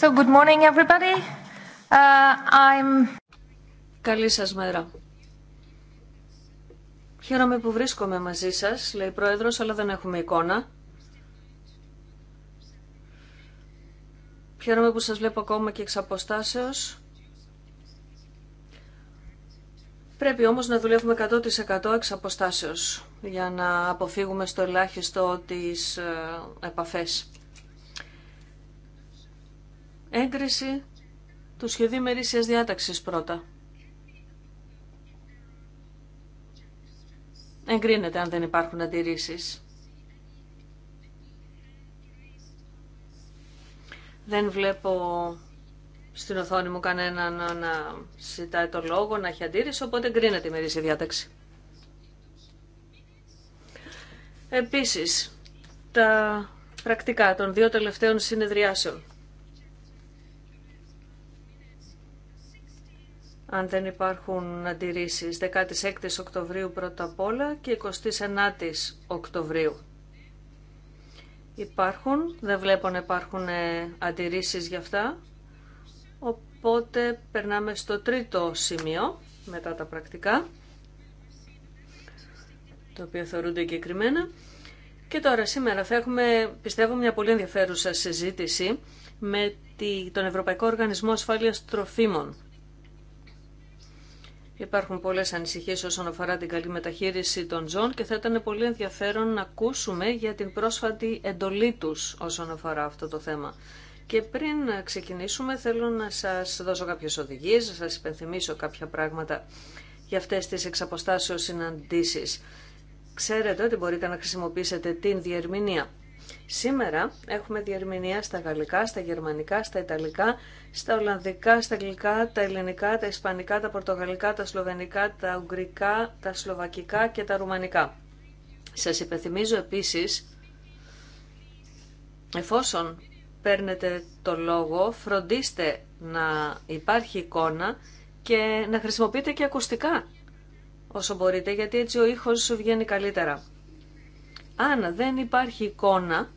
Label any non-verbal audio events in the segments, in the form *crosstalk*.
So, good morning everybody. Uh, I'm... Καλή σας μέρα. Χαίρομαι που βρίσκομαι μαζί σας, λέει η Πρόεδρος, αλλά δεν έχουμε εικόνα. Χαίρομαι που σας βλέπω ακόμα και εξ αποστάσεως. Πρέπει όμως να δουλεύουμε 100% εξ αποστάσεως για να αποφύγουμε στο ελάχιστο τις ε, επαφές. Έγκριση του σχεδίου μερίσιας διάταξης πρώτα. Εγκρίνεται αν δεν υπάρχουν αντιρρήσεις. Δεν βλέπω στην οθόνη μου κανέναν να ζητάει το λόγο, να έχει αντίρρηση, οπότε εγκρίνεται η μερίσια διάταξη. Επίσης, τα πρακτικά των δύο τελευταίων συνεδριάσεων. αν δεν υπάρχουν αντιρρήσεις. 16 Οκτωβρίου πρώτα απ' όλα και 29 Οκτωβρίου. Υπάρχουν, δεν βλέπω να υπάρχουν ε, αντιρρήσεις για αυτά. Οπότε περνάμε στο τρίτο σημείο, μετά τα πρακτικά, το οποίο θεωρούνται εγκεκριμένα. Και τώρα σήμερα θα έχουμε, πιστεύω, μια πολύ ενδιαφέρουσα συζήτηση με τον Ευρωπαϊκό Οργανισμό Ασφάλειας Τροφίμων Υπάρχουν πολλές ανησυχίες όσον αφορά την καλή μεταχείριση των ζώων και θα ήταν πολύ ενδιαφέρον να ακούσουμε για την πρόσφατη εντολή τους όσον αφορά αυτό το θέμα. Και πριν ξεκινήσουμε θέλω να σας δώσω κάποιες οδηγίες, να σας υπενθυμίσω κάποια πράγματα για αυτές τις εξαποστάσεως συναντήσεις. Ξέρετε ότι μπορείτε να χρησιμοποιήσετε την διερμηνία. Σήμερα έχουμε διερμηνία στα γαλλικά, στα γερμανικά, στα ιταλικά, στα ολλανδικά, στα αγγλικά, τα ελληνικά, τα ισπανικά, τα πορτογαλικά, τα σλοβενικά, τα ουγγρικά, τα σλοβακικά και τα ρουμανικά. Σας υπενθυμίζω επίσης, εφόσον παίρνετε το λόγο, φροντίστε να υπάρχει εικόνα και να χρησιμοποιείτε και ακουστικά όσο μπορείτε, γιατί έτσι ο ήχος σου βγαίνει καλύτερα αν δεν υπάρχει εικόνα,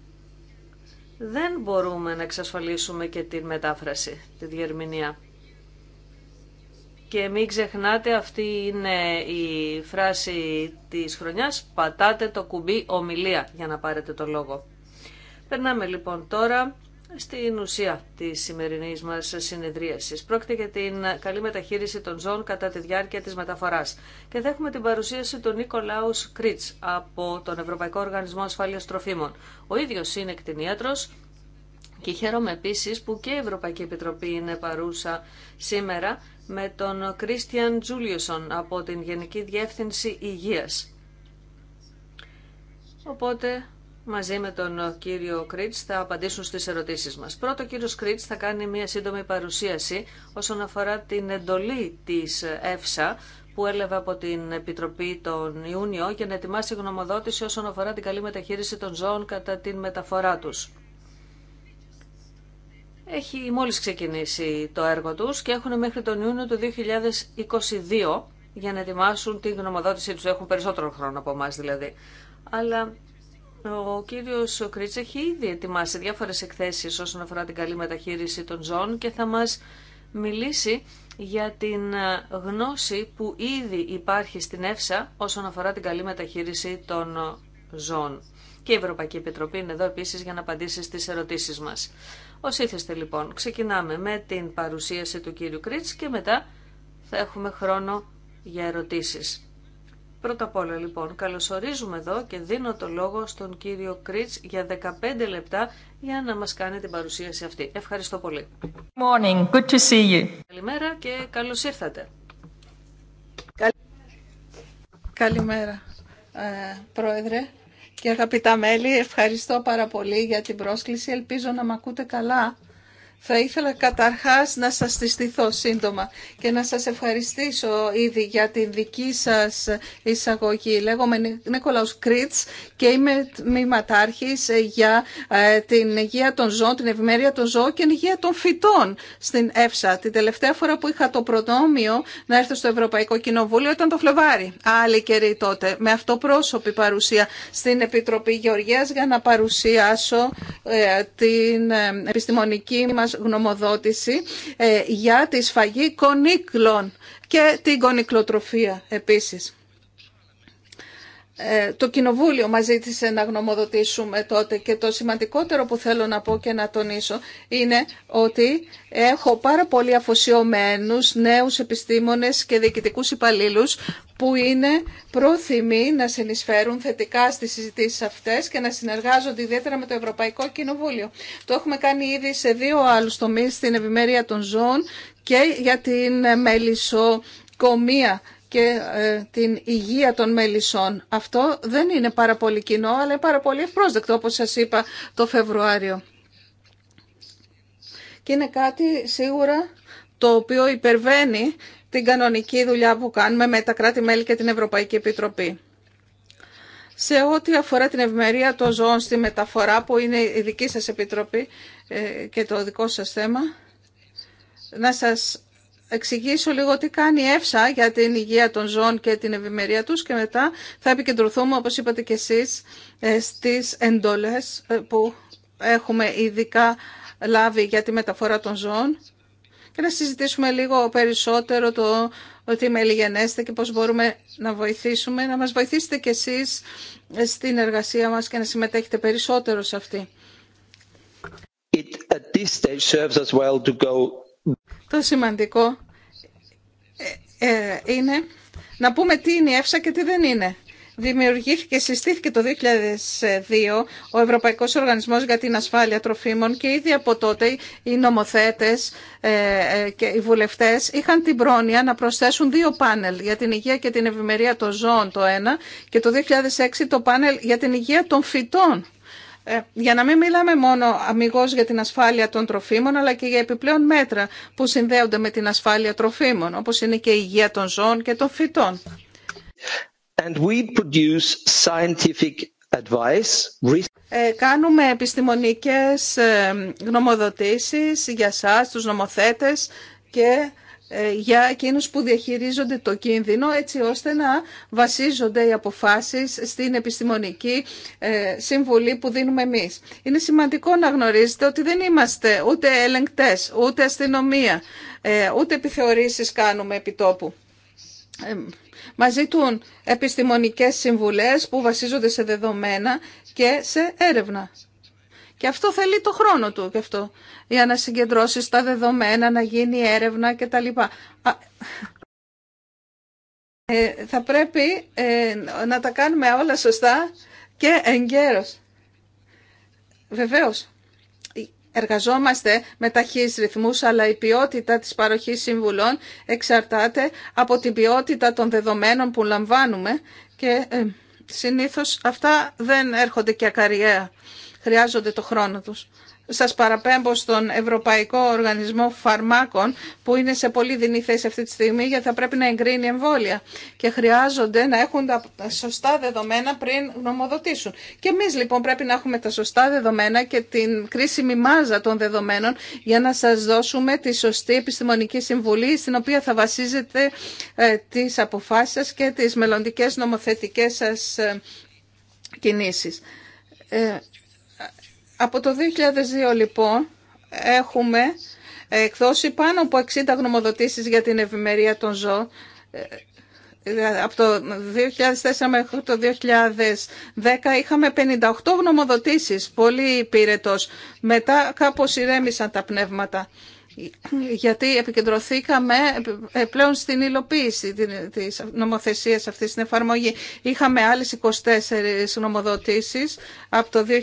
δεν μπορούμε να εξασφαλίσουμε και την μετάφραση, τη διερμηνία. Και μην ξεχνάτε, αυτή είναι η φράση της χρονιάς, πατάτε το κουμπί ομιλία για να πάρετε το λόγο. Περνάμε λοιπόν τώρα στην ουσία τη σημερινή μα συνεδρίαση. Πρόκειται για την καλή μεταχείριση των ζώων κατά τη διάρκεια τη μεταφορά. Και θα την παρουσίαση του Νίκολαου Κρίτ από τον Ευρωπαϊκό Οργανισμό Ασφάλεια Τροφίμων. Ο ίδιο είναι κτηνίατρο και χαίρομαι επίση που και η Ευρωπαϊκή Επιτροπή είναι παρούσα σήμερα με τον Κρίστιαν Τζούλιουσον από την Γενική Διεύθυνση Υγείας. Οπότε μαζί με τον ε, κύριο Κρίτ θα απαντήσουν στι ερωτήσει μα. Πρώτο, ο κύριο Κρίτ θα κάνει μια σύντομη παρουσίαση όσον αφορά την εντολή τη ΕΦΣΑ που έλαβε από την Επιτροπή τον Ιούνιο για να ετοιμάσει γνωμοδότηση όσον αφορά την καλή μεταχείριση των ζώων κατά την μεταφορά του. Έχει μόλις ξεκινήσει το έργο τους και έχουν μέχρι τον Ιούνιο του 2022 για να ετοιμάσουν την γνωμοδότησή τους. Έχουν περισσότερο χρόνο από εμά δηλαδή. Αλλά ο κύριο Κρίτ έχει ήδη ετοιμάσει διάφορε εκθέσει όσον αφορά την καλή μεταχείριση των ζώων και θα μας μιλήσει για την ε, γνώση που ήδη υπάρχει στην ΕΦΣΑ όσον αφορά την καλή μεταχείριση των ε, ζώων. Και η Ευρωπαϊκή Επιτροπή είναι εδώ επίσης για να απαντήσει στις ερωτήσεις μας. Ω ήθεστε λοιπόν, ξεκινάμε με την παρουσίαση του κύριου Κρίτς και μετά θα έχουμε χρόνο για ερωτήσεις. Πρώτα απ' όλα λοιπόν, καλωσορίζουμε εδώ και δίνω το λόγο στον κύριο Κρίτς για 15 λεπτά για να μας κάνει την παρουσίαση αυτή. Ευχαριστώ πολύ. Morning. Good to see you. Καλημέρα και καλώς ήρθατε. Καλημέρα, ε, Πρόεδρε και αγαπητά μέλη. Ευχαριστώ πάρα πολύ για την πρόσκληση. Ελπίζω να μ' ακούτε καλά θα ήθελα καταρχάς να σας συστηθώ σύντομα και να σας ευχαριστήσω ήδη για την δική σας εισαγωγή. Λέγομαι Νίκολαος Κρίτς και είμαι τμήματάρχης ε, για ε, την υγεία των ζώων, την ευημερία των ζώων και την υγεία των φυτών στην ΕΦΣΑ. Την τελευταία φορά που είχα το προνόμιο να έρθω στο Ευρωπαϊκό Κοινοβούλιο ήταν το Φλεβάρι. Άλλη καιρή τότε, με αυτό παρουσία στην Επιτροπή Γεωργίας για να παρουσιάσω ε, την επιστημονική μας γνωμοδότηση ε, για τη σφαγή κονίκλων και την κονικλοτροφία επίσης. Ε, το Κοινοβούλιο μας ζήτησε να γνωμοδοτήσουμε τότε και το σημαντικότερο που θέλω να πω και να τονίσω είναι ότι έχω πάρα πολύ αφοσιωμένους νέους επιστήμονες και διοικητικούς υπαλλήλους που είναι πρόθυμοι να συνεισφέρουν θετικά στις συζητήσεις αυτές και να συνεργάζονται ιδιαίτερα με το Ευρωπαϊκό Κοινοβούλιο. Το έχουμε κάνει ήδη σε δύο άλλους τομείς στην ευημερία των ζώων και για την μελισσοκομεία και ε, την υγεία των μελισσών. Αυτό δεν είναι πάρα πολύ κοινό, αλλά είναι πάρα πολύ ευπρόσδεκτο, όπως σας είπα το Φεβρουάριο. Και είναι κάτι σίγουρα το οποίο υπερβαίνει την κανονική δουλειά που κάνουμε με τα κράτη-μέλη και την Ευρωπαϊκή Επιτροπή. Σε ό,τι αφορά την ευημερία των ζώων στη μεταφορά, που είναι η δική σας Επιτροπή ε, και το δικό σας θέμα, να σας εξηγήσω λίγο τι κάνει η ΕΦΣΑ για την υγεία των ζώων και την ευημερία τους και μετά θα επικεντρωθούμε, όπως είπατε και εσείς, ε, στις εντολές ε, που έχουμε ειδικά λάβει για τη μεταφορά των ζώων και να συζητήσουμε λίγο περισσότερο το ότι μελιγενέστε λιγενέστε και πώς μπορούμε να βοηθήσουμε, να μας βοηθήσετε κι εσείς στην εργασία μας και να συμμετέχετε περισσότερο σε αυτή. Το σημαντικό ε, ε, είναι να πούμε τι είναι η και τι δεν είναι. Δημιουργήθηκε, συστήθηκε το 2002 ο Ευρωπαϊκός Οργανισμός για την Ασφάλεια Τροφίμων και ήδη από τότε οι νομοθέτες ε, ε, και οι βουλευτές είχαν την πρόνοια να προσθέσουν δύο πάνελ για την υγεία και την ευημερία των ζώων το ένα και το 2006 το πάνελ για την υγεία των φυτών ε, για να μην μιλάμε μόνο αμυγός για την ασφάλεια των τροφίμων, αλλά και για επιπλέον μέτρα που συνδέονται με την ασφάλεια τροφίμων, όπως είναι και η υγεία των ζώων και των φυτών. Ε, κάνουμε επιστημονικές ε, γνωμοδοτήσεις για σας, τους νομοθέτες και ε, για εκείνους που διαχειρίζονται το κίνδυνο έτσι ώστε να βασίζονται οι αποφάσεις στην επιστημονική ε, συμβουλή που δίνουμε εμείς. Είναι σημαντικό να γνωρίζετε ότι δεν είμαστε ούτε ελεγκτές, ούτε αστυνομία, ούτε επιθεωρήσεις κάνουμε επιτόπου μας ζητούν επιστημονικές συμβουλές που βασίζονται σε δεδομένα και σε έρευνα. Και αυτό θέλει το χρόνο του και αυτό, για να συγκεντρώσει τα δεδομένα, να γίνει έρευνα κτλ. Ε, θα πρέπει ε, να τα κάνουμε όλα σωστά και εγκαίρως. Βεβαίως, Εργαζόμαστε με ταχύς ρυθμούς, αλλά η ποιότητα της παροχής συμβουλών εξαρτάται από την ποιότητα των δεδομένων που λαμβάνουμε και ε, συνήθως αυτά δεν έρχονται και ακαριέα. Χρειάζονται το χρόνο τους. Σας παραπέμπω στον Ευρωπαϊκό Οργανισμό Φαρμάκων που είναι σε πολύ δινή θέση αυτή τη στιγμή γιατί θα πρέπει να εγκρίνει εμβόλια και χρειάζονται να έχουν τα σωστά δεδομένα πριν γνωμοδοτήσουν. Και εμείς λοιπόν πρέπει να έχουμε τα σωστά δεδομένα και την κρίσιμη μάζα των δεδομένων για να σας δώσουμε τη σωστή επιστημονική συμβουλή στην οποία θα βασίζετε τις αποφάσεις σας και τις μελλοντικές νομοθετικές σας ε, κινήσεις ε, από το 2002 λοιπόν έχουμε εκδώσει πάνω από 60 γνωμοδοτήσεις για την ευημερία των ζώων ε, από το 2004 μέχρι το 2010 είχαμε 58 γνωμοδοτήσεις, πολύ πύρετος. Μετά κάπως ηρέμησαν τα πνεύματα γιατί επικεντρωθήκαμε πλέον στην υλοποίηση της νομοθεσίας αυτής, στην εφαρμογή. Είχαμε άλλες 24 νομοδοτήσεις από το 2010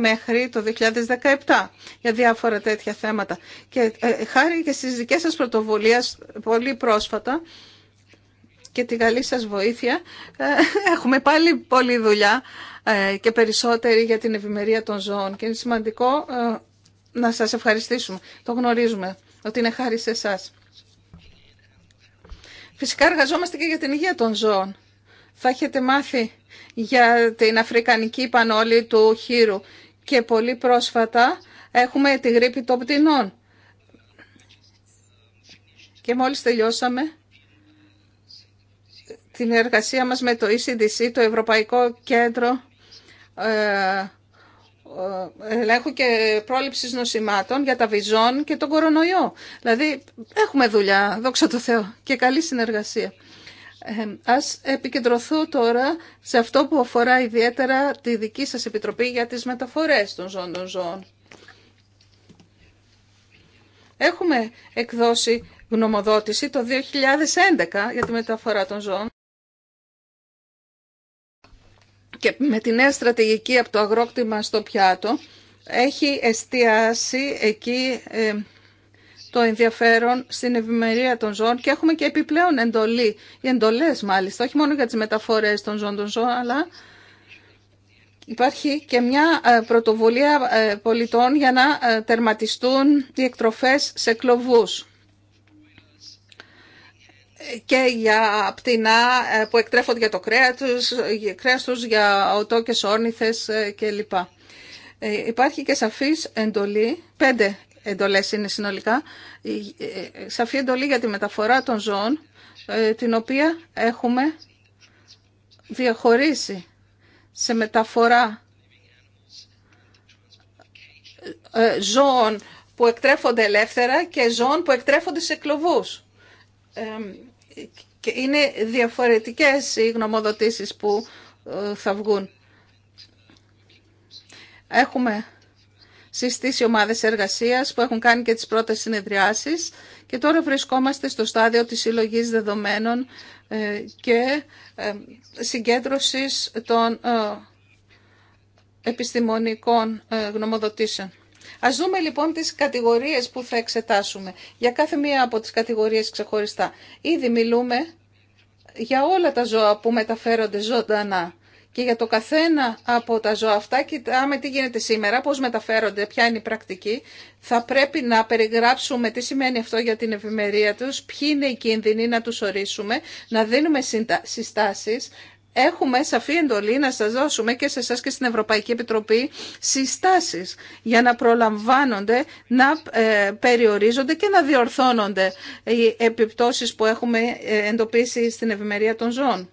μέχρι το 2017 για διάφορα τέτοια θέματα. Και ε, χάρη και στις δικές σας πρωτοβουλίες πολύ πρόσφατα και τη καλή σας βοήθεια ε, έχουμε πάλι πολλή δουλειά ε, και περισσότερη για την ευημερία των ζώων και είναι σημαντικό να σας ευχαριστήσουμε. Το γνωρίζουμε ότι είναι χάρη σε εσά. Φυσικά εργαζόμαστε και για την υγεία των ζώων. Θα έχετε μάθει για την αφρικανική πανόλη του χείρου και πολύ πρόσφατα έχουμε τη γρήπη των πτηνών. Και μόλις τελειώσαμε την εργασία μας με το ECDC, το Ευρωπαϊκό Κέντρο ε, ε, ελέγχου και πρόληψη νοσημάτων για τα βιζόν και τον κορονοϊό. Δηλαδή έχουμε δουλειά, δόξα τω Θεώ, και καλή συνεργασία. Ε, ας επικεντρωθώ τώρα σε αυτό που αφορά ιδιαίτερα τη δική σας Επιτροπή για τις μεταφορές των ζώων των ζώων. Έχουμε εκδώσει γνωμοδότηση το 2011 για τη μεταφορά των ζώων και με τη νέα στρατηγική από το αγρόκτημα στο πιάτο έχει εστιάσει εκεί ε, το ενδιαφέρον στην ευημερία των ζώων και έχουμε και επιπλέον εντολή, εντολές μάλιστα, όχι μόνο για τις μεταφορές των ζώων των ζώων, αλλά υπάρχει και μια ε, πρωτοβουλία ε, πολιτών για να τερματιστούν οι εκτροφές σε κλωβούς και για πτηνά ε, που εκτρέφονται για το κρέα τους, κρέας τους, για οτόκες όρνηθες ε, κλπ. Ε, υπάρχει και σαφής εντολή, πέντε εντολές είναι συνολικά, σαφή εντολή για τη μεταφορά των ζώων, την οποία έχουμε διαχωρίσει σε μεταφορά ζώων που εκτρέφονται ελεύθερα και ζώων που εκτρέφονται σε κλοβούς και είναι διαφορετικές οι γνωμοδοτήσεις που ε, θα βγουν. Έχουμε συστήσει ομάδες εργασίας που έχουν κάνει και τις πρώτες συνεδριάσεις και τώρα βρισκόμαστε στο στάδιο της συλλογή δεδομένων ε, και ε, συγκέντρωσης των επιστημονικών γνωμοδοτήσεων. Ας δούμε λοιπόν τις κατηγορίες που θα εξετάσουμε για κάθε μία από τις κατηγορίες ξεχωριστά. Ήδη μιλούμε για όλα τα ζώα που μεταφέρονται ζωντανά και για το καθένα από τα ζώα αυτά κοιτάμε τι γίνεται σήμερα, πώς μεταφέρονται, ποια είναι η πρακτική. Θα πρέπει να περιγράψουμε τι σημαίνει αυτό για την ευημερία τους, ποιοι είναι οι κίνδυνοι να τους ορίσουμε, να δίνουμε συστάσεις, έχουμε σαφή εντολή να σας δώσουμε και σε εσά και στην Ευρωπαϊκή Επιτροπή συστάσεις για να προλαμβάνονται, να ε, περιορίζονται και να διορθώνονται οι επιπτώσεις που έχουμε ε, εντοπίσει στην ευημερία των ζώων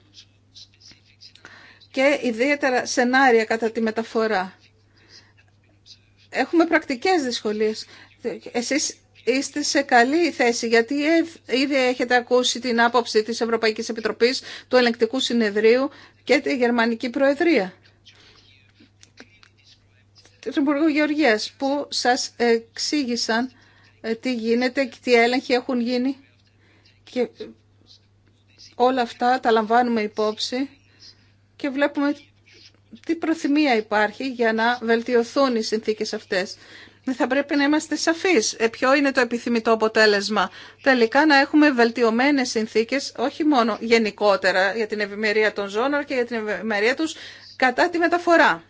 και ιδιαίτερα σενάρια κατά τη μεταφορά. Έχουμε πρακτικές δυσκολίες. Εσείς είστε σε καλή θέση, γιατί ήδη έχετε ακούσει την άποψη της Ευρωπαϊκής Επιτροπής, του Ελεγκτικού Συνεδρίου και τη Γερμανική Προεδρία. Του Υπουργό Γεωργίας, που σας εξήγησαν ε, τι γίνεται και τι έλεγχοι έχουν γίνει. Και όλα αυτά τα λαμβάνουμε υπόψη και βλέπουμε τι προθυμία υπάρχει για να βελτιωθούν οι συνθήκες αυτές. Ε, θα πρέπει να είμαστε σαφείς. Ε, ποιο είναι το επιθυμητό αποτέλεσμα. Τελικά να έχουμε βελτιωμένες συνθήκες, όχι μόνο γενικότερα για την ευημερία των ζώων, και για την ευημερία τους κατά τη μεταφορά.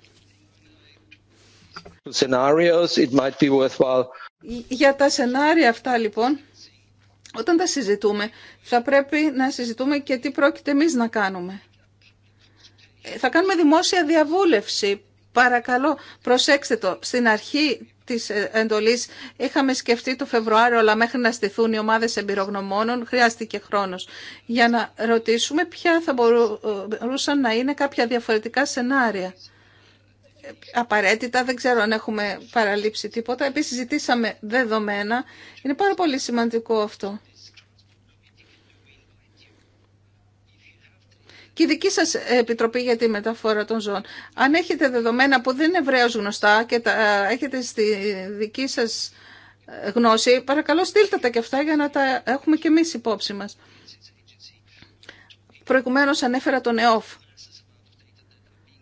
Για τα σενάρια αυτά λοιπόν, όταν τα συζητούμε, θα πρέπει να συζητούμε και τι πρόκειται εμείς να κάνουμε. Ε, θα κάνουμε δημόσια διαβούλευση. Παρακαλώ, προσέξτε το. Στην αρχή Τη εντολής είχαμε σκεφτεί το Φεβρουάριο, αλλά μέχρι να στηθούν οι ομάδες εμπειρογνωμόνων χρειάστηκε χρόνος για να ρωτήσουμε ποια θα ε, μπορούσαν να είναι κάποια διαφορετικά σενάρια. Απαραίτητα, δεν ξέρω αν έχουμε παραλείψει τίποτα. Επίση, ζητήσαμε δεδομένα. Είναι πάρα πολύ σημαντικό αυτό. και η δική σας Επιτροπή για τη Μεταφορά των Ζώων. Αν έχετε δεδομένα που δεν είναι ευρέως γνωστά και τα έχετε στη δική σας γνώση, παρακαλώ στείλτε τα και αυτά για να τα έχουμε και εμείς υπόψη μας. Προηγουμένως ανέφερα τον ΕΟΦ.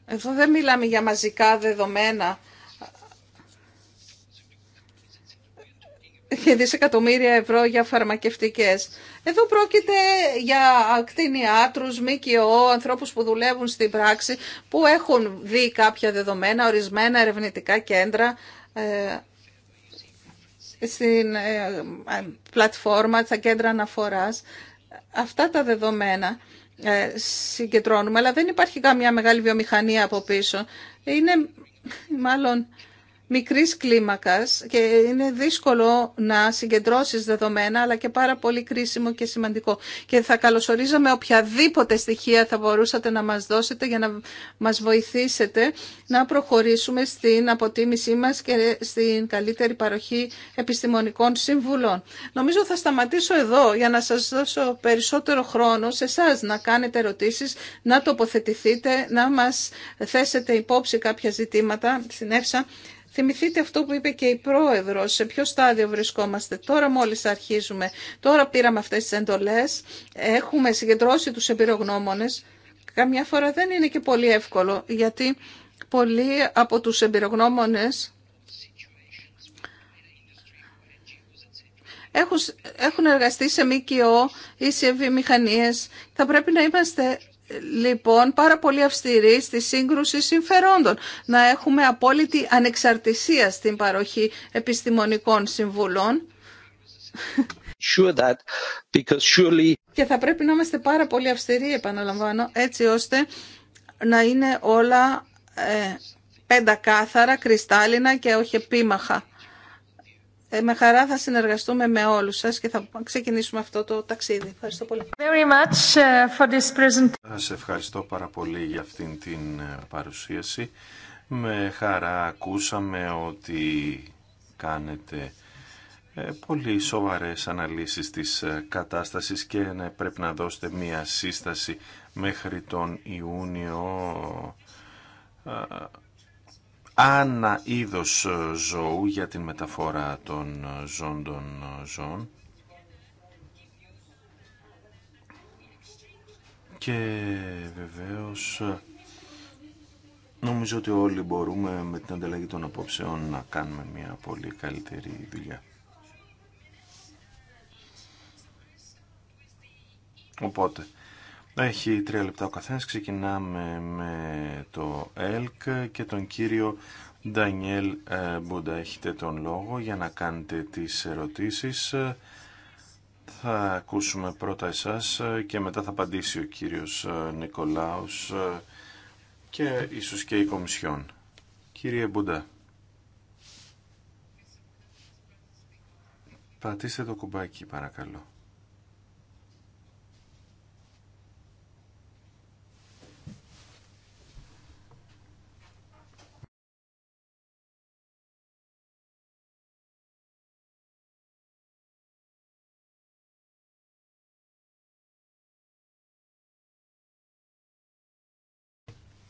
Εδώ δεν μιλάμε για μαζικά δεδομένα δισεκατομμύρια ευρώ για φαρμακευτικές. Εδώ πρόκειται για ακτινιάτρους, ΜΚΟ, ανθρώπους που δουλεύουν στην πράξη, που έχουν δει κάποια δεδομένα, ορισμένα ερευνητικά κέντρα ε, στην ε, ε, πλατφόρμα, στα κέντρα αναφοράς. Αυτά τα δεδομένα συγκεντρώνουμε, αλλά δεν υπάρχει καμία μεγάλη βιομηχανία από πίσω. Είναι μάλλον μικρής κλίμακας και είναι δύσκολο να συγκεντρώσεις δεδομένα αλλά και πάρα πολύ κρίσιμο και σημαντικό. Και θα καλωσορίζαμε οποιαδήποτε στοιχεία θα μπορούσατε να μας δώσετε για να μας βοηθήσετε να προχωρήσουμε στην αποτίμησή μας και στην καλύτερη παροχή επιστημονικών συμβουλών. Νομίζω θα σταματήσω εδώ για να σας δώσω περισσότερο χρόνο σε εσά να κάνετε ερωτήσεις, να τοποθετηθείτε, να μας θέσετε υπόψη κάποια ζητήματα στην ΕΦΣΑ. Θυμηθείτε αυτό που είπε και η πρόεδρος, σε ποιο στάδιο βρισκόμαστε. Τώρα μόλις αρχίζουμε, τώρα πήραμε αυτές τις εντολές, έχουμε συγκεντρώσει τους εμπειρογνώμονες. Καμιά φορά δεν είναι και πολύ εύκολο, γιατί πολλοί από τους εμπειρογνώμονες έχουν, έχουν εργαστεί σε ΜΚΟ ή σε βιομηχανίες. Θα πρέπει να είμαστε λοιπόν πάρα πολύ αυστηρή στη σύγκρουση συμφερόντων. Να έχουμε απόλυτη ανεξαρτησία στην παροχή επιστημονικών συμβουλών. Και θα πρέπει να είμαστε πάρα πολύ αυστηροί, επαναλαμβάνω, έτσι ώστε να είναι όλα ε, πεντακάθαρα, κρυστάλλινα και όχι επίμαχα. Ε, με χαρά θα συνεργαστούμε με όλους σας και θα ξεκινήσουμε αυτό το ταξίδι. Ευχαριστώ πολύ. Very much ε, for this Σας ευχαριστώ πάρα πολύ για αυτήν την ε, παρουσίαση. Με χαρά ακούσαμε ότι κάνετε πολύ σοβαρές αναλύσεις της κατάστασης και ναι, πρέπει να δώσετε μία σύσταση μέχρι τον Ιούνιο άνα είδος ε, ζώου για την μεταφορά των ε, ζών των ε, ζώων και βεβαίως νομίζω ότι όλοι μπορούμε με την ανταλλαγή των απόψεων να κάνουμε μια πολύ καλύτερη δουλειά. Οπότε, έχει τρία λεπτά ο καθένας. Ξεκινάμε με το ΕΛΚ και τον κύριο Ντανιέλ ε, Μπούντα. Έχετε τον λόγο για να κάνετε τις ερωτήσεις. Θα ακούσουμε πρώτα εσάς και μετά θα απαντήσει ο κύριος ε, Νικολάους ε, και ίσως και η Κομισιόν. Κύριε Μπούντα. Πατήστε το κουμπάκι παρακαλώ.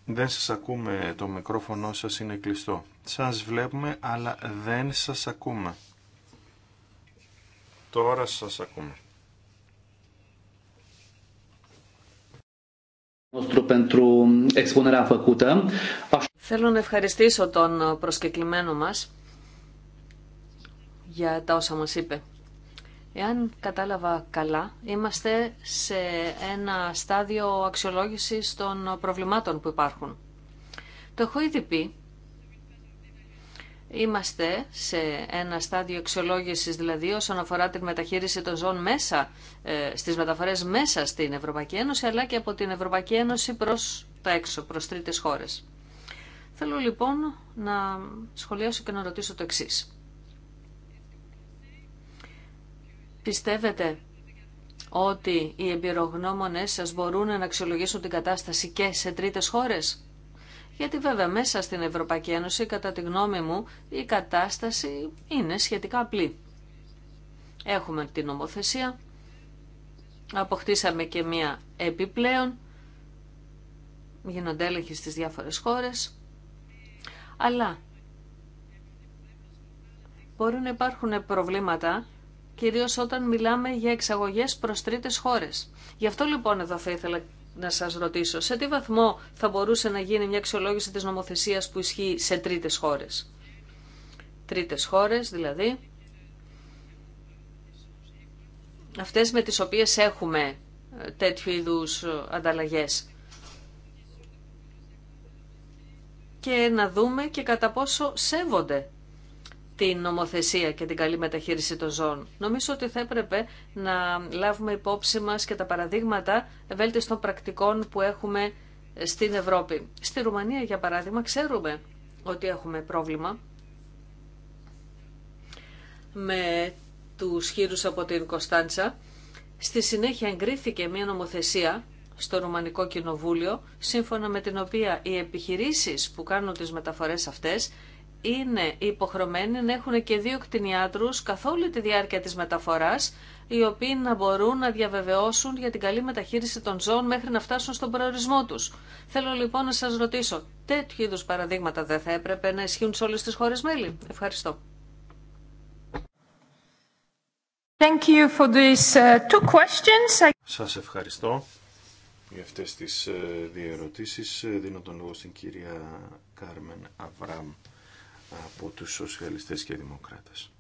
Δεν σας ακούμε, το μικρόφωνο σας είναι κλειστό. Σας βλέπουμε, αλλά δεν σας ακούμε. Τώρα σας ακούμε. Θέλω να ευχαριστήσω τον προσκεκλημένο μας για τα όσα μας είπε. Εάν κατάλαβα καλά, είμαστε σε ένα στάδιο αξιολόγησης των προβλημάτων που υπάρχουν. Το έχω ήδη πει. Είμαστε σε ένα στάδιο αξιολόγησης, δηλαδή όσον αφορά την μεταχείριση των ζώων μέσα, ε, στις μεταφορές μέσα στην Ευρωπαϊκή Ένωση, αλλά και από την Ευρωπαϊκή Ένωση προς τα έξω, προς τρίτες χώρες. Θέλω λοιπόν να σχολιάσω και να ρωτήσω το εξής. Πιστεύετε ότι οι εμπειρογνώμονες σας μπορούν να αξιολογήσουν την κατάσταση και σε τρίτες χώρες. Γιατί βέβαια μέσα στην Ευρωπαϊκή Ένωση, κατά τη γνώμη μου, η κατάσταση είναι σχετικά απλή. Έχουμε την νομοθεσία, αποκτήσαμε και μία επιπλέον, γίνονται έλεγχοι στις διάφορες χώρες, αλλά μπορεί να υπάρχουν προβλήματα κυρίως όταν μιλάμε για εξαγωγές προς τρίτες χώρες. Γι' αυτό λοιπόν εδώ θα ήθελα να σας ρωτήσω, σε τι βαθμό θα μπορούσε να γίνει μια αξιολόγηση της νομοθεσίας που ισχύει σε τρίτες χώρες. Τρίτες χώρες δηλαδή, αυτές με τις οποίες έχουμε ε, τέτοιου είδους ε, ανταλλαγές. Και να δούμε και κατά πόσο σέβονται την νομοθεσία και την καλή μεταχείριση των ζώων. Νομίζω ότι θα έπρεπε να λάβουμε υπόψη μας και τα παραδείγματα βέλτιστων πρακτικών που έχουμε στην Ευρώπη. Στη Ρουμανία, για παράδειγμα, ξέρουμε ότι έχουμε πρόβλημα με τους χείρους από την Κωνσταντσα. Στη συνέχεια εγκρίθηκε μια νομοθεσία στο Ρουμανικό Κοινοβούλιο, σύμφωνα με την οποία οι επιχειρήσεις που κάνουν τις μεταφορές αυτές είναι υποχρεωμένοι να έχουν και δύο κτηνιάτρους καθ' όλη τη διάρκεια της μεταφοράς, οι οποίοι να μπορούν να διαβεβαιώσουν για την καλή μεταχείριση των ζώων μέχρι να φτάσουν στον προορισμό τους. Θέλω λοιπόν να σας ρωτήσω, τέτοιου είδους παραδείγματα δεν θα έπρεπε να ισχύουν σε όλες τις χώρες μέλη. Ευχαριστώ. Thank you for these uh, two questions. Σας ευχαριστώ για αυτές τις ε, δύο ερωτήσεις. Ε, δίνω τον λόγο στην κυρία Κάρμεν Αβραμ από τους σοσιαλιστές και δημοκράτες.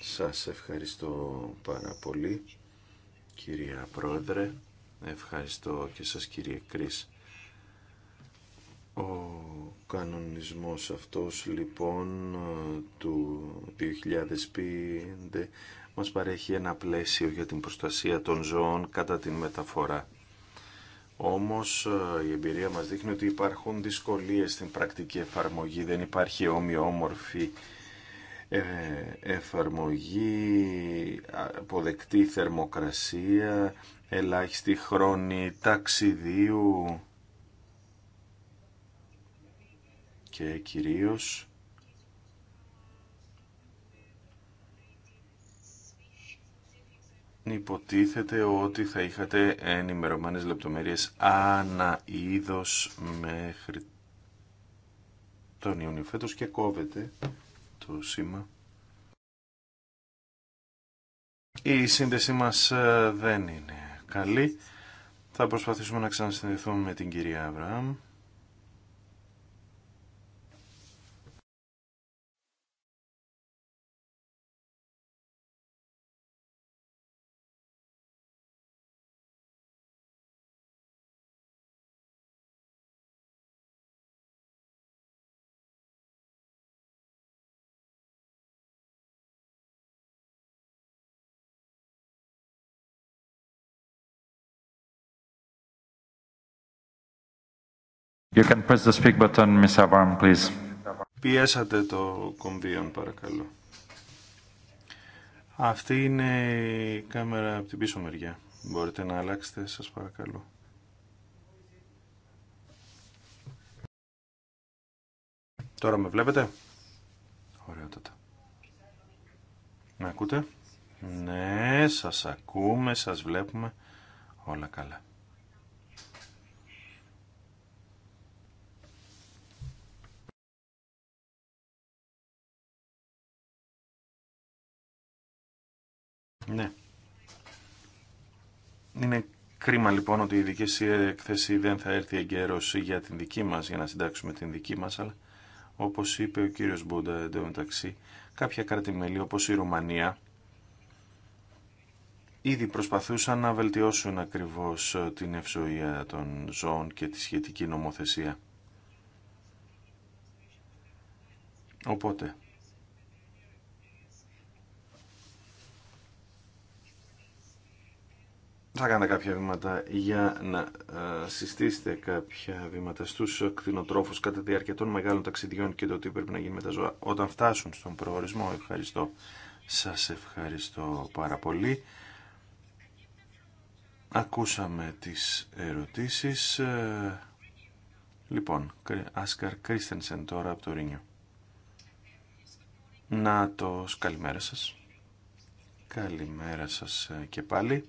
Σας ευχαριστώ πάρα πολύ κυρία Πρόεδρε, ευχαριστώ και σας κύριε Κρίς. Ο κανονισμός αυτός λοιπόν του 2005 μας παρέχει ένα πλαίσιο για την προστασία των ζώων κατά την μεταφορά όμως ε, η εμπειρία μας δείχνει ότι υπάρχουν δυσκολίες στην πρακτική εφαρμογή, δεν υπάρχει ομοιόμορφη ε, εφαρμογή, αποδεκτή θερμοκρασία, ελάχιστη χρόνη ταξιδίου και κυρίως υποτίθεται ότι θα είχατε ενημερωμένες λεπτομέρειες ανά είδος μέχρι τον Ιούνιο φέτος και κόβεται το σήμα. Η σύνδεσή μας ε, δεν είναι καλή. Θα προσπαθήσουμε να ξανασυνδεθούμε με την κυρία Αβραάμ. You can press the speak button, please. Πιέσατε το κομβίον, παρακαλώ. Αυτή είναι η κάμερα από την πίσω μεριά. Μπορείτε να αλλάξετε, σας παρακαλώ. Τώρα με βλέπετε. Ωραιότατα. Με ακούτε. Ναι, σας ακούμε, σας βλέπουμε. Όλα καλά. Ναι. Είναι κρίμα λοιπόν ότι η δική εκθέση δεν θα έρθει εγκαίρως για την δική μας, για να συντάξουμε την δική μας, αλλά όπως είπε ο κύριος Μπούντα εντωμεταξύ, κάποια κράτη-μέλη όπως η Ρουμανία ήδη προσπαθούσαν να βελτιώσουν ακριβώς ε, την ευσοία των ζώων και τη σχετική νομοθεσία. Οπότε, θα κάνετε κάποια βήματα για να ε, συστήσετε κάποια βήματα στους κτηνοτρόφου κατά τη διάρκεια των μεγάλων ταξιδιών και το τι πρέπει να γίνει με τα ζώα όταν φτάσουν στον προορισμό. Ευχαριστώ. Σας ευχαριστώ πάρα πολύ. Ακούσαμε τις ερωτήσεις. Ε, λοιπόν, Άσκαρ Κρίστενσεν τώρα από το Ρήνιο. Να το καλημέρα σας. Καλημέρα σας ε, και πάλι.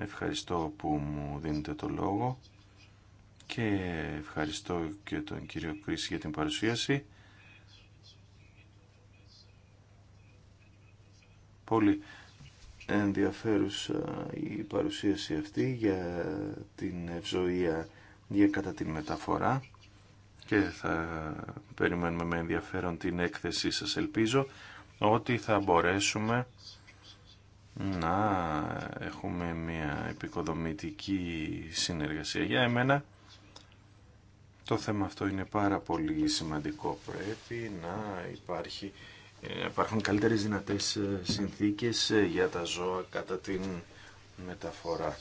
Ευχαριστώ που μου δίνετε το λόγο και ευχαριστώ και τον κύριο Κρίση για την παρουσίαση. Πολύ ενδιαφέρουσα η παρουσίαση αυτή για την ευζοία για κατά την μεταφορά και θα περιμένουμε με ενδιαφέρον την έκθεσή σας ελπίζω ότι θα μπορέσουμε να έχουμε μια επικοδομητική συνεργασία. Για εμένα το θέμα αυτό είναι πάρα πολύ σημαντικό. Πρέπει να υπάρχει, ε, υπάρχουν καλύτερες δυνατές ε, συνθήκες ε, για τα ζώα κατά την μεταφορά.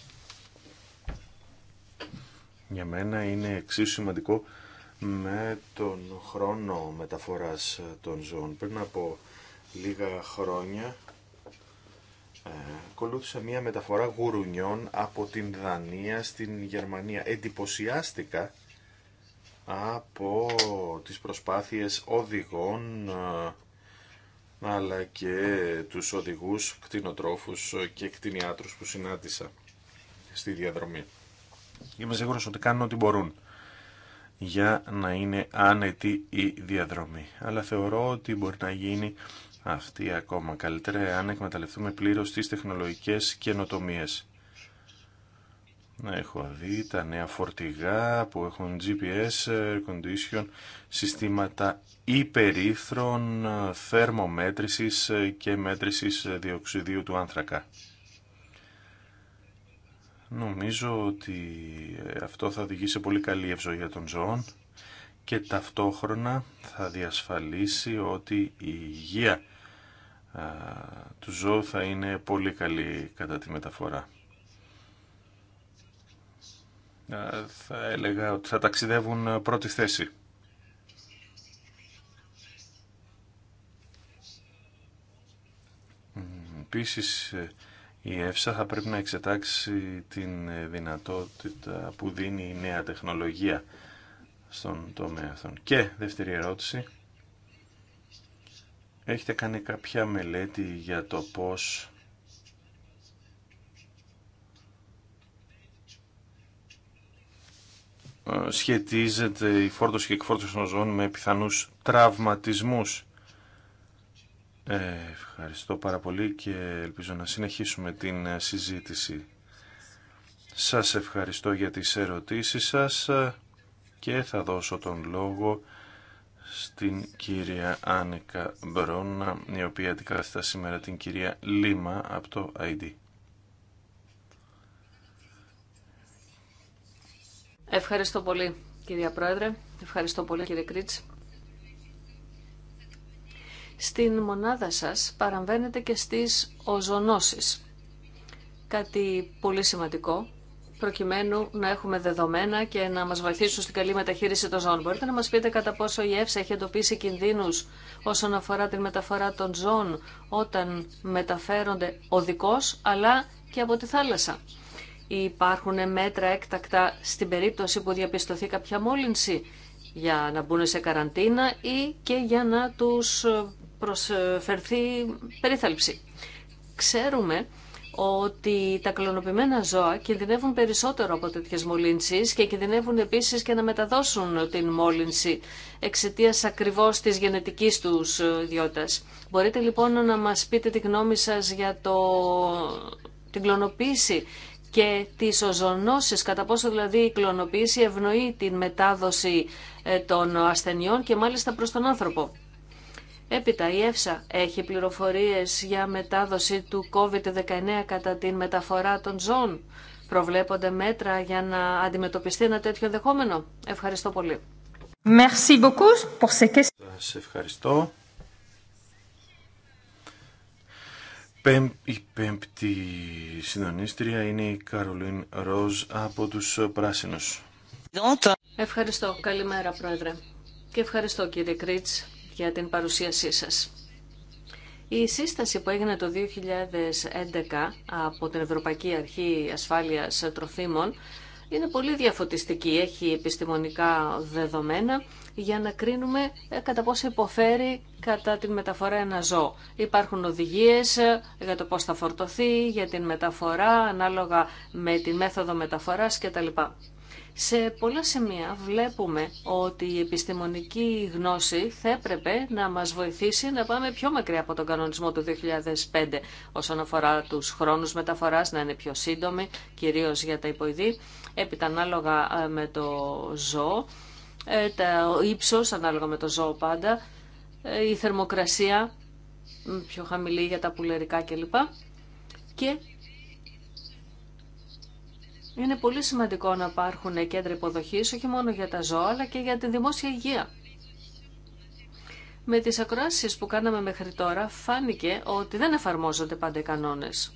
Για μένα είναι εξίσου σημαντικό με τον χρόνο μεταφοράς των ζώων. Πριν από λίγα χρόνια ακολούθησα μία μεταφορά γουρουνιών από την Δανία στην Γερμανία. Εντυπωσιάστηκα από τις προσπάθειες οδηγών ε, αλλά και τους οδηγούς, κτηνοτρόφους και κτηνιάτρους που συνάντησα στη διαδρομή. Είμαι σίγουρος ότι κάνουν ό,τι μπορούν για να είναι άνετη η διαδρομή. Αλλά θεωρώ ότι μπορεί να γίνει αυτή ακόμα καλύτερα αν εκμεταλλευτούμε πλήρως τις τεχνολογικές να Έχω δει τα νέα φορτηγά που έχουν GPS, condition, συστήματα υπερήθρων, θερμομέτρησης και μέτρησης διοξιδίου του άνθρακα. Νομίζω ότι ε, αυτό θα οδηγήσει σε πολύ καλή ευζοία των ζώων και ταυτόχρονα θα διασφαλίσει ότι η υγεία ε, του ζώου θα είναι πολύ καλή κατά τη μεταφορά. Ε, θα έλεγα ότι θα ταξιδεύουν πρώτη θέση. Επίσης, η ΕΦΣΑ θα πρέπει να εξετάξει την δυνατότητα που δίνει η νέα τεχνολογία στον τομέα αυτών. Και δεύτερη ερώτηση. Έχετε κάνει κάποια μελέτη για το πώς σχετίζεται η φόρτωση και εκφόρτωση των ζώων με πιθανούς τραυματισμούς ευχαριστώ πάρα πολύ και ελπίζω να συνεχίσουμε την συζήτηση. Σας ευχαριστώ για τις ερωτήσεις σας και θα δώσω τον λόγο στην κυρία Άνικα Μπρόνα, η οποία αντικαθιστά σήμερα την κυρία Λίμα από το ID. Ευχαριστώ πολύ κυρία Πρόεδρε, ευχαριστώ πολύ κύριε Κρίτς στην μονάδα σας παραμβαίνετε και στις οζονώσεις. Κάτι πολύ σημαντικό, προκειμένου να έχουμε δεδομένα και να μας βοηθήσουν στην καλή μεταχείριση των ζώων. Μπορείτε να μας πείτε κατά πόσο η ΕΦΣΑ έχει εντοπίσει κινδύνους όσον αφορά την μεταφορά των ζώων όταν μεταφέρονται οδικώς αλλά και από τη θάλασσα. Υπάρχουν μέτρα έκτακτα στην περίπτωση που διαπιστωθεί κάποια μόλυνση για να μπουν σε καραντίνα ή και για να τους προσφερθεί περίθαλψη. Ξέρουμε ότι τα κλωνοποιημένα ζώα κινδυνεύουν περισσότερο από τέτοιες μολύνσεις και κινδυνεύουν επίσης και να μεταδώσουν την μόλυνση εξαιτίας ακριβώς της γενετικής τους ιδιότητας. Μπορείτε λοιπόν να μας πείτε τη γνώμη σας για το... την κλωνοποίηση και τις οζωνώσεις, κατά πόσο δηλαδή η κλωνοποίηση ευνοεί την μετάδοση ε, των ασθενειών και μάλιστα προς τον άνθρωπο. Έπειτα η ΕΦΣΑ έχει πληροφορίες για μετάδοση του COVID-19 κατά την μεταφορά των ζώων. Προβλέπονται μέτρα για να αντιμετωπιστεί ένα τέτοιο δεχόμενο. Ευχαριστώ πολύ. Merci beaucoup pour ces questions. Σας ευχαριστώ. Η πέμπτη συντονίστρια είναι η Καρολίν Ροζ από τους Πράσινους. Ευχαριστώ. Καλημέρα, Πρόεδρε. Και ευχαριστώ, κύριε Κρίτς, για την παρουσίασή σας. Η σύσταση που έγινε το 2011 από την Ευρωπαϊκή Αρχή Ασφάλειας Τροφίμων είναι πολύ διαφωτιστική, έχει επιστημονικά δεδομένα για να κρίνουμε ε, κατά πόσο υποφέρει κατά την μεταφορά ένα ζώο. Υπάρχουν οδηγίες ε, για το πώς θα φορτωθεί, για την μεταφορά, ανάλογα με τη μέθοδο μεταφοράς κτλ. Σε πολλά σημεία βλέπουμε ότι η επιστημονική γνώση θα έπρεπε να μας βοηθήσει να πάμε πιο μακριά από τον κανονισμό του 2005 όσον αφορά τους χρόνους μεταφοράς να είναι πιο σύντομοι, κυρίως για τα υποειδή, έπειτα ανάλογα ε, με το ζώο, ε, ο ύψος ανάλογα με το ζώο πάντα, ε, η θερμοκρασία πιο χαμηλή για τα πουλερικά κλπ. Και είναι πολύ σημαντικό να υπάρχουν κέντρα υποδοχής, όχι μόνο για τα ζώα, αλλά και για τη δημόσια υγεία. Με τις ακροάσεις που κάναμε μέχρι τώρα φάνηκε ότι δεν εφαρμόζονται πάντα οι κανόνες.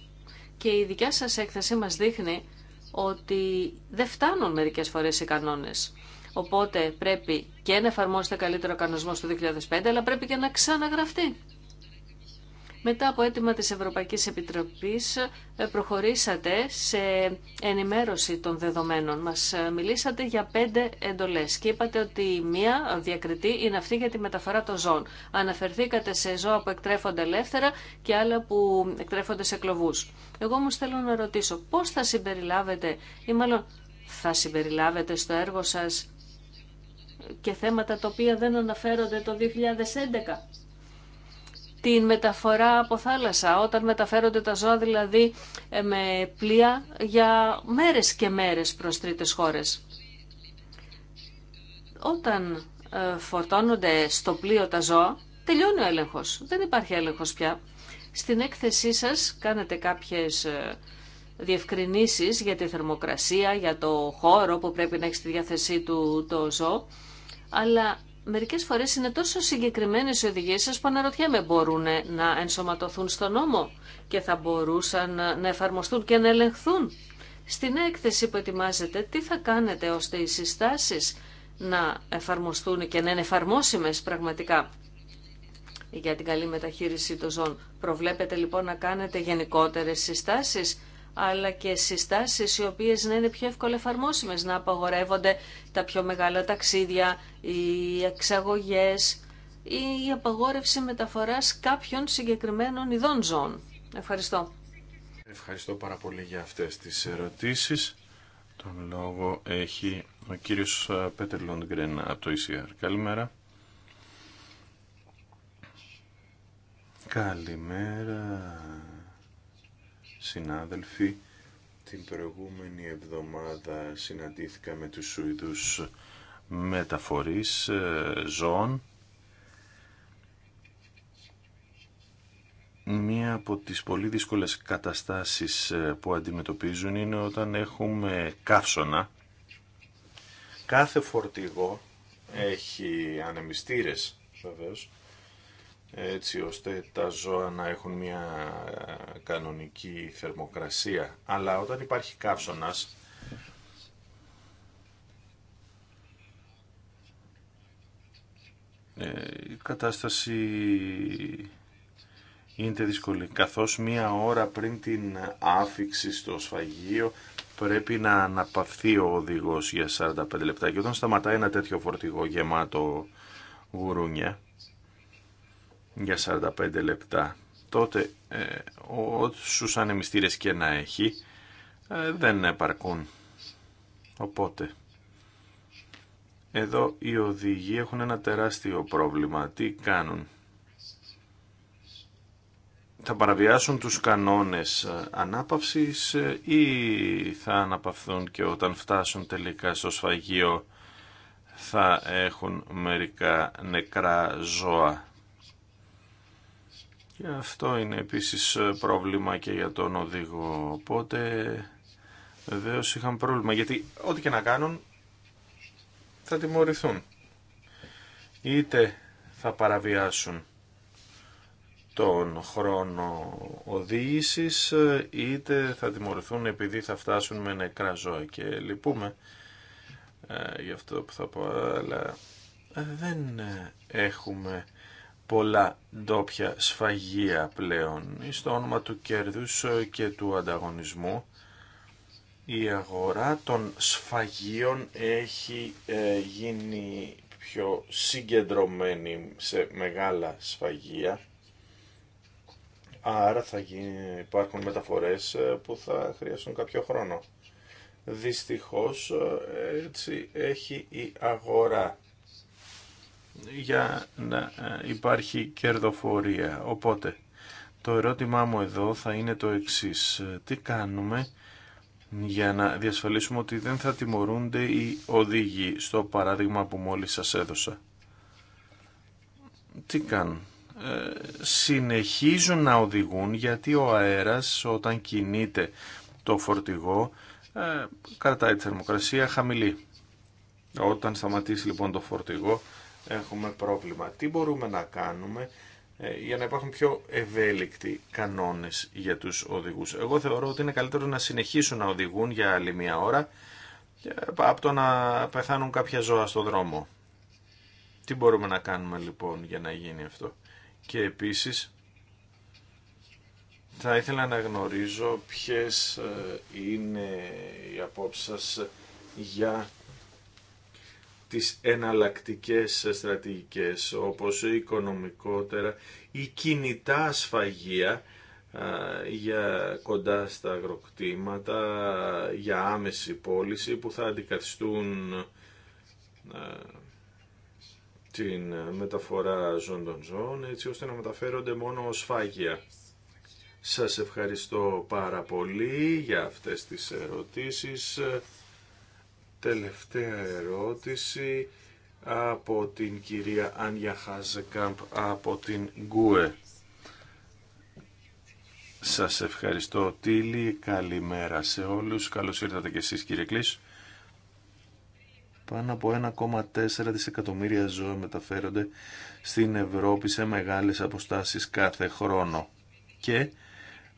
Και η δικιά σας έκθεση μας δείχνει ότι δεν φτάνουν μερικές φορές οι κανόνες. Οπότε πρέπει και να εφαρμόσετε καλύτερο κανονισμό του 2005, αλλά πρέπει και να ξαναγραφτεί. Μετά από αίτημα της Ευρωπαϊκής Επιτροπής ε, προχωρήσατε σε ενημέρωση των δεδομένων. Μας ε, μιλήσατε για πέντε εντολές και είπατε ότι μία διακριτή είναι αυτή για τη μεταφορά των ζώων. Αναφερθήκατε σε ζώα που εκτρέφονται ελεύθερα και άλλα που εκτρέφονται σε κλοβούς. Εγώ όμως θέλω να ρωτήσω πώς θα συμπεριλάβετε ή μάλλον θα συμπεριλάβετε στο έργο σας και θέματα τα οποία δεν αναφέρονται το 2011 την μεταφορά από θάλασσα, όταν μεταφέρονται τα ζώα δηλαδή ε, με πλοία για μέρες και μέρες προς τρίτες χώρες. Όταν ε, φορτώνονται στο πλοίο τα ζώα, τελειώνει ο έλεγχος. Δεν υπάρχει έλεγχος πια. Στην έκθεσή σας κάνετε κάποιες ε, διευκρινήσεις για τη θερμοκρασία, για το χώρο που πρέπει να έχει στη διάθεσή του το ζώο, αλλά Μερικέ φορές είναι τόσο συγκεκριμένε οι οδηγίες σας που αναρωτιέμαι μπορούν να ενσωματωθούν στο νόμο και θα μπορούσαν να εφαρμοστούν και να ελεγχθούν. Στην έκθεση που ετοιμάζετε, τι θα κάνετε ώστε οι συστάσεις να εφαρμοστούν και να είναι εφαρμόσιμες πραγματικά για την καλή μεταχείριση των ζώων. Προβλέπετε λοιπόν να κάνετε γενικότερε συστάσει αλλά και συστάσεις οι οποίες να είναι πιο εύκολα εφαρμόσιμε, να απαγορεύονται τα πιο μεγάλα ταξίδια, οι εξαγωγές ή η απαγόρευση μεταφοράς κάποιων συγκεκριμένων ειδών ζώων. Ευχαριστώ. Ευχαριστώ πάρα πολύ για αυτές τις ερωτήσεις. Τον λόγο έχει ο κύριος ε, Πέτερ Λοντγκρεν από το ECR. Καλημέρα. Καλημέρα συνάδελφοι. Την προηγούμενη εβδομάδα συναντήθηκα με τους Σουηδούς μεταφορείς ε, ζώων. Μία από τις πολύ δύσκολες καταστάσεις ε, που αντιμετωπίζουν είναι όταν έχουμε καύσωνα. Κάθε φορτηγό έχει ανεμιστήρες βεβαίως έτσι ώστε τα ζώα να έχουν μια ε, κανονική θερμοκρασία. Αλλά όταν υπάρχει καύσωνας, ε, η κατάσταση είναι δύσκολη. Καθώς μία ώρα πριν την άφηξη στο σφαγείο πρέπει να αναπαυθεί ο οδηγός για 45 λεπτά. Και όταν σταματάει ένα τέτοιο φορτηγό γεμάτο γουρούνια, για 45 λεπτά, τότε ε, όσους ανεμιστήρες και να έχει ε, δεν επαρκούν. Οπότε, εδώ οι οδηγοί έχουν ένα τεράστιο πρόβλημα. Τι κάνουν. Θα παραβιάσουν τους κανόνες ε, ανάπαυσης ε, ή θα αναπαυθούν και όταν φτάσουν τελικά στο σφαγείο θα έχουν μερικά νεκρά ζώα και αυτό είναι επίσης ε, πρόβλημα και για τον οδηγό. Οπότε βεβαίω είχαν πρόβλημα γιατί ό,τι και να κάνουν θα τιμωρηθούν. Είτε θα παραβιάσουν τον χρόνο οδήγησης ε, είτε θα τιμωρηθούν επειδή θα φτάσουν με νεκρά ζώα και λυπούμε ε, γι' αυτό που θα πω αλλά δεν ε, έχουμε πολλά ντόπια σφαγεία πλέον. Στο όνομα του κέρδους ε, και του ανταγωνισμού η αγορά των σφαγείων έχει ε, γίνει πιο συγκεντρωμένη σε μεγάλα σφαγεία. Άρα θα υπάρχουν μεταφορές ε, που θα χρειαστούν κάποιο χρόνο. Δυστυχώς έτσι έχει η αγορά για να ε, υπάρχει κερδοφορία. Οπότε, το ερώτημά μου εδώ θα είναι το εξής. Τι κάνουμε για να διασφαλίσουμε ότι δεν θα τιμωρούνται οι οδηγοί, στο παράδειγμα που μόλις σας έδωσα. Τι κάνουν. Ε, συνεχίζουν να οδηγούν γιατί ο αέρας όταν κινείται το φορτηγό ε, κρατάει τη θερμοκρασία χαμηλή. Όταν σταματήσει λοιπόν το φορτηγό έχουμε πρόβλημα. Τι μπορούμε να κάνουμε ε, για να υπάρχουν πιο ευέλικτοι κανόνες για τους οδηγούς. Εγώ θεωρώ ότι είναι καλύτερο να συνεχίσουν να οδηγούν για άλλη μία ώρα από το να πεθάνουν κάποια ζώα στο δρόμο. Τι μπορούμε να κάνουμε λοιπόν για να γίνει αυτό. Και επίσης θα ήθελα να γνωρίζω ποιες ε, είναι οι απόψεις για τις εναλλακτικές στρατηγικές όπως οικονομικότερα ή κινητά σφαγεία για κοντά στα αγροκτήματα, για άμεση πώληση που θα αντικαθιστούν την μεταφορά ζών των ζώων έτσι ώστε να μεταφέρονται μόνο σφάγια. Σας ευχαριστώ πάρα πολύ για αυτές τις ερωτήσεις τελευταία ερώτηση από την κυρία Άνια Χάζεκαμπ από την Γκουε. Σας ευχαριστώ Τίλη, καλημέρα σε όλους. Καλώς ήρθατε και εσείς κύριε Κλής. Πάνω από 1,4 δισεκατομμύρια ζώα μεταφέρονται στην Ευρώπη σε μεγάλες αποστάσεις κάθε χρόνο. Και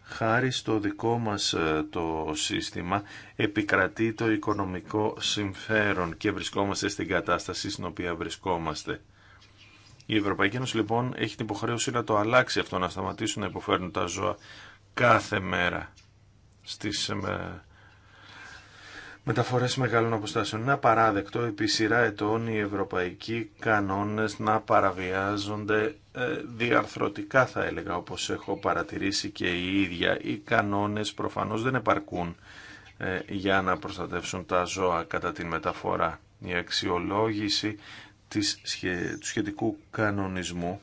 χάρη στο δικό μας ε, το σύστημα επικρατεί το οικονομικό συμφέρον και βρισκόμαστε στην κατάσταση στην οποία βρισκόμαστε. Η Ευρωπαϊκή Ένωση λοιπόν έχει την υποχρέωση να το αλλάξει αυτό, να σταματήσουν να υποφέρουν τα ζώα κάθε μέρα στις ε, Μεταφορέ μεγάλων αποστάσεων. Είναι απαράδεκτο επί σειρά ετών οι ευρωπαϊκοί κανόνες να παραβιάζονται ε, διαρθρωτικά θα έλεγα όπω έχω παρατηρήσει και η ίδια. Οι κανόνες προφανώς δεν επαρκούν ε, για να προστατεύσουν τα ζώα κατά τη μεταφορά. Η αξιολόγηση της, του σχετικού κανονισμού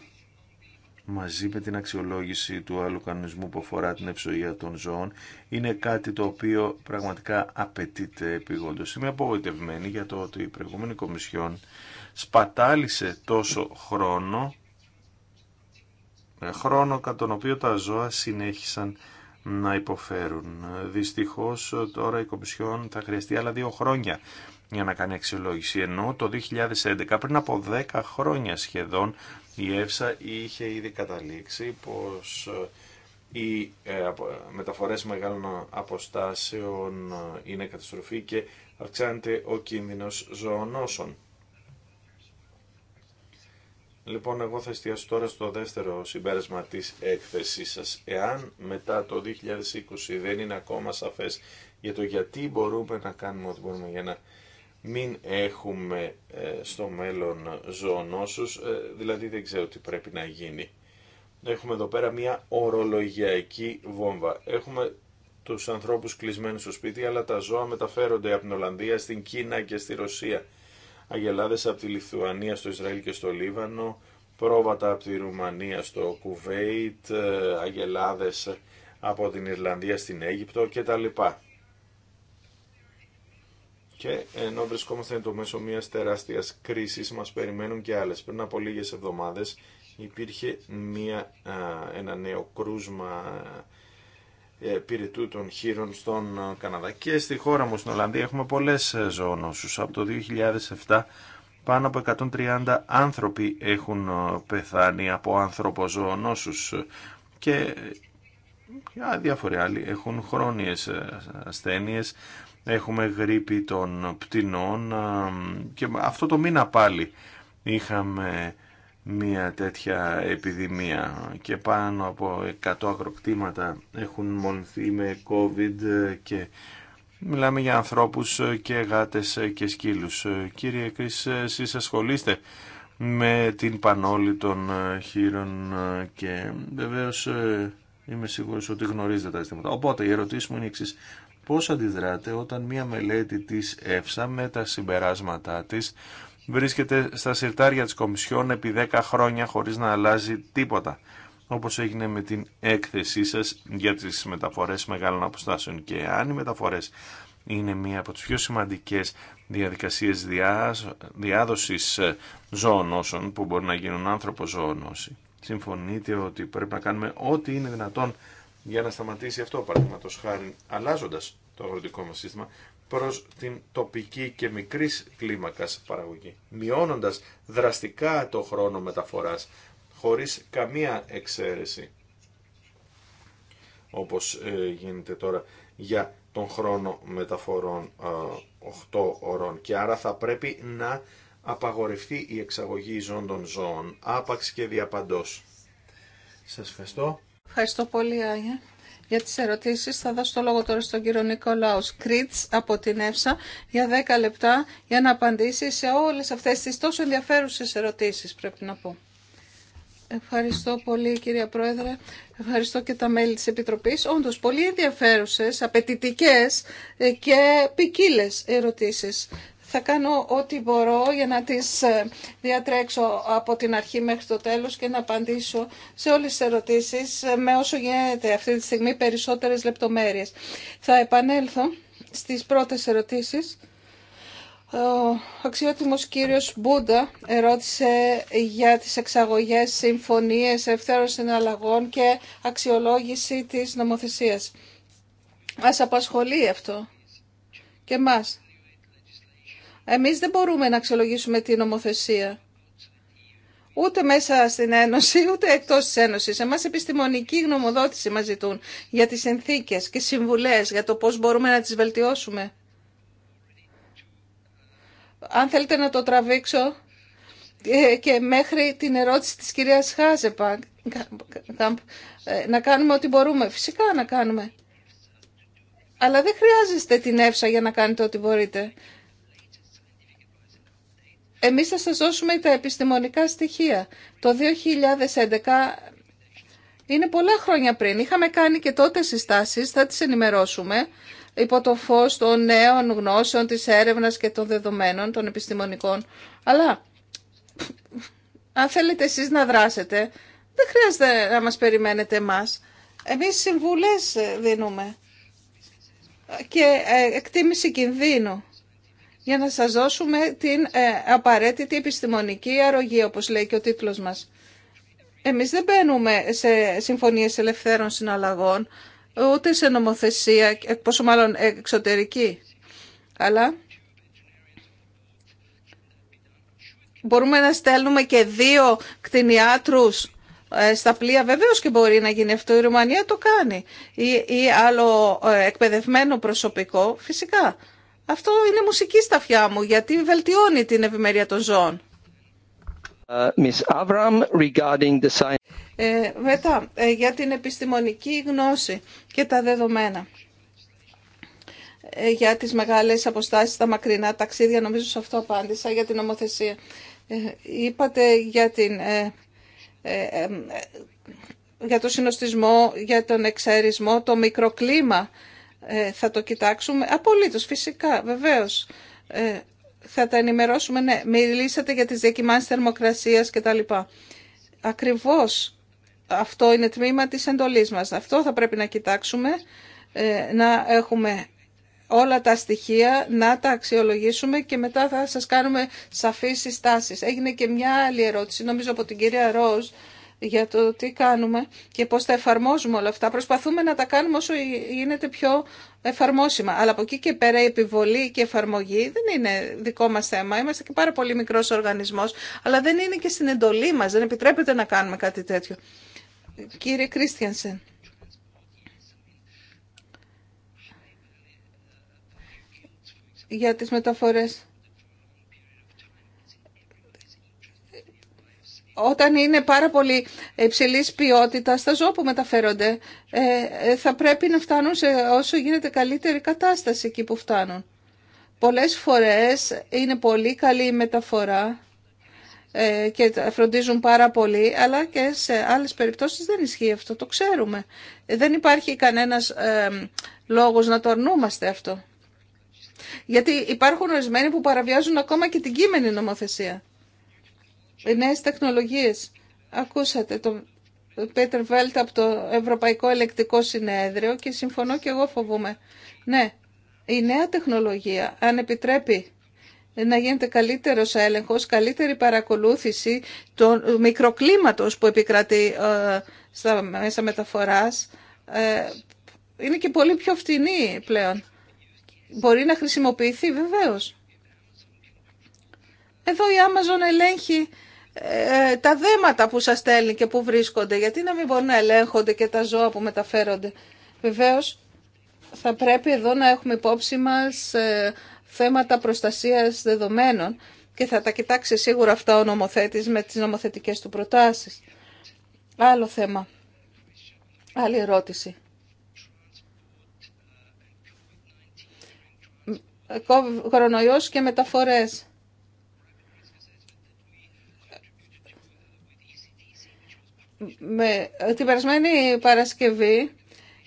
μαζί με την αξιολόγηση του άλλου κανονισμού που αφορά την ευσογεία των ζώων είναι κάτι το οποίο πραγματικά απαιτείται επιγόντως. Είμαι απογοητευμένη για το ότι η προηγούμενη Κομισιόν σπατάλησε τόσο χρόνο ε, χρόνο κατά τον οποίο τα ζώα συνέχισαν να υποφέρουν. Δυστυχώς τώρα η Κομισιόν θα χρειαστεί άλλα δύο χρόνια για να κάνει αξιολόγηση. Ενώ το 2011, πριν από 10 χρόνια σχεδόν, η ΕΦΣΑ είχε ήδη καταλήξει πως ε, οι ε, μεταφορές μεγάλων αποστάσεων ε, είναι καταστροφή και αυξάνεται ο κίνδυνος ζωονόσων. Λοιπόν, εγώ θα εστιάσω τώρα στο δεύτερο συμπέρασμα της έκθεσής σας. Εάν μετά το 2020 δεν είναι ακόμα σαφές για το γιατί μπορούμε να κάνουμε ό,τι μπορούμε για να μην έχουμε ε, στο μέλλον ζωονόσους, ε, δηλαδή δεν ξέρω τι πρέπει να γίνει. Έχουμε εδώ πέρα μια ορολογιακή βόμβα. Έχουμε τους ανθρώπους κλεισμένους στο σπίτι, αλλά τα ζώα μεταφέρονται από την Ολλανδία στην Κίνα και στη Ρωσία. Αγελάδες από τη Λιθουανία στο Ισραήλ και στο Λίβανο, πρόβατα από τη Ρουμανία στο Κουβέιτ, ε, αγελάδες από την Ιρλανδία στην Αίγυπτο κτλ. Και ενώ βρισκόμαστε εν το μέσο μιας τεράστιας κρίσης, μας περιμένουν και άλλες. Πριν από λίγες εβδομάδες υπήρχε μια, ένα νέο κρούσμα ε, πυρετού των χείρων στον Καναδά. Και στη χώρα μου, στην Ολλανδία, έχουμε πολλές ε, ζωονόσους. Από το 2007 πάνω από 130 άνθρωποι έχουν πεθάνει από ανθρωποζωονόσους και ε, διάφοροι άλλοι έχουν χρόνιες ασθένειες έχουμε γρήπη των πτηνών και αυτό το μήνα πάλι είχαμε μια τέτοια επιδημία και πάνω από 100 αγροκτήματα έχουν μολυνθεί με COVID και μιλάμε για ανθρώπους και γάτες και σκύλους. Κύριε Κρίς, εσείς ασχολείστε με την πανόλη των χείρων και βεβαίως ε, είμαι σίγουρος ότι γνωρίζετε τα αισθήματα. Οπότε η ερωτήση μου είναι η εξής πώς αντιδράτε όταν μία μελέτη της ΕΦΣΑ με τα συμπεράσματά της βρίσκεται στα συρτάρια της Κομισιόν επί 10 χρόνια χωρίς να αλλάζει τίποτα, όπως έγινε με την έκθεσή σας για τις μεταφορές μεγάλων αποστάσεων. Και αν οι μεταφορές είναι μία από τις πιο σημαντικές διαδικασίες διάδοσης ζωονόσων που μπορεί να γίνουν άνθρωπο ζωονόση. Συμφωνείτε ότι πρέπει να κάνουμε ό,τι είναι δυνατόν για να σταματήσει αυτό, παραδείγματο χάρη, αλλάζοντα το αγροτικό μα σύστημα προ την τοπική και μικρή κλίμακα παραγωγή, μειώνοντα δραστικά το χρόνο μεταφορά χωρί καμία εξαίρεση όπως ε, γίνεται τώρα για τον χρόνο μεταφορών 8 ε, ωρών και άρα θα πρέπει να απαγορευτεί η εξαγωγή ζών των ζώων άπαξ και διαπαντός. Σας ευχαριστώ. Ευχαριστώ πολύ, Άγια. Για τις ερωτήσεις θα δώσω το λόγο τώρα στον κύριο Νικόλαος Κρίτς από την ΕΦΣΑ για 10 λεπτά για να απαντήσει σε όλες αυτές τις τόσο ενδιαφέρουσες ερωτήσεις πρέπει να πω. Ευχαριστώ πολύ κυρία Πρόεδρε, ευχαριστώ και τα μέλη της Επιτροπής. Όντως πολύ ενδιαφέρουσες, απαιτητικέ ε, και ποικίλε ερωτήσεις θα κάνω ό,τι μπορώ για να τις ε, διατρέξω από την αρχή μέχρι το τέλος και να απαντήσω σε όλες τις ερωτήσεις ε, με όσο γίνεται αυτή τη στιγμή περισσότερες λεπτομέρειες. Θα επανέλθω στις πρώτες ερωτήσεις. Ο αξιότιμος κύριος Μπούντα ερώτησε για τις εξαγωγές, συμφωνίες, ευθέρωσης συναλλαγών και αξιολόγηση της νομοθεσίας. Ας απασχολεί αυτό και μας εμείς δεν μπορούμε να αξιολογήσουμε την νομοθεσία. Ούτε μέσα στην Ένωση, ούτε εκτός της Ένωσης. Εμάς επιστημονική γνωμοδότηση μας ζητούν για τις συνθήκες και συμβουλές, για το πώς μπορούμε να τις βελτιώσουμε. Αν θέλετε να το τραβήξω ε, και μέχρι την ερώτηση της κυρίας Χάζεπα, ε, να κάνουμε ό,τι μπορούμε. Φυσικά να κάνουμε. Αλλά δεν χρειάζεστε την εύσα για να κάνετε ό,τι μπορείτε. Εμείς θα σας δώσουμε τα επιστημονικά στοιχεία. Το 2011 είναι πολλά χρόνια πριν. Είχαμε κάνει και τότε συστάσεις, θα τις ενημερώσουμε, υπό το φως των νέων γνώσεων, της έρευνας και των δεδομένων, των επιστημονικών. Αλλά, αν θέλετε εσείς να δράσετε, δεν χρειάζεται να μας περιμένετε εμάς. Εμείς συμβουλές δίνουμε και ε, εκτίμηση κινδύνου για να σας δώσουμε την ε, απαραίτητη επιστημονική αρρωγή, όπως λέει και ο τίτλος μας. Εμείς δεν μπαίνουμε σε συμφωνίες ελευθέρων συναλλαγών, ούτε σε νομοθεσία, ε, πόσο μάλλον εξωτερική. Αλλά μπορούμε να στέλνουμε και δύο κτηνιάτρους ε, στα πλοία βεβαίως και μπορεί να γίνει αυτό, η Ρουμανία το κάνει. Ή, ή άλλο εκπαιδευμένο προσωπικό, φυσικά. Αυτό είναι μουσική στα αυτιά μου, γιατί βελτιώνει την ευημερία των ζώων. Ε, Miss Ε, μετά, ε, για την επιστημονική γνώση και τα δεδομένα. Ε, για τις μεγάλες αποστάσεις, τα μακρινά ταξίδια, νομίζω σε αυτό απάντησα, για την νομοθεσία. Ε, είπατε για, την, για το συνοστισμό, για τον εξαερισμό, το μικροκλίμα ε, θα το κοιτάξουμε. Απολύτως, φυσικά, βεβαίως. Ε, θα τα ενημερώσουμε. Ναι, μιλήσατε για τις διακοιμάνσεις θερμοκρασίας κτλ. Ακριβώς αυτό είναι τμήμα της εντολής μας. Αυτό θα πρέπει να κοιτάξουμε, ε, να έχουμε όλα τα στοιχεία, να τα αξιολογήσουμε και μετά θα σας κάνουμε σαφείς συστάσεις. Έγινε και μια άλλη ερώτηση, νομίζω από την κυρία Ροζ, για το τι κάνουμε και πώς τα εφαρμόζουμε όλα αυτά. Προσπαθούμε να τα κάνουμε όσο γίνεται πιο εφαρμόσιμα. Αλλά από εκεί και πέρα η επιβολή και η εφαρμογή δεν είναι δικό μας θέμα. Είμαστε και πάρα πολύ μικρός οργανισμός, αλλά δεν είναι και στην εντολή μας. Δεν επιτρέπεται να κάνουμε κάτι τέτοιο. Κύριε Κρίστιανσεν. Για τις μεταφορές. όταν είναι πάρα πολύ υψηλής ποιότητας τα ζώα που μεταφέρονται ε, ε, θα πρέπει να φτάνουν σε όσο γίνεται καλύτερη κατάσταση εκεί που φτάνουν. Πολλές φορές είναι πολύ καλή η μεταφορά ε, και φροντίζουν πάρα πολύ, αλλά και σε άλλες περιπτώσεις δεν ισχύει αυτό, το ξέρουμε. Δεν υπάρχει κανένας λόγος να το αρνούμαστε αυτό. Γιατί υπάρχουν ορισμένοι που παραβιάζουν ακόμα και την κείμενη νομοθεσία. Ε, νέε τεχνολογίε Ακούσατε τον Πέτερ Βέλτ από το Ευρωπαϊκό Ελεκτικό Συνέδριο και συμφωνώ και εγώ φοβούμαι. Ναι, η νέα τεχνολογία αν επιτρέπει να γίνεται καλύτερος έλεγχος, καλύτερη παρακολούθηση του μικροκλίματος που επικρατεί ε, στα μέσα μεταφοράς, ε, είναι και πολύ πιο φτηνή πλέον. Μπορεί να χρησιμοποιηθεί βεβαίως. Εδώ η Amazon ελέγχει ε, τα δέματα που σας στέλνει και που βρίσκονται. Γιατί να μην μπορούν να ελέγχονται και τα ζώα που μεταφέρονται. Βεβαίως θα πρέπει εδώ να έχουμε υπόψη μας ε, θέματα προστασίας δεδομένων και θα τα κοιτάξει σίγουρα αυτά ο νομοθέτης με τις νομοθετικές του προτάσεις. Άλλο θέμα. Άλλη ερώτηση. Κορονοϊός και μεταφορές. με, την περασμένη Παρασκευή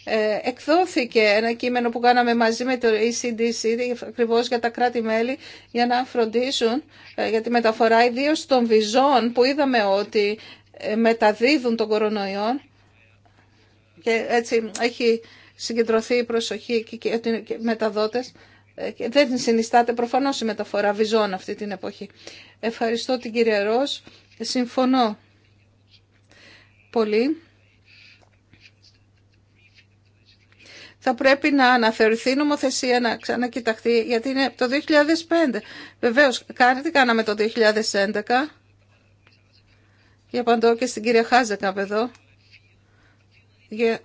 ε, εκδόθηκε ένα κείμενο που κάναμε μαζί με το ECDC ακριβώ για τα κράτη-μέλη για να φροντίσουν ε, για τη μεταφορά ιδίω των βυζών που είδαμε ότι ε, μεταδίδουν τον κορονοϊό και έτσι έχει συγκεντρωθεί η προσοχή και, και, και, μεταδότες και δεν συνιστάται προφανώς η μεταφορά βυζών αυτή την εποχή. Ευχαριστώ την κυρία Ρος. Συμφωνώ πολύ θα πρέπει να αναθεωρηθεί η νομοθεσία, να ξανακοιταχθεί, γιατί είναι το 2005. Βεβαίως, κάνετε κάναμε το 2011. για απαντώ και στην κυρία Χάζεκα εδώ. Για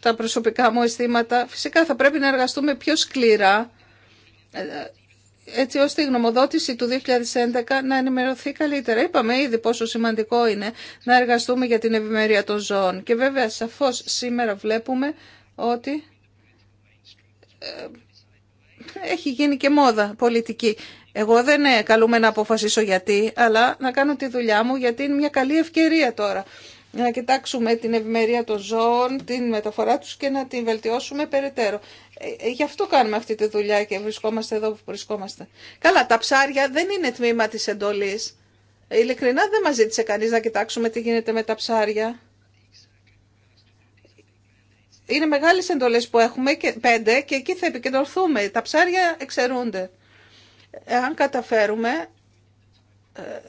τα προσωπικά μου αισθήματα. Φυσικά θα πρέπει να εργαστούμε πιο σκληρά ε, έτσι ώστε η γνωμοδότηση του 2011 να ενημερωθεί καλύτερα. Είπαμε ήδη πόσο σημαντικό είναι να εργαστούμε για την ευημερία των ζώων. Και βέβαια σαφώς σήμερα βλέπουμε ότι ε, έχει γίνει και μόδα πολιτική. Εγώ δεν ε, καλούμε να αποφασίσω γιατί, αλλά να κάνω τη δουλειά μου γιατί είναι μια καλή ευκαιρία τώρα να κοιτάξουμε την ευημερία των ζώων, την μεταφορά τους και να την βελτιώσουμε περαιτέρω. Ε, γι' αυτό κάνουμε αυτή τη δουλειά και βρισκόμαστε εδώ που βρισκόμαστε. Καλά, τα ψάρια δεν είναι τμήμα της εντολής. Ειλικρινά δεν μας ζήτησε κανείς να κοιτάξουμε τι γίνεται με τα ψάρια. Είναι μεγάλες εντολές που έχουμε, και πέντε, και εκεί θα επικεντρωθούμε. Τα ψάρια εξαιρούνται. Αν καταφέρουμε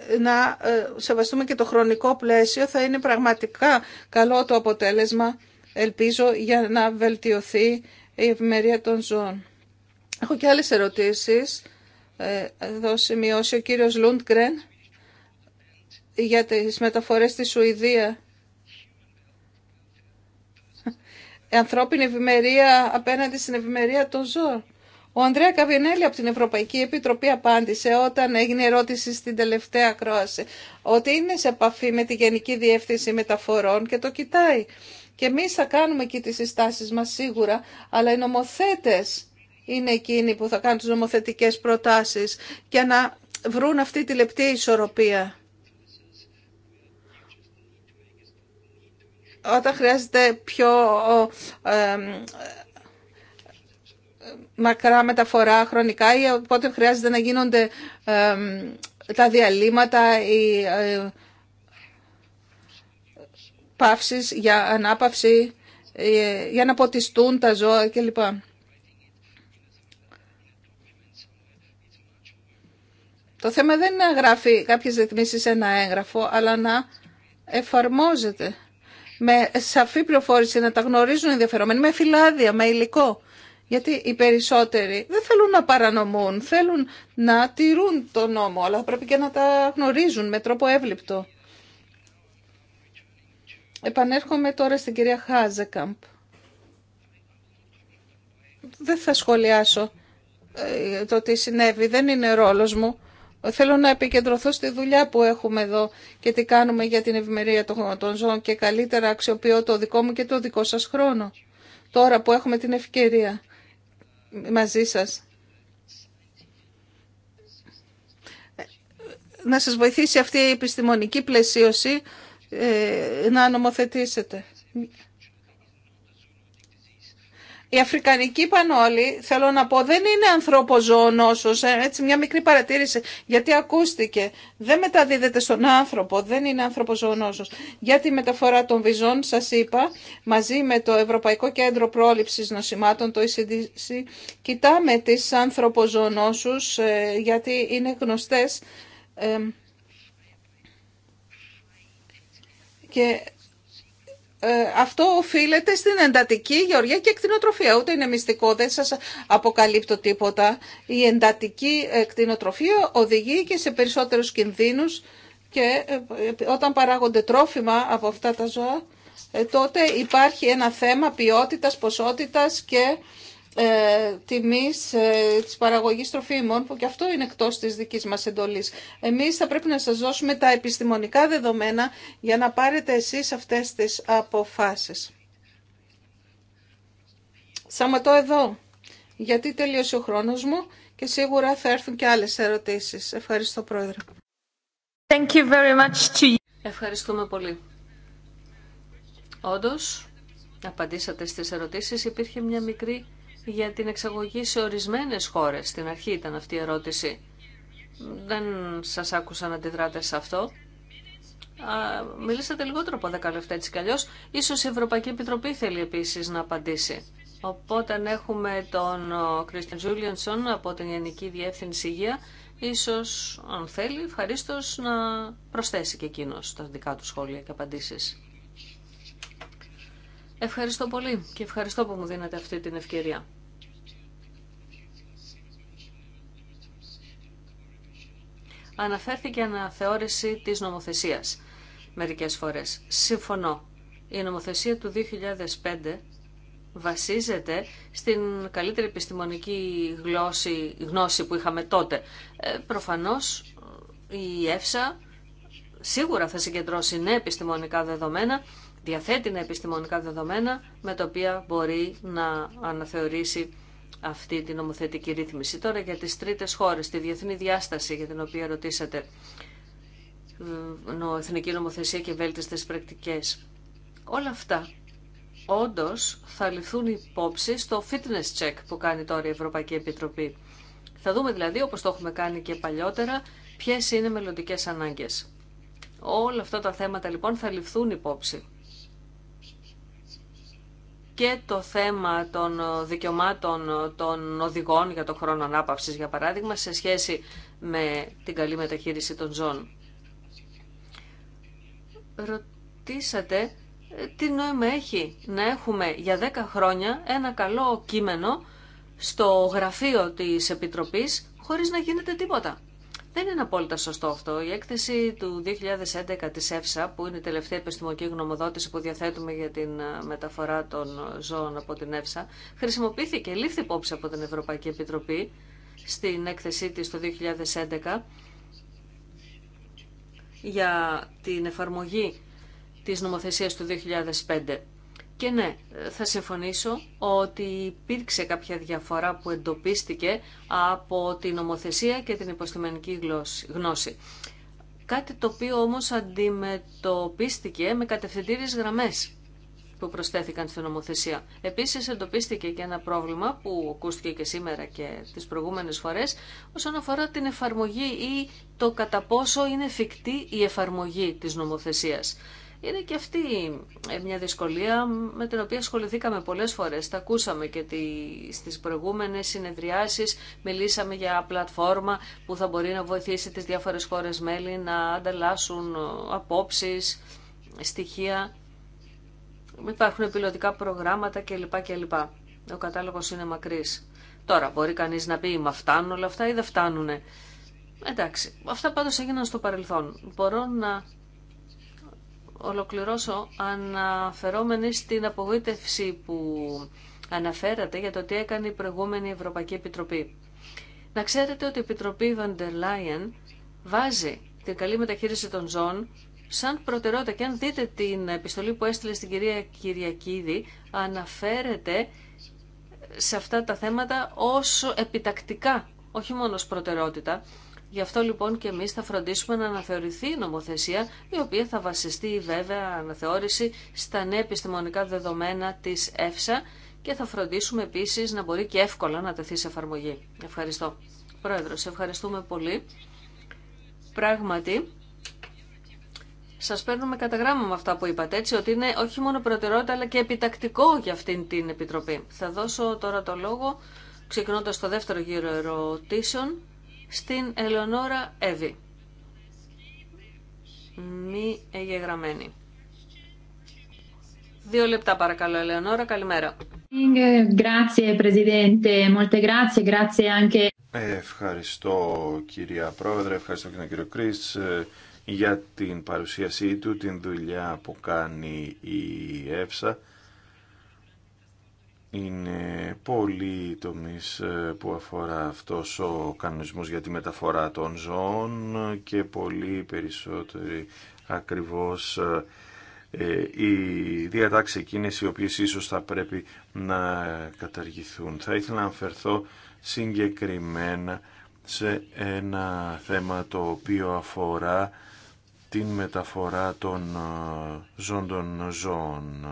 ε, να ε, σεβαστούμε και το χρονικό πλαίσιο, θα είναι πραγματικά καλό το αποτέλεσμα, ελπίζω, για να βελτιωθεί η ευημερία των ζώων. Έχω και άλλες ερωτήσεις. Ε, εδώ σημειώσει ο κύριος Λούντγκρεν για τις μεταφορές στη Σουηδία. ανθρώπινη ευημερία απέναντι στην ευημερία των ζώων. Ο Ανδρέα Καβινέλη από την Ευρωπαϊκή Επιτροπή απάντησε όταν έγινε ερώτηση στην τελευταία κρόαση. ότι είναι σε επαφή με τη Γενική Διεύθυνση Μεταφορών και το κοιτάει και εμείς θα κάνουμε εκεί τις συστάσεις μας σίγουρα, αλλά οι νομοθέτες είναι εκείνοι που θα κάνουν τις νομοθετικές προτάσεις και να βρουν αυτή τη λεπτή ισορροπία. Όταν χρειάζεται πιο μακρά μεταφορά χρονικά ή όταν χρειάζεται να γίνονται τα διαλύματα ή παύσεις για ανάπαυση, ε, για να ποτιστούν τα ζώα κλπ. Το θέμα δεν είναι να γράφει κάποιες ρυθμίσεις σε ένα έγγραφο, αλλά να εφαρμόζεται με σαφή πληροφόρηση, να τα γνωρίζουν οι ενδιαφερόμενοι, με φυλάδια, με υλικό. Γιατί οι περισσότεροι δεν θέλουν να παρανομούν, θέλουν να τηρούν τον νόμο, αλλά πρέπει και να τα γνωρίζουν με τρόπο εύληπτο. Επανέρχομαι τώρα στην κυρία Χάζεκαμπ. Δεν θα σχολιάσω ε, το τι συνέβη, δεν είναι ρόλος μου. Θέλω να επικεντρωθώ στη δουλειά που έχουμε εδώ και τι κάνουμε για την ευημερία των ζώων και καλύτερα αξιοποιώ το δικό μου και το δικό σας χρόνο. Τώρα που έχουμε την ευκαιρία μαζί σας. Να σας βοηθήσει αυτή η επιστημονική πλαισίωση ε, να νομοθετήσετε. Η αφρικανική πανόλη, θέλω να πω, δεν είναι ανθρωποζώο ε, έτσι μια μικρή παρατήρηση, γιατί ακούστηκε, δεν μεταδίδεται στον άνθρωπο, δεν είναι ανθρωποζώο νόσος. Για τη μεταφορά των βυζών, σας είπα, μαζί με το Ευρωπαϊκό Κέντρο Πρόληψης Νοσημάτων, το ECDC, κοιτάμε τις ανθρωποζωονόσους, ε, γιατί είναι γνωστές Και ε, αυτό οφείλεται στην εντατική γεωργία και κτηνοτροφία. Ούτε είναι μυστικό, δεν σας αποκαλύπτω τίποτα. Η εντατική ε, κτηνοτροφία οδηγεί και σε περισσότερους κινδύνους και ε, όταν παράγονται τρόφιμα από αυτά τα ζώα, τότε υπάρχει ένα θέμα ποιότητας, ποσότητας και ε, τιμής ε, της παραγωγής τροφίμων, που και αυτό είναι εκτό τη δικής μας εντολής. Εμείς θα πρέπει να σας δώσουμε τα επιστημονικά δεδομένα για να πάρετε εσείς αυτές τις αποφάσεις. Σταματώ εδώ, γιατί τελείωσε ο χρόνος μου και σίγουρα θα έρθουν και άλλες ερωτήσεις. Ευχαριστώ, Πρόεδρε. Thank you very much to you. Ευχαριστούμε πολύ. Όντως, απαντήσατε στις ερωτήσεις. Υπήρχε μια μικρή για την εξαγωγή σε ορισμένες χώρες. Στην αρχή ήταν αυτή η ερώτηση. Δεν σας άκουσα να αντιδράτε σε αυτό. Α, μιλήσατε λιγότερο από 10 λεπτά έτσι κι αλλιώς. Ίσως η Ευρωπαϊκή Επιτροπή θέλει επίσης να απαντήσει. Οπότε αν έχουμε τον Κρίστιαν Ζούλιανσον από την Γενική Διεύθυνση Υγεία. Ίσως, αν θέλει, ευχαρίστω να προσθέσει και εκείνο τα δικά του σχόλια και απαντήσεις. Ευχαριστώ πολύ και ευχαριστώ που μου δίνετε αυτή την ευκαιρία. αναφέρθηκε αναθεώρηση της νομοθεσίας μερικές φορές. Συμφωνώ. Η νομοθεσία του 2005 βασίζεται στην καλύτερη επιστημονική γλώση, γνώση που είχαμε τότε. Ε, προφανώς η ΕΦΣΑ σίγουρα θα συγκεντρώσει νέα επιστημονικά δεδομένα, διαθέτει νέα επιστημονικά δεδομένα με τα οποία μπορεί να αναθεωρήσει αυτή την νομοθετική ρύθμιση. Τώρα για τις τρίτες χώρες, τη διεθνή διάσταση για την οποία ρωτήσατε, ε, εθνική νομοθεσία και βέλτιστες πρακτικές. Όλα αυτά όντως θα ληφθούν υπόψη στο fitness check που κάνει τώρα η Ευρωπαϊκή Επιτροπή. Θα δούμε δηλαδή, όπως το έχουμε κάνει και παλιότερα, ποιες είναι μελλοντικέ ανάγκες. Όλα αυτά τα θέματα λοιπόν θα ληφθούν υπόψη και το θέμα των δικαιωμάτων των οδηγών για τον χρόνο ανάπαυσης, για παράδειγμα, σε σχέση με την καλή μεταχείριση των ζών. Ρωτήσατε ε, τι νόημα έχει να έχουμε για 10 χρόνια ένα καλό κείμενο στο γραφείο της Επιτροπής χωρίς να γίνεται τίποτα. Δεν είναι απόλυτα σωστό αυτό. Η έκθεση του 2011 της ΕΦΣΑ, που είναι η τελευταία επιστημονική γνωμοδότηση που διαθέτουμε για την ε, μεταφορά των ζώων από την ΕΦΣΑ, χρησιμοποιήθηκε, λήφθη υπόψη από την Ευρωπαϊκή Επιτροπή στην έκθεσή της το 2011 για την εφαρμογή της νομοθεσίας του 2005. Και ναι, θα συμφωνήσω ότι υπήρξε κάποια διαφορά που εντοπίστηκε από την νομοθεσία και την υποστημενική γνώση. Κάτι το οποίο όμως αντιμετωπίστηκε με κατευθυντήριες γραμμές που προσθέθηκαν στην νομοθεσία. Επίσης εντοπίστηκε και ένα πρόβλημα που ακούστηκε και σήμερα και τις προηγούμενες φορές όσον αφορά την εφαρμογή ή το κατά πόσο είναι εφικτή η εφαρμογή της νομοθεσίας είναι και αυτή ε, μια δυσκολία με την οποία ασχοληθήκαμε πολλές φορές. Τα ακούσαμε και στις προηγούμενες συνεδριάσεις. Μιλήσαμε για πλατφόρμα που θα μπορεί να βοηθήσει τις διάφορες χώρες μέλη να ανταλλάσσουν ε, απόψεις, στοιχεία. Υπάρχουν πιλωτικά προγράμματα κλπ. κλπ. Ο κατάλογος είναι μακρύ Τώρα μπορεί κανείς να πει μα φτάνουν όλα αυτά ή δεν φτάνουν. Εντάξει, αυτά πάντως έγιναν στο παρελθόν. Μπορώ να ολοκληρώσω αναφερόμενοι στην απογοήτευση που αναφέρατε για το τι έκανε η προηγούμενη Ευρωπαϊκή Επιτροπή. Να ξέρετε ότι η Επιτροπή Βαντερ Λάιεν βάζει την καλή μεταχείριση των ζώων σαν προτεραιότητα. Και αν δείτε την επιστολή που έστειλε στην κυρία Κυριακίδη, αναφέρεται σε αυτά τα θέματα όσο επιτακτικά, όχι μόνο προτεραιότητα. Γι' αυτό λοιπόν και εμείς θα φροντίσουμε να αναθεωρηθεί η νομοθεσία, η οποία θα βασιστεί βέβαια αναθεώρηση στα νέα επιστημονικά δεδομένα της ΕΦΣΑ και θα φροντίσουμε επίσης να μπορεί και εύκολα να τεθεί σε εφαρμογή. Ευχαριστώ. Πρόεδρος, ευχαριστούμε πολύ. Πράγματι, σας παίρνουμε κατά γράμμα με αυτά που είπατε, έτσι, ότι είναι όχι μόνο προτεραιότητα, αλλά και επιτακτικό για αυτήν την Επιτροπή. Θα δώσω τώρα το λόγο, ξεκινώντας το δεύτερο γύρο ερωτήσεων, στην Ελεονόρα Εύη. Μη εγγεγραμμένη. Δύο λεπτά παρακαλώ, Ελεονόρα. Καλημέρα. Ευχαριστώ κυρία Πρόεδρε, ευχαριστώ και τον κύριο Κρίς ε, για την παρουσίασή του, την δουλειά που κάνει η ΕΦΣΑ είναι πολλοί τομείς ε, που αφορά αυτός ο κανονισμός για τη μεταφορά των ζώων και πολύ περισσότεροι ακριβώς ε, ε, οι διατάξεις εκείνες οι οποίες ίσως θα πρέπει να καταργηθούν. Θα ήθελα να αναφερθώ συγκεκριμένα σε ένα θέμα το οποίο αφορά την μεταφορά των ζώντων ζώων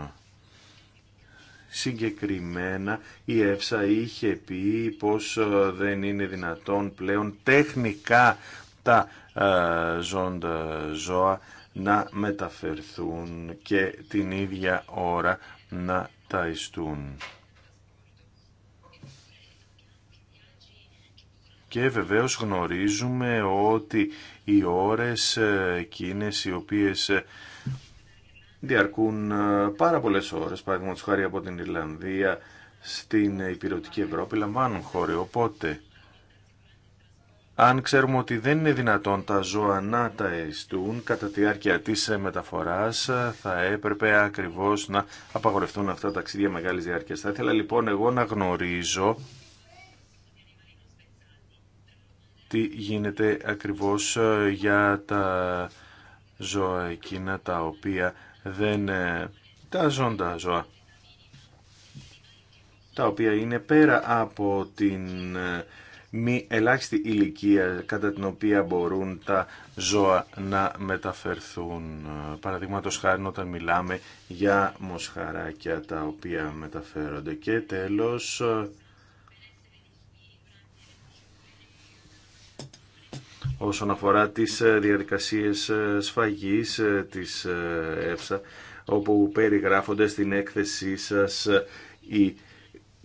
Συγκεκριμένα η ΕΦΣΑ είχε πει πως ε, δεν είναι δυνατόν πλέον τεχνικά τα ε, ζώντα ζώα να μεταφερθούν και την ίδια ώρα να ταϊστούν. Και βεβαίως γνωρίζουμε ότι οι ώρες ε, εκείνες οι οποίες διαρκούν ε, πάρα πολλέ ώρε. Παραδείγματο χάρη από την Ιρλανδία στην υπηρετική Ευρώπη, λαμβάνουν χώροι. Οπότε, αν ξέρουμε ότι δεν είναι δυνατόν τα ζώα να τα ειστούν κατά τη διάρκεια τη ε, μεταφορά, ε, θα έπρεπε ακριβώ να απαγορευτούν αυτά τα ταξίδια μεγάλη διάρκεια. Θα ήθελα λοιπόν εγώ να γνωρίζω τι γίνεται ακριβώς για τα ζώα εκείνα τα οποία δεν ε, τα ζώντα ζώα τα οποία είναι πέρα από την ε, μη ελάχιστη ηλικία κατά την οποία μπορούν τα ζώα να μεταφερθούν. Παραδείγματος χάρη όταν μιλάμε για μοσχαράκια τα οποία μεταφέρονται. Και τέλος ε, όσον αφορά τις ε, διαδικασίες ε, σφαγής ε, της ΕΦΣΑ όπου περιγράφονται στην έκθεσή σας οι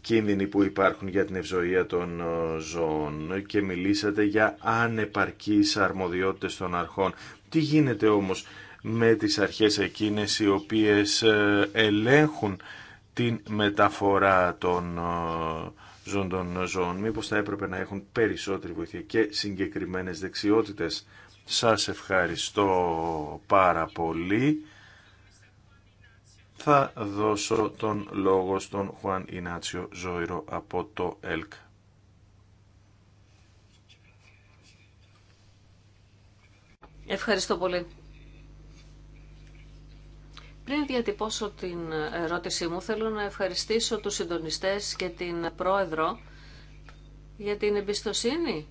κίνδυνοι που υπάρχουν για την ευζοία των ζώων και μιλήσατε για ανεπαρκείς αρμοδιότητες των αρχών. Τι γίνεται όμως με τις αρχές εκείνες οι οποίες ελέγχουν την μεταφορά των ζών Μήπως θα έπρεπε να έχουν περισσότερη βοήθεια και συγκεκριμένες δεξιότητες. Σας ευχαριστώ πάρα πολύ. Θα δώσω τον λόγο στον Χουάν Ινάτσιο Ζόηρο από το ΕΛΚ. Ευχαριστώ πολύ. Πριν διατυπώσω την ερώτησή μου, θέλω να ευχαριστήσω τους συντονιστές και την πρόεδρο για την εμπιστοσύνη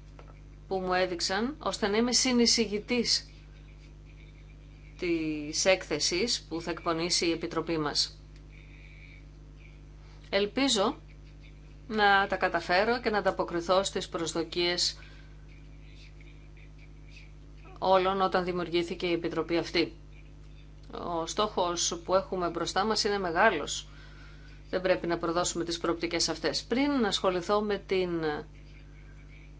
που μου έδειξαν, ώστε να είμαι συνεισηγητής της έκθεσης που θα εκπονήσει η Επιτροπή μας. Ελπίζω να τα καταφέρω και να ανταποκριθώ στις προσδοκίες όλων όταν δημιουργήθηκε η Επιτροπή αυτή. Ο στόχος που έχουμε μπροστά μας είναι μεγάλος. Δεν πρέπει να προδώσουμε τις προοπτικές αυτές. Πριν να ασχοληθώ με την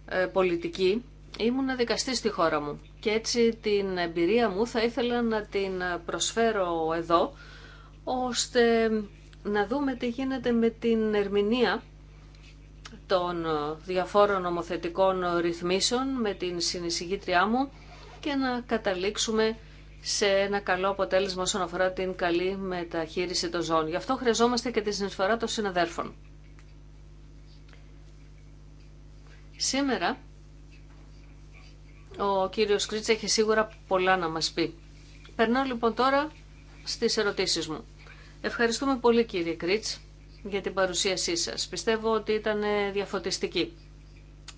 ε, πολιτική, ήμουν δικαστή στη χώρα μου και έτσι την εμπειρία μου θα ήθελα να την προσφέρω εδώ, ώστε να δούμε τι γίνεται με την ερμηνεία των διαφόρων νομοθετικών ρυθμίσεων με την συνεισηγήτριά μου και να καταλήξουμε σε ένα καλό αποτέλεσμα όσον αφορά την καλή μεταχείριση των ζώων. Γι' αυτό χρειαζόμαστε και τη συνεισφορά των συναδέρφων. Σήμερα ο κύριος Κρίτς έχει σίγουρα πολλά να μας πει. Περνάω λοιπόν τώρα στις ερωτήσεις μου. Ευχαριστούμε πολύ κύριε Κρίτς για την παρουσίασή σας. Πιστεύω ότι ήταν διαφωτιστική.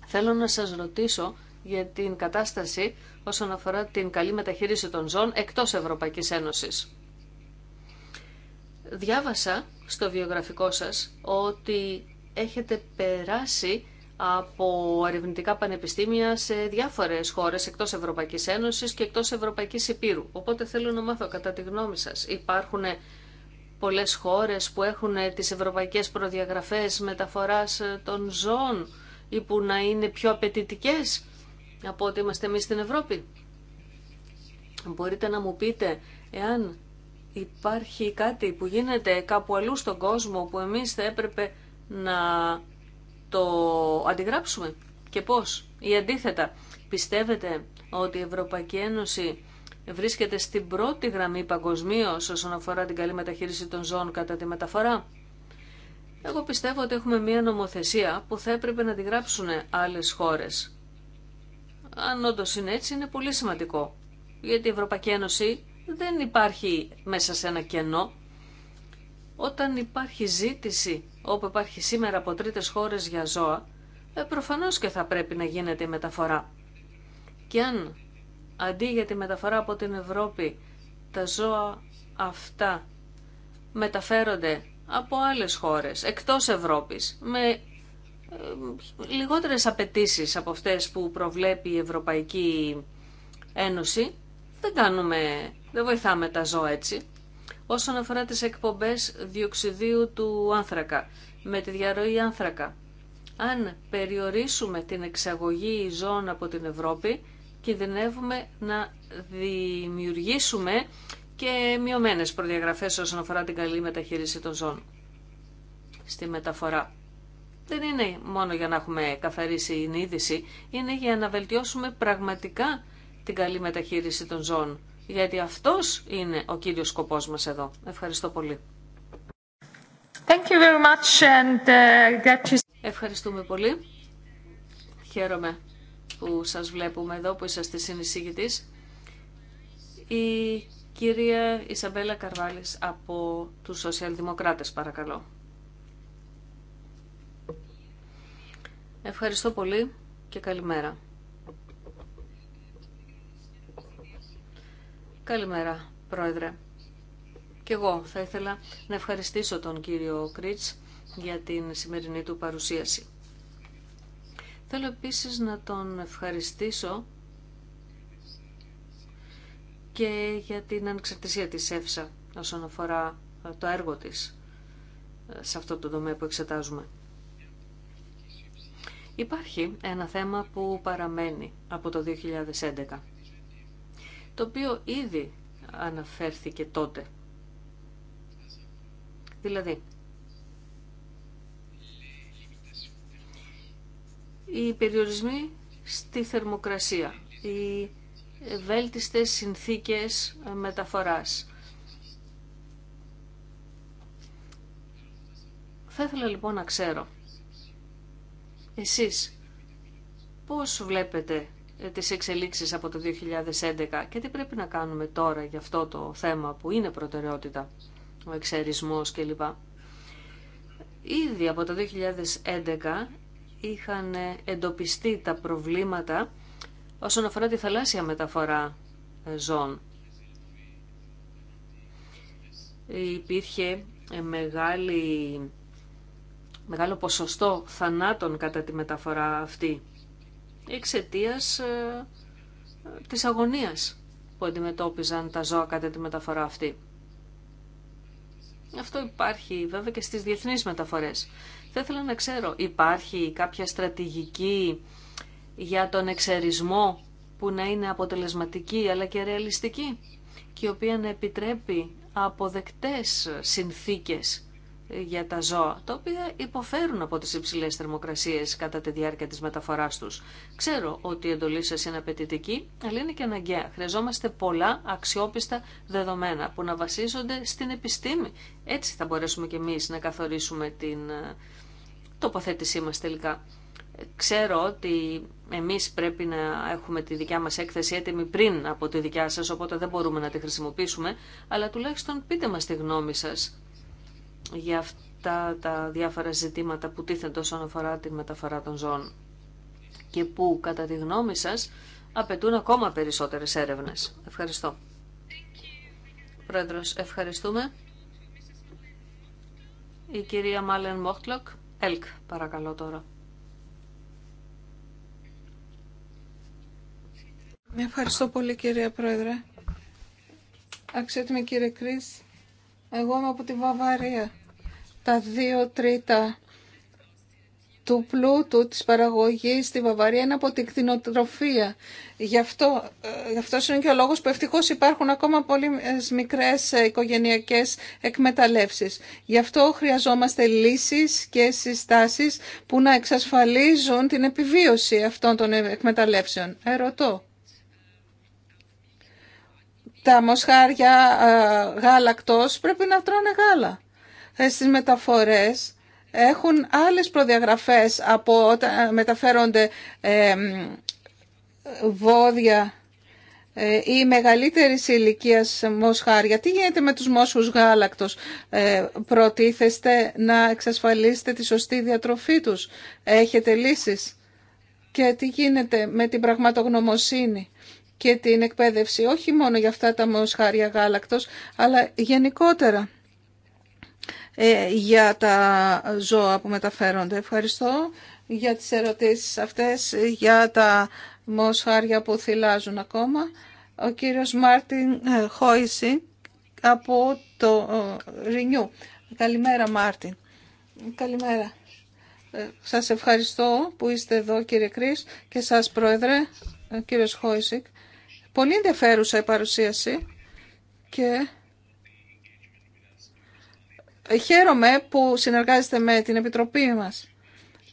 Θέλω να σας ρωτήσω για την κατάσταση όσον αφορά την καλή μεταχείριση των ζώων εκτός Ευρωπαϊκής Ένωσης. Διάβασα στο βιογραφικό σας ότι έχετε περάσει από ερευνητικά πανεπιστήμια σε διάφορες χώρες εκτός Ευρωπαϊκής Ένωσης και εκτός Ευρωπαϊκής Επίρου. Οπότε θέλω να μάθω κατά τη γνώμη σας. Υπάρχουν πολλές χώρες που έχουν τις ευρωπαϊκές προδιαγραφές μεταφοράς των ζώων ή που να είναι πιο απαιτητικέ από ότι είμαστε εμείς στην Ευρώπη. Μπορείτε να μου πείτε εάν υπάρχει κάτι που γίνεται κάπου αλλού στον κόσμο που εμείς θα έπρεπε να το αντιγράψουμε και πώς ή αντίθετα πιστεύετε ότι η Ευρωπαϊκή Ένωση βρίσκεται στην πρώτη γραμμή παγκοσμίω όσον αφορά την καλή μεταχείριση των ζώων κατά τη μεταφορά. Εγώ πιστεύω ότι έχουμε μία νομοθεσία που θα έπρεπε να τη γράψουν άλλες χώρες αν όντω είναι έτσι, είναι πολύ σημαντικό. Γιατί η Ευρωπαϊκή Ένωση δεν υπάρχει μέσα σε ένα κενό. Όταν υπάρχει ζήτηση, όπου υπάρχει σήμερα από τρίτε χώρες για ζώα, ε, και θα πρέπει να γίνεται η μεταφορά. Και αν αντί για τη μεταφορά από την Ευρώπη, τα ζώα αυτά μεταφέρονται από άλλες χώρες, εκτός Ευρώπης, με λιγότερες απαιτήσει από αυτές που προβλέπει η Ευρωπαϊκή Ένωση. Δεν κάνουμε, δεν βοηθάμε τα ζώα έτσι. Όσον αφορά τις εκπομπές διοξιδίου του άνθρακα, με τη διαρροή άνθρακα, αν περιορίσουμε την εξαγωγή ζώων από την Ευρώπη, κινδυνεύουμε να δημιουργήσουμε και μειωμένες προδιαγραφές όσον αφορά την καλή μεταχείριση των ζώων στη μεταφορά δεν είναι μόνο για να έχουμε η συνείδηση, είναι για να βελτιώσουμε πραγματικά την καλή μεταχείριση των ζώων. Γιατί αυτός είναι ο κύριος σκοπός μας εδώ. Ευχαριστώ πολύ. Uh, Ευχαριστούμε πολύ. Χαίρομαι που σας βλέπουμε εδώ, που είσαστε συνεισήγητης. Η κυρία Ισαμπέλα Καρβάλης από τους Σοσιαλδημοκράτες, παρακαλώ. Ευχαριστώ πολύ και καλημέρα. Καλημέρα, Πρόεδρε. Και εγώ θα ήθελα να ευχαριστήσω τον κύριο Κρίτς για την σημερινή του παρουσίαση. Θέλω επίσης να τον ευχαριστήσω και για την ανεξαρτησία της ΕΦΣΑ όσον αφορά το έργο της ε, σε αυτό το τομέα που εξετάζουμε. Υπάρχει ένα θέμα που παραμένει από το 2011, το οποίο ήδη αναφέρθηκε τότε. Δηλαδή, οι περιορισμοί στη θερμοκρασία, οι βέλτιστες συνθήκες μεταφοράς. Θα ήθελα λοιπόν να ξέρω εσείς πώς βλέπετε ε, τις εξελίξεις από το 2011 και τι πρέπει να κάνουμε τώρα για αυτό το θέμα που είναι προτεραιότητα, ο εξαιρισμός κλπ. Ήδη από το 2011 είχαν ε, εντοπιστεί τα προβλήματα όσον αφορά τη θαλάσσια μεταφορά ε, ζώων. Υπήρχε μεγάλη μεγάλο ποσοστό θανάτων κατά τη μεταφορά αυτή εξαιτία ε, της αγωνίας που αντιμετώπιζαν τα ζώα κατά τη μεταφορά αυτή. Αυτό υπάρχει βέβαια και στις διεθνείς μεταφορές. Θα ήθελα να ξέρω, υπάρχει κάποια στρατηγική για τον εξαιρισμό που να είναι αποτελεσματική αλλά και ρεαλιστική και η οποία να επιτρέπει αποδεκτές συνθήκες για τα ζώα, τα οποία υποφέρουν από τις υψηλές θερμοκρασίες κατά τη διάρκεια της μεταφοράς τους. Ξέρω ότι η εντολή σας είναι απαιτητική, αλλά είναι και αναγκαία. Χρειαζόμαστε πολλά αξιόπιστα δεδομένα που να βασίζονται στην επιστήμη. Έτσι θα μπορέσουμε και εμείς να καθορίσουμε την ε, τοποθέτησή μας τελικά. Ξέρω ότι εμείς πρέπει να έχουμε τη δικιά μας έκθεση έτοιμη πριν από τη δικιά σας, οπότε δεν μπορούμε να τη χρησιμοποιήσουμε, αλλά τουλάχιστον πείτε μας τη γνώμη σας για αυτά τα διάφορα ζητήματα που τίθενται όσον αφορά τη μεταφορά των ζώων και που κατά τη γνώμη σας απαιτούν ακόμα περισσότερες έρευνες. Ευχαριστώ. Πρόεδρος, ευχαριστούμε. Η κυρία Μάλεν Μόχτλοκ, ΕΛΚ, παρακαλώ τώρα. Ευχαριστώ πολύ κυρία Πρόεδρε. Αξιότιμη κύριε Κρίς, εγώ είμαι από τη Βαβαρία. Τα δύο τρίτα του πλούτου της παραγωγής στη Βαβαρία είναι από την κτηνοτροφία. Γι' αυτό ε, γι αυτός είναι και ο λόγος που ευτυχώς υπάρχουν ακόμα πολύ μικρές ε, οικογενειακές εκμεταλλεύσεις. Γι' αυτό χρειαζόμαστε λύσεις και συστάσεις που να εξασφαλίζουν την επιβίωση αυτών των εκμεταλλεύσεων. Ερωτώ τα μοσχάρια γάλακτος πρέπει να τρώνε γάλα. Ε, στις μεταφορές έχουν άλλες προδιαγραφές από όταν μεταφέρονται ε, βόδια ε, ή μεγαλύτερη ηλικία μοσχάρια. Τι γίνεται με τους μόσχους γάλακτος. προτίθεστε να εξασφαλίσετε τη σωστή διατροφή τους. Έχετε λύσεις. Και τι γίνεται με την πραγματογνωμοσύνη και την εκπαίδευση, όχι μόνο για αυτά τα μοσχάρια γάλακτος, αλλά γενικότερα ε, για τα ζώα που μεταφέρονται. Ευχαριστώ για τις ερωτήσεις αυτές, για τα μοσχάρια που θυλάζουν ακόμα. Ο κύριος Μάρτιν ε, Χόισι από το ε, Ρινιού. Καλημέρα Μάρτιν. Καλημέρα. Σας ευχαριστώ που είστε εδώ κύριε Κρίς και σας πρόεδρε, κύριος Χόισικ. Πολύ ενδιαφέρουσα η παρουσίαση και χαίρομαι που συνεργάζεστε με την Επιτροπή μας.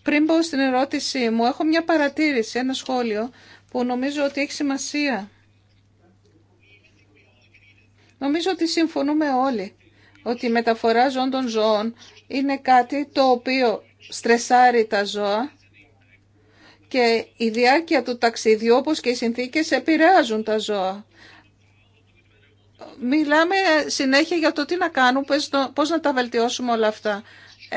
Πριν πω στην ερώτησή μου, έχω μια παρατήρηση, ένα σχόλιο που νομίζω ότι έχει σημασία. Νομίζω ότι συμφωνούμε όλοι ότι η μεταφορά ζώων των ζώων είναι κάτι το οποίο στρεσάρει τα ζώα και η διάρκεια του ταξιδιού όπως και οι συνθήκες επηρεάζουν τα ζώα. Μιλάμε συνέχεια για το τι να κάνουμε, πώς να τα βελτιώσουμε όλα αυτά. Ε,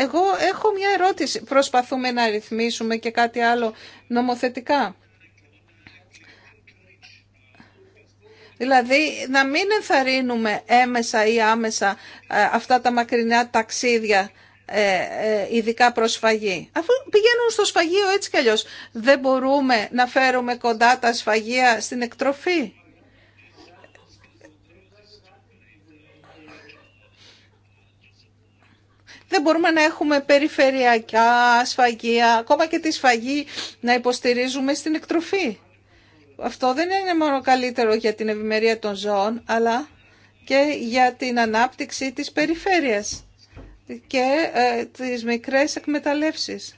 εγώ έχω μια ερώτηση. Προσπαθούμε να ρυθμίσουμε και κάτι άλλο νομοθετικά. Δηλαδή να μην ενθαρρύνουμε έμεσα ή άμεσα ε, αυτά τα μακρινά ταξίδια ε, ε, ειδικά προσφαγή. Αφού πηγαίνουν στο σφαγείο έτσι κι αλλιώς. Δεν μπορούμε να φέρουμε κοντά τα σφαγεία στην εκτροφή. Δεν μπορούμε να έχουμε περιφερειακά σφαγεία, ακόμα και τη σφαγή να υποστηρίζουμε στην εκτροφή. Αυτό δεν είναι μόνο καλύτερο για την ευημερία των ζώων, αλλά και για την ανάπτυξη της περιφέρειας και ε, τις μικρές εκμεταλλεύσεις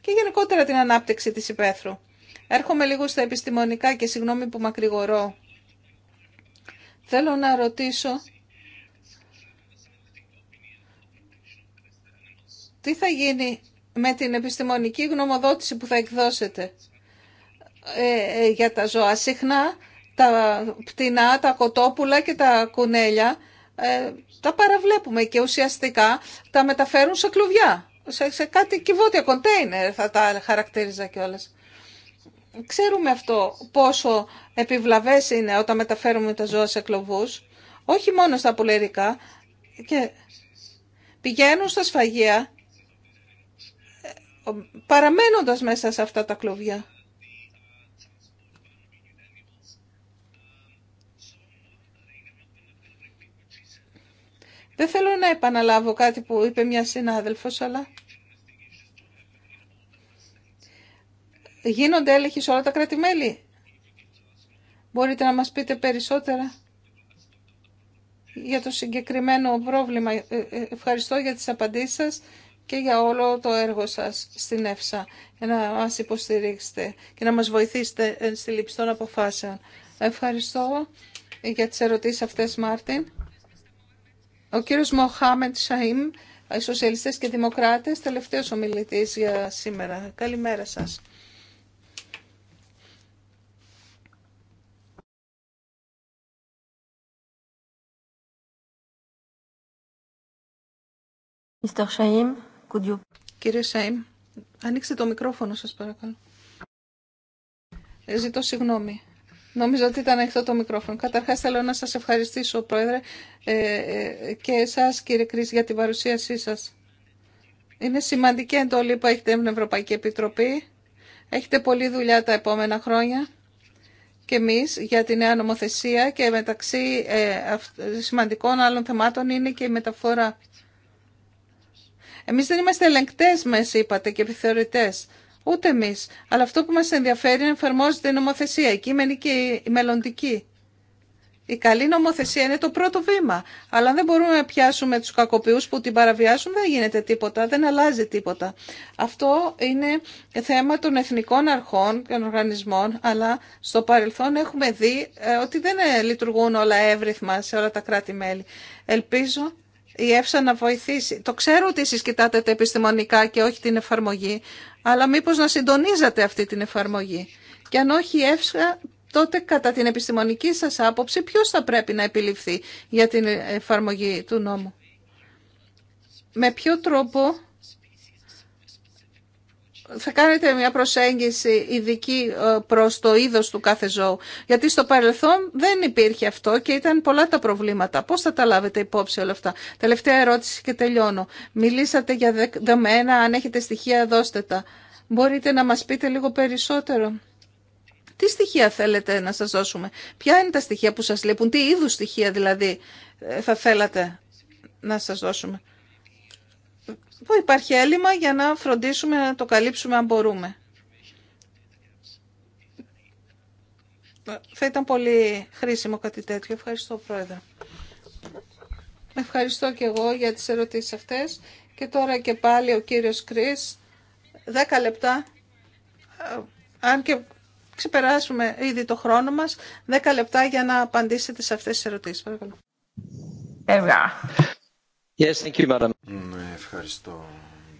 και γενικότερα την ανάπτυξη της υπαίθρου. Έρχομαι λίγο στα επιστημονικά και συγγνώμη που μακρηγορώ. Θέλω να ρωτήσω τι θα γίνει με την επιστημονική γνωμοδότηση που θα εκδώσετε ε, ε, για τα ζώα. Συχνά τα πτηνά, τα κοτόπουλα και τα κουνέλια ε, τα παραβλέπουμε και ουσιαστικά τα μεταφέρουν σε κλουβιά, σε, σε κάτι κυβότια κοντέινερ θα τα χαρακτήριζα κιόλας. Ξέρουμε αυτό πόσο επιβλαβές είναι όταν μεταφέρουμε τα ζώα σε κλωβούς, όχι μόνο στα πουλερικά, και πηγαίνουν στα σφαγεία ε, παραμένοντας μέσα σε αυτά τα κλωβιά. Δεν θέλω να επαναλάβω κάτι που είπε μια συνάδελφος, αλλά γίνονται έλεγχοι σε όλα τα κρατη Μπορείτε να μας πείτε περισσότερα για το συγκεκριμένο πρόβλημα. Ε, ε, ευχαριστώ για τις απαντήσεις σας και για όλο το έργο σας στην ΕΦΣΑ για να μας υποστηρίξετε και να μας βοηθήσετε ε, στη λήψη των αποφάσεων. Ευχαριστώ για τις ερωτήσεις αυτές, Μάρτιν. Ο κύριος Μοχάμεντ Σαΐμ, Σοσιαλιστές και Δημοκράτες, τελευταίος ομιλητής για σήμερα. Καλημέρα σας. Κύριε Σαΐμ, ανοίξτε το μικρόφωνο σας παρακαλώ. Ε, ζητώ συγγνώμη. Νομίζω ότι ήταν ανοιχτό το μικρόφωνο. Καταρχά θέλω να σα ευχαριστήσω, Πρόεδρε, ε, ε, και εσά, κύριε Κρίση, για την παρουσίασή σα. Είναι σημαντική εντολή που έχετε με την Ευρωπαϊκή Επιτροπή. Έχετε πολλή δουλειά τα επόμενα χρόνια και εμεί για τη νέα νομοθεσία και μεταξύ ε, σημαντικών άλλων θεμάτων είναι και η μεταφορά. Εμείς δεν είμαστε ελεγκτές μέσα, είπατε, και επιθεωρητές. Ούτε εμεί. Αλλά αυτό που μα ενδιαφέρει είναι εφαρμόζεται η νομοθεσία, η κείμενη και η μελλοντική. Η καλή νομοθεσία είναι το πρώτο βήμα. Αλλά αν δεν μπορούμε να πιάσουμε τους κακοποιούς που την παραβιάσουν, δεν γίνεται τίποτα, δεν αλλάζει τίποτα. Αυτό είναι θέμα των εθνικών αρχών και οργανισμών, αλλά στο παρελθόν έχουμε δει ε, ότι δεν ε, λειτουργούν όλα εύρυθμα σε όλα τα κράτη-μέλη. Ελπίζω η ΕΦΣΑ να βοηθήσει. Το ξέρω ότι εσείς κοιτάτε τα επιστημονικά και όχι την εφαρμογή, αλλά μήπως να συντονίζατε αυτή την εφαρμογή. Και αν όχι η ΕΦΣΑ, τότε κατά την επιστημονική σας άποψη ποιος θα πρέπει να επιληφθεί για την εφαρμογή του νόμου. Με ποιο τρόπο θα κάνετε μια προσέγγιση ειδική ε, προς το είδος του κάθε ζώου. Γιατί στο παρελθόν δεν υπήρχε αυτό και ήταν πολλά τα προβλήματα. Πώς θα τα λάβετε υπόψη όλα αυτά. Τελευταία ερώτηση και τελειώνω. Μιλήσατε για δεδομένα, αν έχετε στοιχεία δώστε τα. Μπορείτε να μας πείτε λίγο περισσότερο. Τι στοιχεία θέλετε να σας δώσουμε. Ποια είναι τα στοιχεία που σας λείπουν. Τι είδους στοιχεία δηλαδή ε, θα θέλατε να σας δώσουμε που υπάρχει έλλειμμα για να φροντίσουμε να το καλύψουμε αν μπορούμε. Θα ήταν πολύ χρήσιμο κάτι τέτοιο. Ευχαριστώ, Πρόεδρε. Ευχαριστώ και εγώ για τις ερωτήσεις αυτές. Και τώρα και πάλι ο κύριος Κρίς, Δέκα λεπτά, αν και ξεπεράσουμε ήδη το χρόνο μας, 10 λεπτά για να απαντήσετε σε αυτές τις ερωτήσεις. Παρακαλώ. Ναι, ευχαριστώ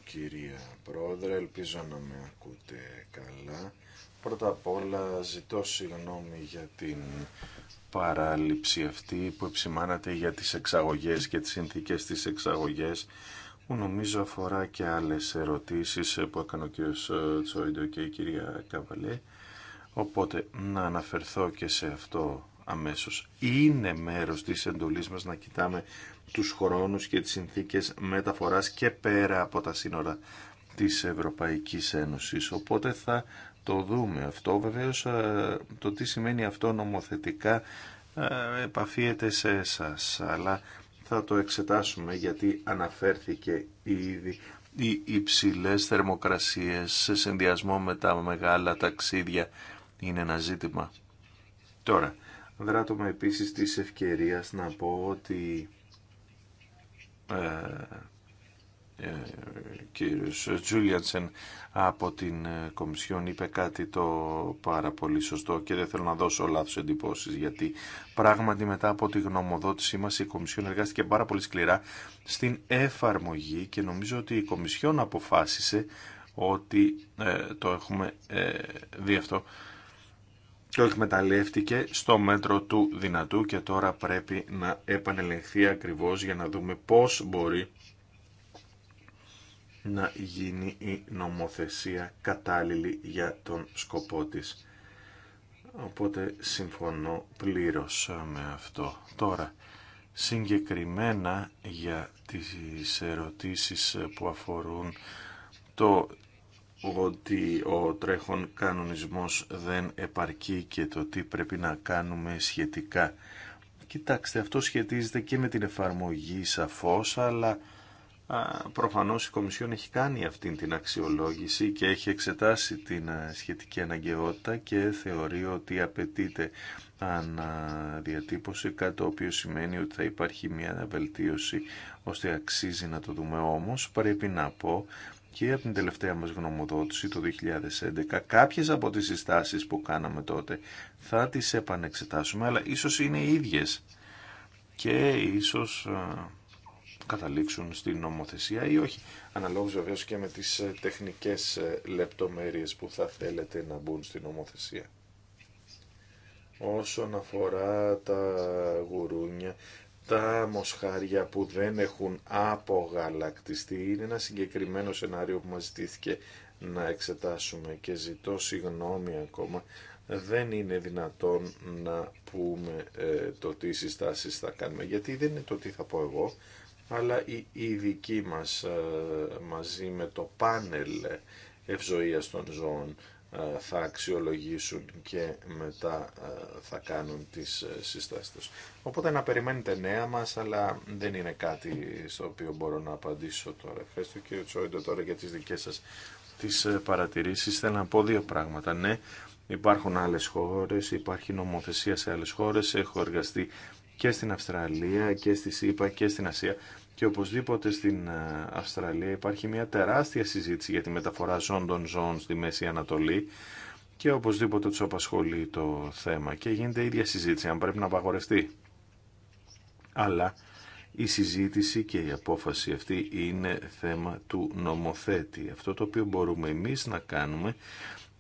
κυρία Πρόεδρε, ελπίζω να με ακούτε καλά. Πρώτα απ' όλα ζητώ συγγνώμη για την παράληψη αυτή που επισημάνατε για τις εξαγωγές και τις συνθήκες της εξαγωγές που νομίζω αφορά και άλλες ερωτήσεις που έκανε ο κ. Ε, Τσόιντο και η κυρία Καβαλέ. Οπότε να αναφερθώ και σε αυτό αμέσως. Είναι μέρος της εντολής μας να κοιτάμε τους χρόνους και τις συνθήκες μεταφοράς και πέρα από τα σύνορα της Ευρωπαϊκής Ένωσης. Οπότε θα το δούμε αυτό. Βεβαίως ε, το τι σημαίνει αυτό νομοθετικά ε, επαφίεται σε εσάς, αλλά θα το εξετάσουμε γιατί αναφέρθηκε ήδη οι υψηλές θερμοκρασίες σε συνδυασμό με τα μεγάλα ταξίδια είναι ένα ζήτημα. Τώρα, δράτω με επίσης της ευκαιρίας να πω ότι ε, ε, κύριος Τζούλιαντσεν από την ε, Κομισιόν είπε κάτι το πάρα πολύ σωστό και δεν θέλω να δώσω λάθος εντυπώσεις γιατί πράγματι μετά από τη γνωμοδότησή μας η Κομισιόν εργάστηκε πάρα πολύ σκληρά στην εφαρμογή και νομίζω ότι η Κομισιόν αποφάσισε ότι το έχουμε ε, δει αυτό το εκμεταλλεύτηκε στο μέτρο του δυνατού και τώρα πρέπει να επανελεγχθεί ακριβώς για να δούμε πώς μπορεί να γίνει η νομοθεσία κατάλληλη για τον σκοπό της. Οπότε συμφωνώ πλήρως με αυτό. Τώρα, συγκεκριμένα για τις ερωτήσεις που αφορούν το ότι ο τρέχον κανονισμός δεν επαρκεί και το τι πρέπει να κάνουμε σχετικά. Κοιτάξτε, αυτό σχετίζεται και με την εφαρμογή σαφώς, αλλά α, προφανώς η Κομισιόν έχει κάνει αυτή την αξιολόγηση και έχει εξετάσει την σχετική αναγκαιότητα και θεωρεί ότι απαιτείται αναδιατύπωση, κάτι το οποίο σημαίνει ότι θα υπάρχει μια βελτίωση, ώστε αξίζει να το δούμε όμως. Πρέπει να πω και από την τελευταία μας γνωμοδότηση το 2011 κάποιες από τις συστάσεις που κάναμε τότε θα τις επανεξετάσουμε αλλά ίσως είναι οι ίδιες και ίσως ε, καταλήξουν στην νομοθεσία ή όχι. Αναλόγως βεβαίως και με τις ε, τεχνικές ε, λεπτομέρειες που θα θέλετε να μπουν στην νομοθεσία. Όσον αφορά τα γουρούνια, τα μοσχάρια που δεν έχουν απογαλακτιστεί είναι ένα συγκεκριμένο σενάριο που μας ζητήθηκε να εξετάσουμε και ζητώ συγγνώμη ακόμα δεν είναι δυνατόν να πούμε ε, το τι συστάσεις θα κάνουμε γιατί δεν είναι το τι θα πω εγώ αλλά η ειδικοί μας ε, μαζί με το πάνελ ευζοίας των ζώων ε, θα αξιολογήσουν και μετά ε, θα κάνουν τις ε, συστάσεις τους. Οπότε να περιμένετε νέα μας, αλλά δεν είναι κάτι στο οποίο μπορώ να απαντήσω τώρα. Ευχαριστώ κύριο Τσόιντο τώρα για τις δικές σας τις παρατηρήσεις. Θέλω να πω δύο πράγματα. Ναι, υπάρχουν άλλες χώρες, υπάρχει νομοθεσία σε άλλες χώρες. Έχω εργαστεί και στην Αυστραλία και στη ΣΥΠΑ και στην Ασία. Και οπωσδήποτε στην ε, Αυστραλία υπάρχει μια τεράστια συζήτηση για τη μεταφορά ζών των ζώων στη Μέση Ανατολή και οπωσδήποτε του απασχολεί το θέμα και γίνεται η ίδια συζήτηση αν πρέπει να απαγορευτεί. Αλλά η συζήτηση και η απόφαση αυτή είναι θέμα του νομοθέτη. Αυτό το οποίο μπορούμε εμείς να κάνουμε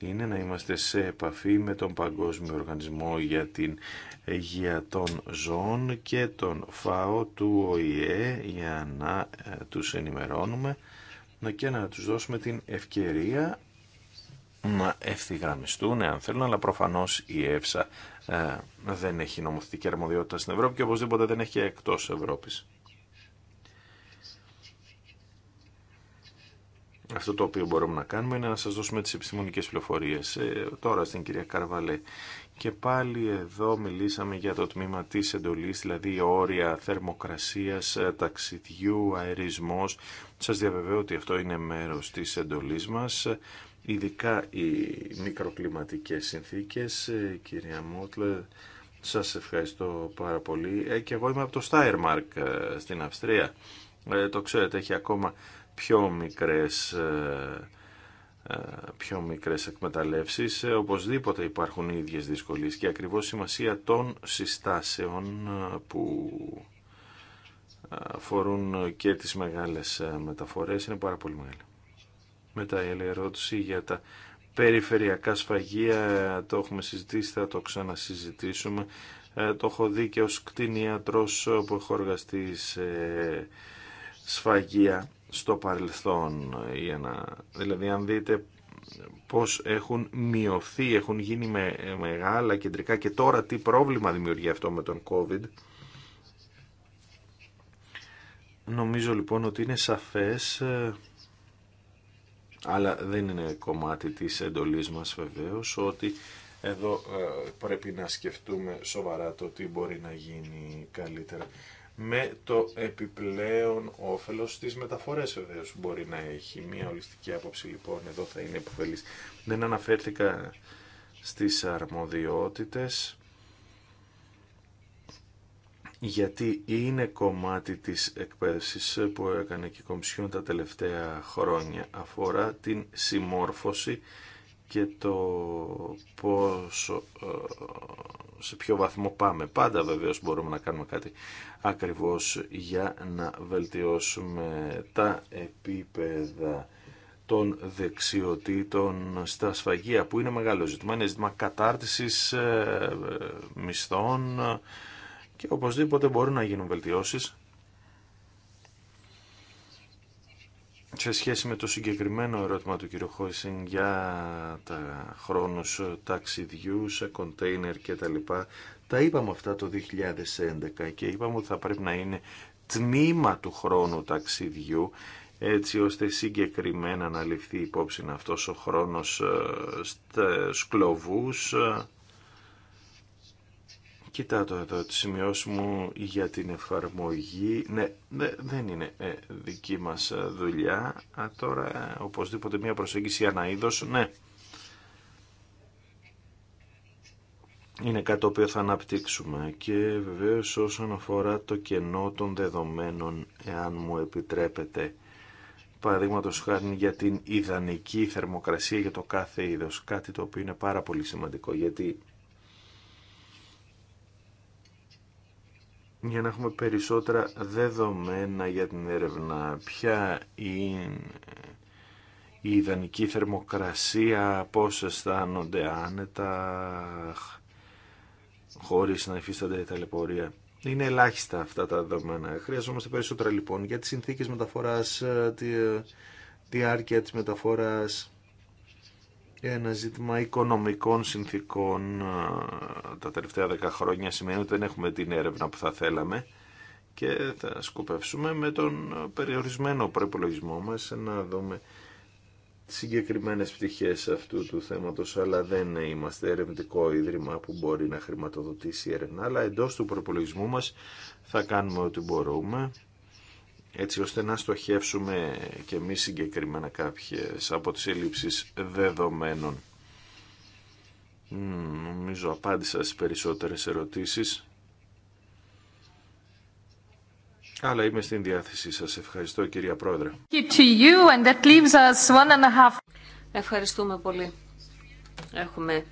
είναι να είμαστε σε επαφή με τον Παγκόσμιο Οργανισμό για την Υγεία των Ζώων και τον ΦΑΟ του ΟΗΕ για να ε, τους ενημερώνουμε και να τους δώσουμε την ευκαιρία να ευθυγραμμιστούν αν θέλουν, αλλά προφανώς η ΕΦΣΑ ε, δεν έχει νομοθετική αρμοδιότητα στην Ευρώπη και οπωσδήποτε δεν έχει εκτός Ευρώπης. Αυτό το οποίο μπορούμε να κάνουμε είναι να σας δώσουμε τις επιστημονικές πληροφορίες. Ε, τώρα στην κυρία Καρβαλέ. Και πάλι εδώ μιλήσαμε για το τμήμα της εντολής, δηλαδή όρια θερμοκρασίας, ε, ταξιδιού, αερισμός. Σας διαβεβαιώ ότι αυτό είναι μέρος της εντολής μας, ε, ειδικά οι μικροκλιματικές συνθήκες. Ε, κυρία Μότλε, σας ευχαριστώ πάρα πολύ. Ε, και εγώ είμαι από το Steiermark στην Αυστρία. Ε, το ξέρετε, έχει ακόμα πιο μικρές ε, ε, πιο μικρές εκμεταλλεύσεις. Ε, οπωσδήποτε υπάρχουν οι ίδιες δυσκολίες και ακριβώς σημασία των συστάσεων που αφορούν και τις μεγάλες μεταφορές είναι πάρα πολύ μεγάλη. Μετά η ερώτηση για τα περιφερειακά σφαγεία το έχουμε συζητήσει, θα το ξανασυζητήσουμε. Το έχω δει και ως κτηνίατρος που έχω εργαστεί σε σφαγεία στο παρελθόν. Για να... Δηλαδή αν δείτε πώς έχουν μειωθεί, έχουν γίνει με, μεγάλα κεντρικά και τώρα τι πρόβλημα δημιουργεί αυτό με τον COVID. Νομίζω λοιπόν ότι είναι σαφές, ε, αλλά δεν είναι κομμάτι της εντολής μας βεβαίως, ότι εδώ ε, πρέπει να σκεφτούμε σοβαρά το τι μπορεί να γίνει καλύτερα με το επιπλέον όφελος στις μεταφορές βεβαίω που μπορεί να έχει. Μία ολιστική άποψη λοιπόν εδώ θα είναι υποφελής. Δεν αναφέρθηκα στις αρμοδιότητες γιατί είναι κομμάτι της εκπαίδευσης που έκανε και η Κομισιόν τα τελευταία χρόνια. Αφορά την συμμόρφωση και το πόσο, ε, σε ποιο βαθμό πάμε. Πάντα βεβαίως μπορούμε να κάνουμε κάτι ακριβώς για να βελτιώσουμε τα επίπεδα των δεξιοτήτων στα σφαγεία που είναι μεγάλο ζήτημα. Είναι ζήτημα κατάρτισης ε, ε, μισθών και οπωσδήποτε μπορούν να γίνουν βελτιώσεις σε σχέση με το συγκεκριμένο ερώτημα του κ. Χόισιν για τα χρόνους ταξιδιού σε κοντέινερ και τα λοιπά, τα είπαμε αυτά το 2011 και είπαμε ότι θα πρέπει να είναι τμήμα του χρόνου ταξιδιού έτσι ώστε συγκεκριμένα να ληφθεί υπόψη αυτός ο χρόνος ε, σκλοβούς ε, το εδώ τη σημειώση μου για την εφαρμογή. Ναι, δεν είναι ε, δική μας ε, δουλειά. Α, τώρα, ε, οπωσδήποτε, μια προσέγγιση αναείδος, ναι. Είναι κάτι το οποίο θα αναπτύξουμε και βεβαίως όσον αφορά το κενό των δεδομένων, εάν μου επιτρέπετε, παραδείγματο χάρη για την ιδανική θερμοκρασία για το κάθε είδος, κάτι το οποίο είναι πάρα πολύ σημαντικό, γιατί για να έχουμε περισσότερα δεδομένα για την έρευνα. Ποια είναι η ιδανική θερμοκρασία, πώς αισθάνονται άνετα, χωρίς να υφίστανται ταλαιπωρία. Είναι ελάχιστα αυτά τα δεδομένα. Χρειαζόμαστε περισσότερα λοιπόν για τις συνθήκες μεταφοράς, τη διάρκεια της μεταφοράς, ένα ζήτημα οικονομικών συνθήκων ε, τα τελευταία δέκα χρόνια σημαίνει ότι δεν έχουμε την έρευνα που θα θέλαμε και θα σκοπεύσουμε με τον περιορισμένο προπολογισμό μας να δούμε συγκεκριμένες πτυχές αυτού του θέματος αλλά δεν είμαστε ερευνητικό ίδρυμα που μπορεί να χρηματοδοτήσει έρευνα αλλά εντός του προπολογισμού μας θα κάνουμε ό,τι μπορούμε έτσι ώστε να στοχεύσουμε και εμείς συγκεκριμένα κάποιες από τις ελλείψεις δεδομένων. Νομίζω απάντησα στις περισσότερες ερωτήσεις. Αλλά είμαι στην διάθεσή σας. Ευχαριστώ κυρία Πρόεδρε. Ευχαριστούμε πολύ. Έχουμε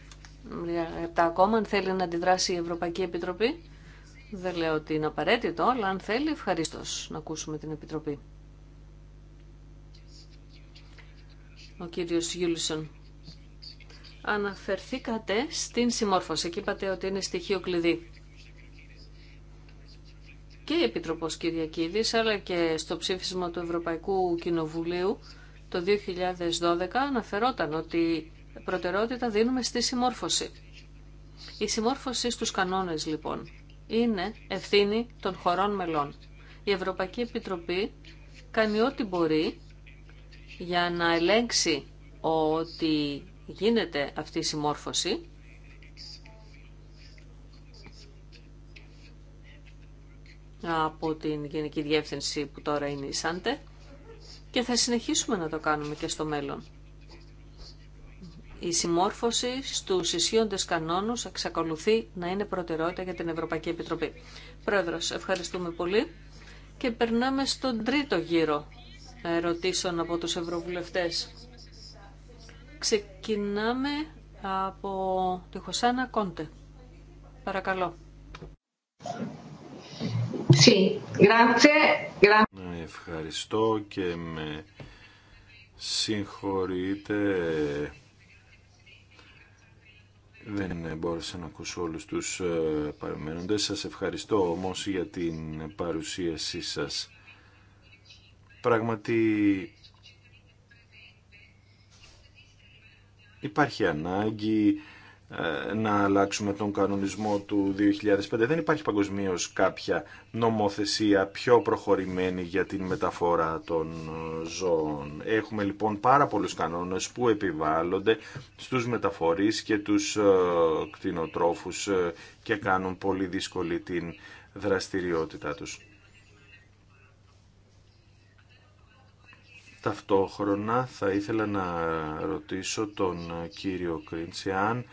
λεπτά ακόμα. Αν θέλει να αντιδράσει η Ευρωπαϊκή Επιτροπή. Δεν λέω ότι είναι απαραίτητο, αλλά αν θέλει ευχαρίστω να ακούσουμε την Επιτροπή. Ο κύριος Γιούλισον. Αναφερθήκατε στην συμμόρφωση Εκεί είπατε ότι είναι στοιχείο κλειδί. Και η Επιτροπός Κυριακίδης, αλλά και στο ψήφισμα του Ευρωπαϊκού Κοινοβουλίου το 2012 αναφερόταν ότι προτεραιότητα δίνουμε στη συμμόρφωση. Η συμμόρφωση στους κανόνες λοιπόν είναι ευθύνη των χωρών μελών. Η Ευρωπαϊκή Επιτροπή κάνει ό,τι μπορεί για να ελέγξει ότι γίνεται αυτή η συμμόρφωση από την Γενική Διεύθυνση που τώρα είναι η ΣΑΝΤΕ και θα συνεχίσουμε να το κάνουμε και στο μέλλον η συμμόρφωση στους ισχύοντες κανόνους εξακολουθεί να είναι προτεραιότητα για την Ευρωπαϊκή Επιτροπή. Πρόεδρο. ευχαριστούμε πολύ και περνάμε στον τρίτο γύρο ερωτήσεων από τους ευρωβουλευτέ. Ξεκινάμε από τη Χωσάνα Κόντε. Παρακαλώ. Ναι, ευχαριστώ και με συγχωρείτε δεν μπόρεσα να ακούσω όλους τους ε, παραμένοντες. Σας ευχαριστώ όμως για την παρουσίασή σας. Πράγματι υπάρχει ανάγκη ε, να αλλάξουμε τον κανονισμό του 2005. Δεν υπάρχει παγκοσμίω κάποια νομοθεσία πιο προχωρημένη για την μεταφορά των ε, ζώων. Έχουμε λοιπόν πάρα πολλούς κανόνες που επιβάλλονται στους μεταφορείς και τους ε, κτηνοτρόφους και κάνουν πολύ δύσκολη την δραστηριότητά τους. Ταυτόχρονα θα ήθελα να ρωτήσω τον κύριο Κρίντσι αν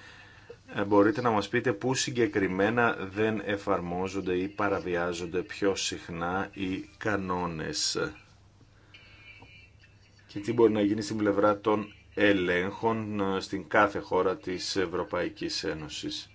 ε, μπορείτε να μας πείτε πού συγκεκριμένα δεν εφαρμόζονται ή παραβιάζονται πιο συχνά οι κανόνες και τι μπορεί να γίνει στην πλευρά των ελέγχων ε, στην κάθε χώρα της Ευρωπαϊκής Ένωσης.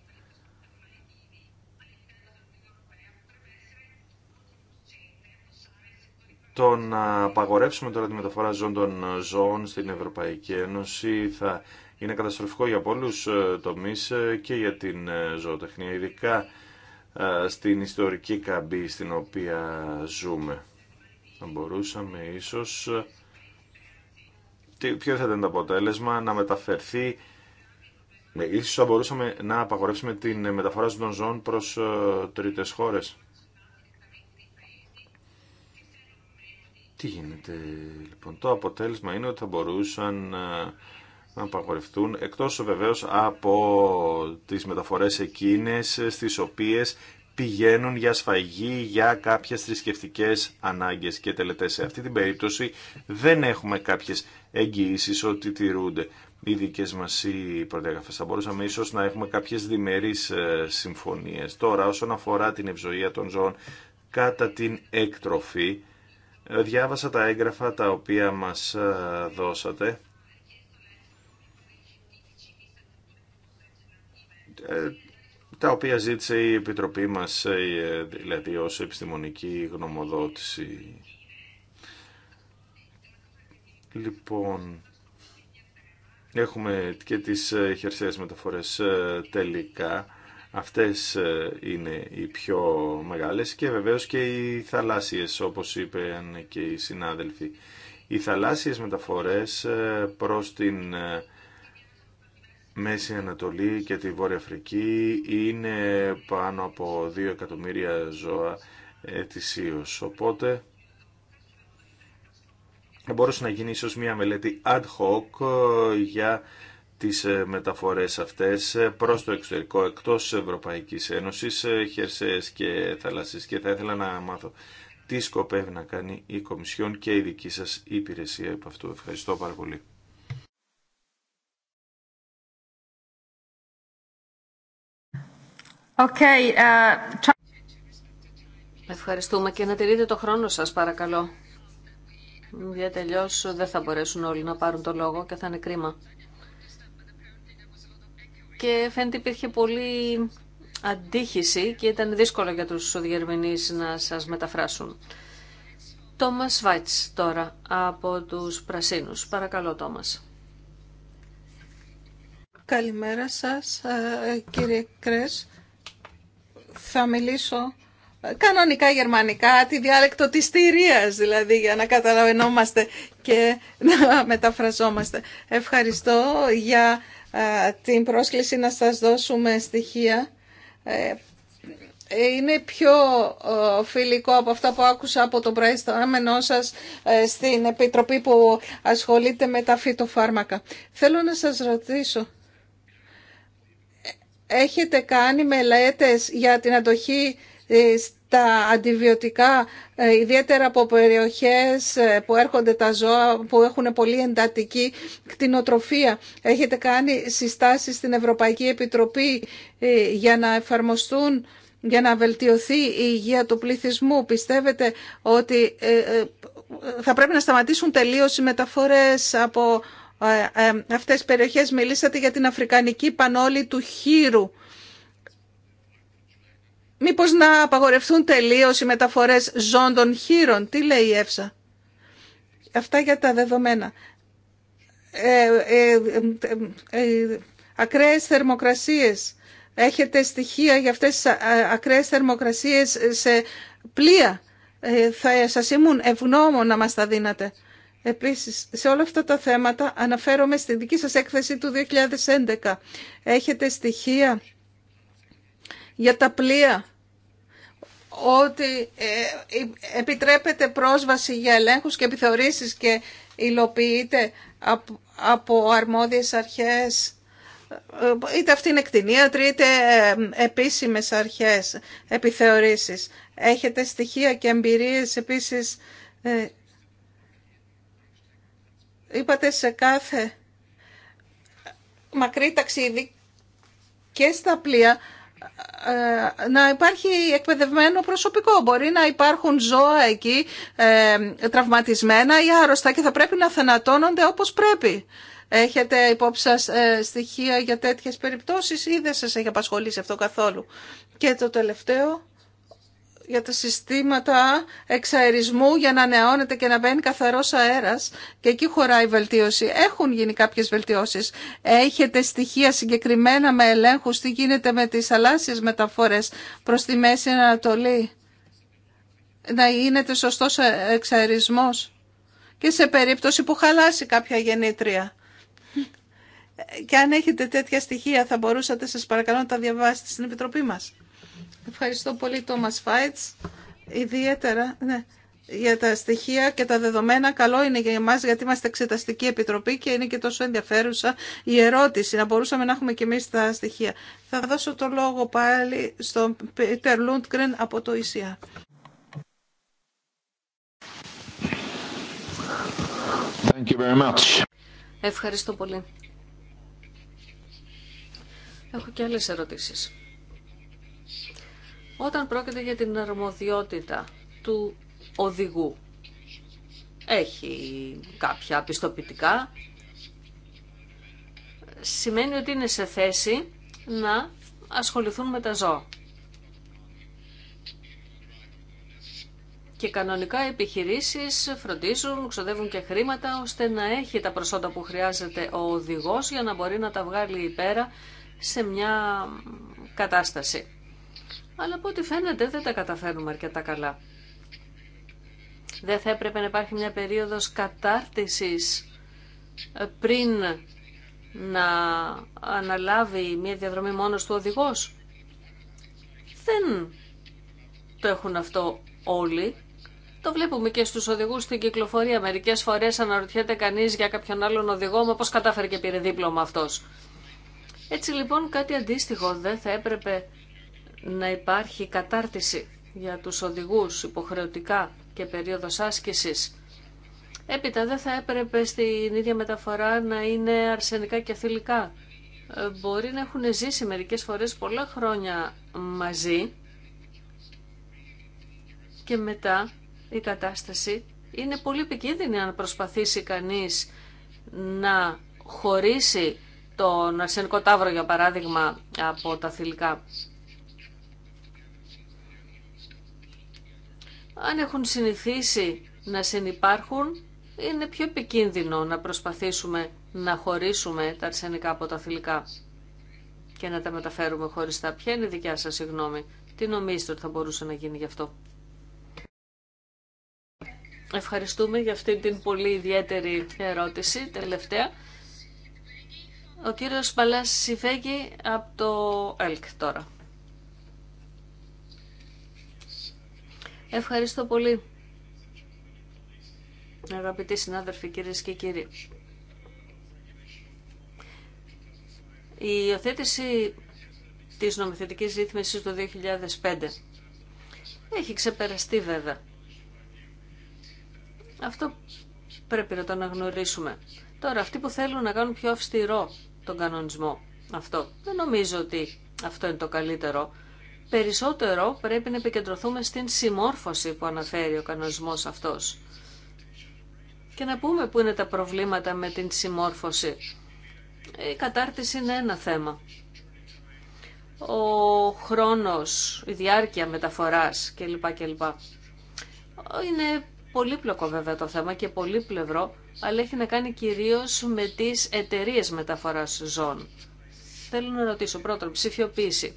Το να απαγορεύσουμε τώρα τη μεταφορά ζών των ζώων στην Ευρωπαϊκή Ένωση θα είναι καταστροφικό για πολλού ε, τομεί ε, και για την ε, ζωοτεχνία, ειδικά στην ιστορική καμπή στην οποία ζούμε. Θα μπορούσαμε ίσως, ποιο θα ήταν το αποτέλεσμα, να μεταφερθεί Ίσως θα μπορούσαμε να απαγορεύσουμε την μεταφορά των ζώων προς τρίτες χώρες. Τι γίνεται λοιπόν. Το αποτέλεσμα είναι ότι θα μπορούσαν να απαγορευτούν, εκτός βεβαίως από τις μεταφορές εκείνες στις οποίες πηγαίνουν για σφαγή για κάποιες θρησκευτικέ ανάγκες και τελετές. Σε αυτή την περίπτωση δεν έχουμε κάποιες εγγυήσει ότι τηρούνται οι δικέ μας οι Θα μπορούσαμε ίσως να έχουμε κάποιες διμερείς ε, συμφωνίες. Τώρα όσον αφορά την ευζοία των ζώων κατά την έκτροφη, ε, διάβασα τα έγγραφα τα οποία μας ε, δώσατε τα οποία ζήτησε η Επιτροπή μας, ε, δηλαδή ως επιστημονική γνωμοδότηση. Λοιπόν, έχουμε και τις ε, χερσαίες μεταφορές ε, τελικά. Αυτές είναι οι πιο μεγάλες και βεβαίως και οι θαλάσσιες, όπως είπαν και οι συνάδελφοι. Οι θαλάσσιες μεταφορές προς την Μέση Ανατολή και τη Βόρεια Αφρική είναι πάνω από 2 εκατομμύρια ζώα ετησίως. Οπότε μπορούσε να γίνει ίσως μια μελέτη ad hoc ε, για τις ε, μεταφορές αυτές ε, προς το εξωτερικό εκτός Ευρωπαϊκής Ένωσης, χερσαίες και θαλασσίες και θα ήθελα να μάθω τι σκοπεύει να κάνει η Κομισιόν και η δική σας υπηρεσία από αυτού. Ευχαριστώ πάρα πολύ. Uh, Ευχαριστούμε και να τηρείτε το χρόνο σας παρακαλώ. Για τελειώς δεν θα μπορέσουν όλοι να πάρουν το λόγο και θα είναι κρίμα. Και φαίνεται υπήρχε πολύ αντίχηση και ήταν δύσκολο για τους διερμηνείς να σας μεταφράσουν. Τόμας Βάιτς τώρα από τους Πρασίνους. Παρακαλώ Τόμας. Καλημέρα σας ε, κύριε Κρές θα μιλήσω ε, κανονικά γερμανικά, τη διάλεκτο της Τυρίας δηλαδή, για να καταλαβαίνόμαστε και *laughs* να μεταφραζόμαστε. Ευχαριστώ για ε, την πρόσκληση να σας δώσουμε στοιχεία. Ε, είναι πιο φιλικό από αυτά που άκουσα από τον προϊστάμενό σας στην Επιτροπή που ασχολείται με τα φυτοφάρμακα. Θέλω να σας ρωτήσω έχετε κάνει μελέτες για την αντοχή ε, στα αντιβιωτικά, ε, ιδιαίτερα από περιοχές ε, που έρχονται τα ζώα, που έχουν πολύ εντατική κτηνοτροφία. Έχετε κάνει συστάσεις στην Ευρωπαϊκή Επιτροπή για να εφαρμοστούν για να βελτιωθεί η υγεία του πληθυσμού. Πιστεύετε ότι θα πρέπει να σταματήσουν τελείως οι μεταφορές από ε, ε, αυτές τις περιοχές. Μιλήσατε για την Αφρικανική Πανόλη του Χείρου. Μήπως να απαγορευτούν τελείως οι μεταφορές ζών των χείρων. Τι λέει η Εύσα. Αυτά για τα δεδομένα. Ε, ε, ε ακραίες θερμοκρασίες. Έχετε στοιχεία για αυτές τις ακραίες θερμοκρασίες σε πλοία. Θα σας ήμουν ευγνώμων να μας τα δίνατε. Επίσης, σε όλα αυτά τα θέματα αναφέρομαι στη δική σας έκθεση του 2011. Έχετε στοιχεία για τα πλοία ότι ε, ε, επιτρέπεται πρόσβαση για ελέγχους και επιθεωρήσεις και υλοποιείται από αρμόδιες αρχές ε, είτε αυτή είναι κτηνίατρη είτε επίσημες αρχές επιθεωρήσεις. Έχετε στοιχεία και εμπειρίες επίσης Είπατε σε κάθε μακρύ ταξίδι και στα πλοία ε, να υπάρχει εκπαιδευμένο προσωπικό. Μπορεί να υπάρχουν ζώα εκεί ε, τραυματισμένα ή άρρωστα και θα πρέπει να θανατώνονται όπως πρέπει. Έχετε υπόψη σας ε, στοιχεία για τέτοιες περιπτώσεις ή δεν σας έχει απασχολήσει αυτό καθόλου. Και το τελευταίο για τα συστήματα εξαερισμού για να νεώνεται και να μπαίνει καθαρός αέρας και εκεί χωράει βελτίωση. Έχουν γίνει κάποιες βελτιώσεις. Έχετε στοιχεία συγκεκριμένα με ελέγχου τι γίνεται με τις θαλάσσιες μεταφορές προς τη Μέση Ανατολή. Να γίνεται σωστός εξαερισμός και σε περίπτωση που χαλάσει κάποια γεννήτρια. Και αν έχετε τέτοια στοιχεία θα μπορούσατε σας παρακαλώ να τα διαβάσετε στην Επιτροπή μας. Ευχαριστώ πολύ, Τόμας Φάιτς. Ιδιαίτερα, ναι, για τα στοιχεία και τα δεδομένα. Καλό είναι για εμάς γιατί είμαστε εξεταστική επιτροπή και είναι και τόσο ενδιαφέρουσα η ερώτηση. Να μπορούσαμε να έχουμε και εμείς τα στοιχεία. Θα δώσω το λόγο πάλι στον Πίτερ Λούντκρεν από το ΙΣΙΑ. Ευχαριστώ πολύ. Έχω και άλλες ερωτήσεις όταν πρόκειται για την αρμοδιότητα του οδηγού. Έχει κάποια πιστοποιητικά. Σημαίνει ότι είναι σε θέση να ασχοληθούν με τα ζώα. Και κανονικά οι επιχειρήσεις φροντίζουν, ξοδεύουν και χρήματα ώστε να έχει τα προσόντα που χρειάζεται ο οδηγός για να μπορεί να τα βγάλει πέρα σε μια κατάσταση αλλά από ό,τι φαίνεται δεν τα καταφέρνουμε αρκετά καλά. Δεν θα έπρεπε να υπάρχει μια περίοδος κατάρτισης ε, πριν να αναλάβει μια διαδρομή μόνος του οδηγός. Δεν το έχουν αυτό όλοι. Το βλέπουμε και στους οδηγούς στην κυκλοφορία. Μερικές φορές αναρωτιέται κανείς για κάποιον άλλον οδηγό, μα πώς κατάφερε και πήρε δίπλωμα αυτός. Έτσι λοιπόν κάτι αντίστοιχο δεν θα έπρεπε να υπάρχει κατάρτιση για τους οδηγούς υποχρεωτικά και περίοδος άσκησης. Έπειτα δεν θα έπρεπε στην ίδια μεταφορά να είναι αρσενικά και θηλυκά. Ε, μπορεί να έχουν ζήσει μερικές φορές πολλά χρόνια μαζί και μετά η κατάσταση είναι πολύ επικίνδυνη αν προσπαθήσει κανείς να χωρίσει τον αρσενικό τάβρο για παράδειγμα από τα θηλυκά. αν έχουν συνηθίσει να συνυπάρχουν, είναι πιο επικίνδυνο να προσπαθήσουμε να χωρίσουμε τα αρσενικά από τα θηλυκά και να τα μεταφέρουμε χωριστά. Ποια είναι η δικιά σας η γνώμη. Τι νομίζετε ότι θα μπορούσε να γίνει γι' αυτό. Ευχαριστούμε για αυτή την πολύ ιδιαίτερη ερώτηση. Τελευταία. Ο κύριος Παλάς Σιφέγγι από το ΕΛΚ τώρα. Ευχαριστώ πολύ. Αγαπητοί συνάδελφοι, κυρίε και κύριοι. Η υιοθέτηση της νομοθετικής ρύθμισης το 2005 έχει ξεπεραστεί βέβαια. Αυτό πρέπει να το αναγνωρίσουμε. Τώρα, αυτοί που θέλουν να κάνουν πιο αυστηρό τον κανονισμό αυτό, δεν νομίζω ότι αυτό είναι το καλύτερο περισσότερο πρέπει να επικεντρωθούμε στην συμμόρφωση που αναφέρει ο κανονισμός αυτός. Και να πούμε πού είναι τα προβλήματα με την συμμόρφωση. Η κατάρτιση είναι ένα θέμα. Ο χρόνος, η διάρκεια μεταφοράς κλπ. κλπ. Είναι πολύπλοκο βέβαια το θέμα και πολύπλευρο, αλλά έχει να κάνει κυρίως με τις εταιρείε μεταφοράς ζών. Θέλω να ρωτήσω πρώτον, ψηφιοποίηση.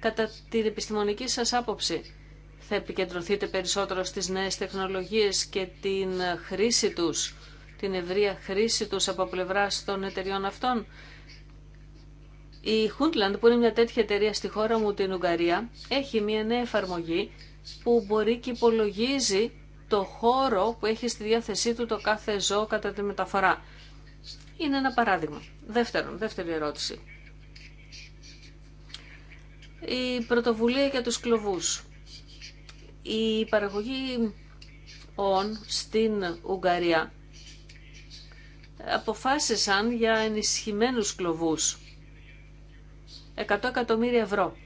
Κατά την επιστημονική σας άποψη, θα επικεντρωθείτε περισσότερο στις νέες τεχνολογίες και την χρήση τους, την ευρεία χρήση τους από πλευρά των εταιριών αυτών. Η Χούντλαντ, που είναι μια τέτοια εταιρεία στη χώρα μου, την Ουγγαρία, έχει μια νέα εφαρμογή που μπορεί και υπολογίζει το χώρο που έχει στη διάθεσή του το κάθε ζώο κατά τη μεταφορά. Είναι ένα παράδειγμα. Δεύτερον, δεύτερη ερώτηση η πρωτοβουλία για τους κλοβούς. Η παραγωγή όν στην Ουγγαρία αποφάσισαν για ενισχυμένους κλοβούς 100 εκατομμύρια ευρώ.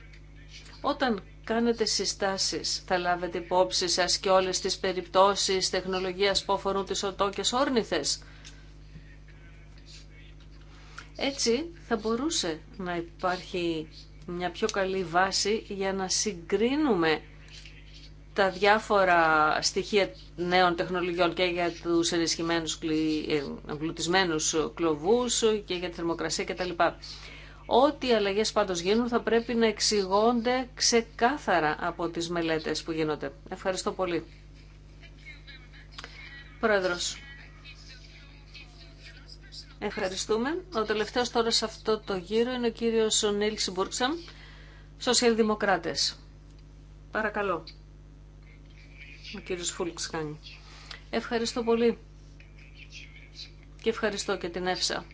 Όταν κάνετε συστάσεις, θα λάβετε υπόψη σας και όλες τις περιπτώσεις τεχνολογίας που αφορούν τις οτόκες όρνηθες. Έτσι θα μπορούσε να υπάρχει μια πιο καλή βάση για να συγκρίνουμε τα διάφορα στοιχεία νέων τεχνολογιών και για τους ενισχυμένους ε, εμπλουτισμένους κλωβούς και για τη θερμοκρασία κτλ. Ό,τι αλλαγές πάντως γίνουν θα πρέπει να εξηγώνται ξεκάθαρα από τις μελέτες που γίνονται. Ευχαριστώ πολύ. Πρόεδρος, Ευχαριστούμε. Ο τελευταίος τώρα σε αυτό το γύρο είναι ο κύριος Νίλ Σιμπουρξαμ, Σοσιαλδημοκράτες. Παρακαλώ. Ο κύριος Φούλξ Ευχαριστώ πολύ. Και ευχαριστώ και την Εύσα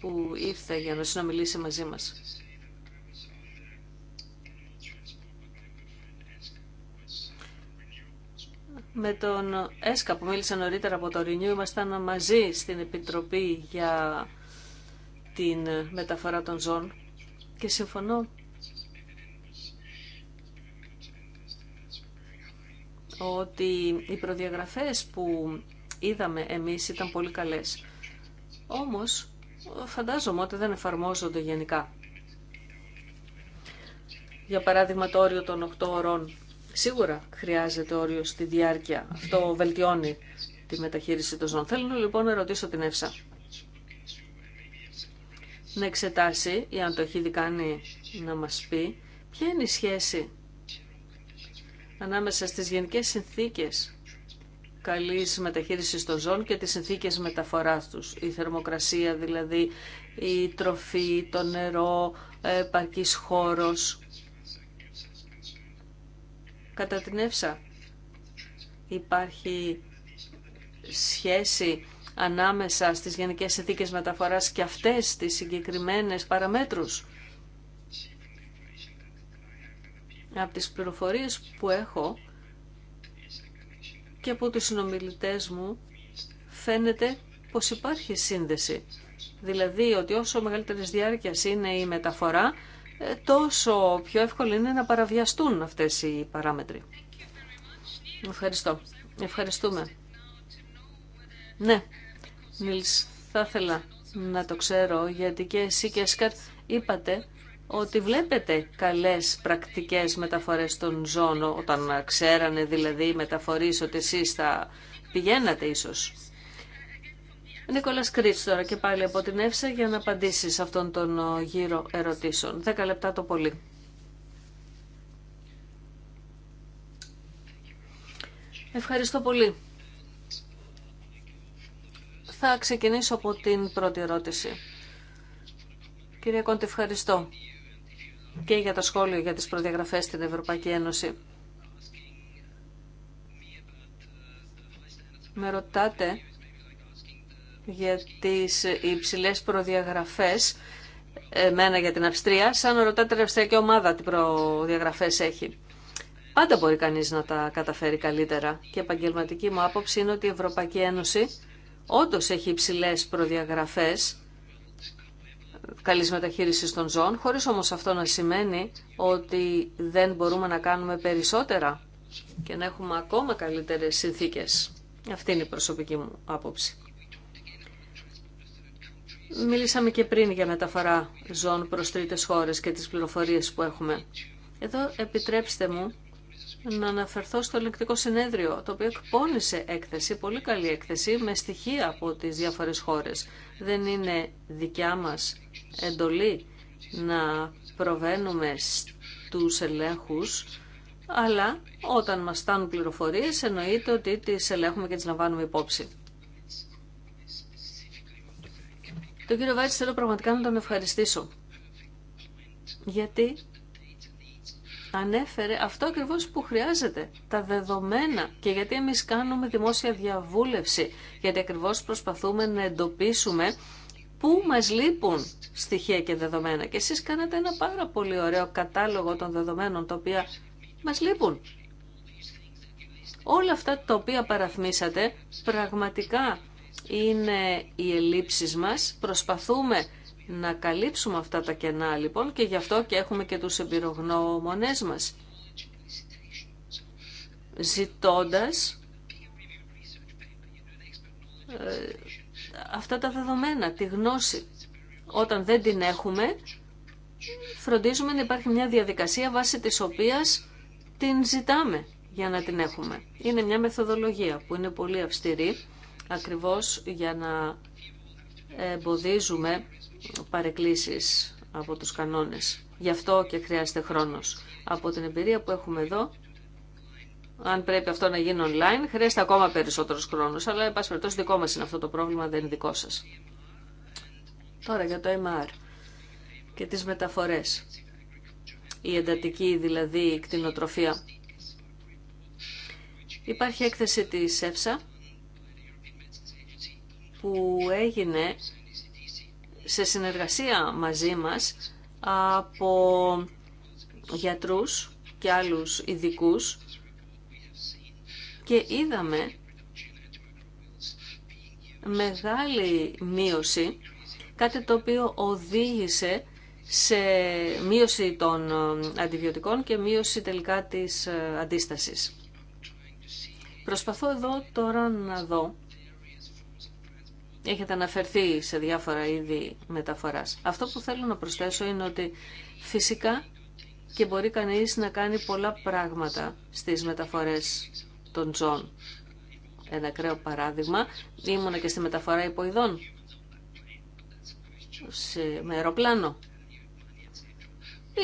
που ήρθε για να συνομιλήσει μαζί μας. Με τον Έσκα που μίλησε νωρίτερα από το ΡΙΝΙΟΥ ήμασταν μαζί στην Επιτροπή για την μεταφορά των Ζών και συμφωνώ ότι οι προδιαγραφές που είδαμε εμείς ήταν πολύ καλές. Όμως φαντάζομαι ότι δεν εφαρμόζονται γενικά. Για παράδειγμα το όριο των 8 ώρων Σίγουρα χρειάζεται όριο στη διάρκεια. Αυτό βελτιώνει τη μεταχείριση των ζώων. Θέλω λοιπόν να ρωτήσω την Εύσα να εξετάσει ή αν το έχει κάνει να μας πει ποια είναι η σχέση ανάμεσα στις γενικές συνθήκες καλής μεταχείρισης των ζώων και τις συνθήκες μεταφοράς τους. Η θερμοκρασία δηλαδή, η τροφή, το νερό, επαρκής χώρος κατά την Εύσα Υπάρχει σχέση ανάμεσα στις γενικές συνθήκε μεταφοράς και αυτές τις συγκεκριμένες παραμέτρους. Από τις πληροφορίες που έχω και από τους συνομιλητές μου φαίνεται πως υπάρχει σύνδεση. Δηλαδή ότι όσο μεγαλύτερης διάρκειας είναι η μεταφορά, τόσο πιο εύκολο είναι να παραβιαστούν αυτές οι παράμετροι. Ευχαριστώ. Ευχαριστούμε. Ναι, Νίλς, θα ήθελα να το ξέρω, γιατί και εσύ και Σκαρ είπατε ότι βλέπετε καλές πρακτικές μεταφορές των ζώνων όταν ξέρανε δηλαδή οι μεταφορείς ότι εσείς θα πηγαίνατε ίσως. Νίκολας Κρίτσ τώρα και πάλι από την ΕΦΣΑ για να απαντήσει σε αυτόν τον γύρο ερωτήσεων. 10 λεπτά το πολύ. Ευχαριστώ πολύ. Θα ξεκινήσω από την πρώτη ερώτηση. Κυρία Κόντε, ευχαριστώ και για το σχόλιο για τις προδιαγραφές στην Ευρωπαϊκή Ένωση. Με ρωτάτε για τις υψηλές προδιαγραφές, εμένα για την Αυστρία, σαν να ρωτάτε την Αυστριακή ομάδα τι προδιαγραφές έχει. Πάντα μπορεί κανείς να τα καταφέρει καλύτερα και επαγγελματική μου άποψη είναι ότι η Ευρωπαϊκή Ένωση όντως έχει υψηλέ προδιαγραφές καλής μεταχείριση των ζώων, χωρίς όμως αυτό να σημαίνει ότι δεν μπορούμε να κάνουμε περισσότερα και να έχουμε ακόμα καλύτερες συνθήκες. Αυτή είναι η προσωπική μου άποψη. Μίλησαμε και πριν για μεταφορά ζών προς τρίτες χώρες και τις πληροφορίες που έχουμε. Εδώ επιτρέψτε μου να αναφερθώ στο ελεκτικό συνέδριο, το οποίο εκπώνησε έκθεση, πολύ καλή έκθεση, με στοιχεία από τις διάφορες χώρες. Δεν είναι δικιά μας εντολή να προβαίνουμε στους ελέγχους, αλλά όταν μας στάνουν πληροφορίες εννοείται ότι τις ελέγχουμε και τις λαμβάνουμε υπόψη. Το κύριο Βάτση θέλω πραγματικά να τον ευχαριστήσω. Γιατί ανέφερε αυτό ακριβώ που χρειάζεται, τα δεδομένα και γιατί εμείς κάνουμε δημόσια διαβούλευση, γιατί ακριβώς προσπαθούμε να εντοπίσουμε πού μας λείπουν στοιχεία και δεδομένα. Και εσείς κάνατε ένα πάρα πολύ ωραίο κατάλογο των δεδομένων τα οποία μας λείπουν. Όλα αυτά τα οποία παραθμίσατε πραγματικά είναι οι ελλείψεις μας. Προσπαθούμε να καλύψουμε αυτά τα κενά λοιπόν και γι' αυτό και έχουμε και τους εμπειρογνώμονές μας. Ζητώντας ε, αυτά τα δεδομένα, τη γνώση. Όταν δεν την έχουμε, φροντίζουμε να υπάρχει μια διαδικασία βάσει της οποίας την ζητάμε για να την έχουμε. Είναι μια μεθοδολογία που είναι πολύ αυστηρή ακριβώς για να εμποδίζουμε παρεκκλήσεις από τους κανόνες. Γι' αυτό και χρειάζεται χρόνος. Από την εμπειρία που έχουμε εδώ, αν πρέπει αυτό να γίνει online, χρειάζεται ακόμα περισσότερος χρόνος. Αλλά, εν πάση δικό μας είναι αυτό το πρόβλημα, δεν είναι δικό σας. Τώρα για το MR και τις μεταφορές. Η εντατική, δηλαδή, κτηνοτροφία. Υπάρχει έκθεση της ΕΦΣΑ, που έγινε σε συνεργασία μαζί μας από γιατρούς και άλλους ειδικού και είδαμε μεγάλη μείωση, κάτι το οποίο οδήγησε σε μείωση των αντιβιωτικών και μείωση τελικά της αντίστασης. Προσπαθώ εδώ τώρα να δω έχετε αναφερθεί σε διάφορα είδη μεταφοράς. Αυτό που θέλω να προσθέσω είναι ότι φυσικά και μπορεί κανείς να κάνει πολλά πράγματα στις μεταφορές των ζών. Ένα ακραίο παράδειγμα, ήμουνα και στη μεταφορά υποειδών, σε, με αεροπλάνο.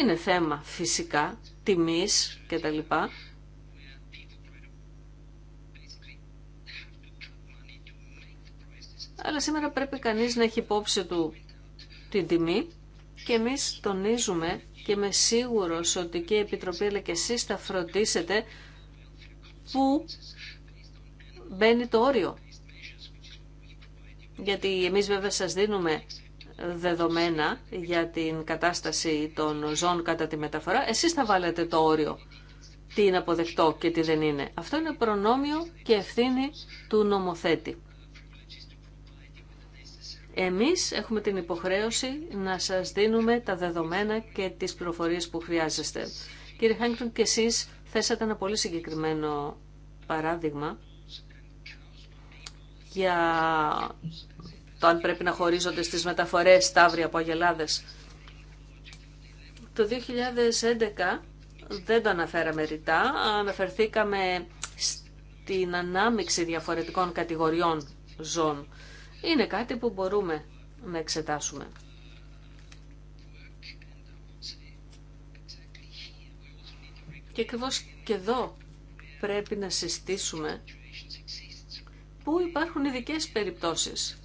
Είναι θέμα φυσικά, τιμής και τα λοιπά, αλλά σήμερα πρέπει κανείς να έχει υπόψη του την τιμή και εμείς τονίζουμε και είμαι σίγουρο ότι και η Επιτροπή αλλά και εσείς θα φροντίσετε που μπαίνει το όριο. Γιατί εμείς βέβαια σας δίνουμε δεδομένα για την κατάσταση των ζών κατά τη μεταφορά, εσείς θα βάλετε το όριο τι είναι αποδεκτό και τι δεν είναι. Αυτό είναι προνόμιο και ευθύνη του νομοθέτη. Εμείς έχουμε την υποχρέωση να σας δίνουμε τα δεδομένα και τις πληροφορίες που χρειάζεστε. Κύριε Χάνκτον, και εσείς θέσατε ένα πολύ συγκεκριμένο παράδειγμα για το αν πρέπει να χωρίζονται στις μεταφορές στάβρια από αγελάδες. Το 2011 δεν το αναφέραμε ρητά, αναφερθήκαμε στην ανάμειξη διαφορετικών κατηγοριών ζώων είναι κάτι που μπορούμε να εξετάσουμε. Και ακριβώ και εδώ πρέπει να συστήσουμε πού υπάρχουν ειδικέ περιπτώσεις.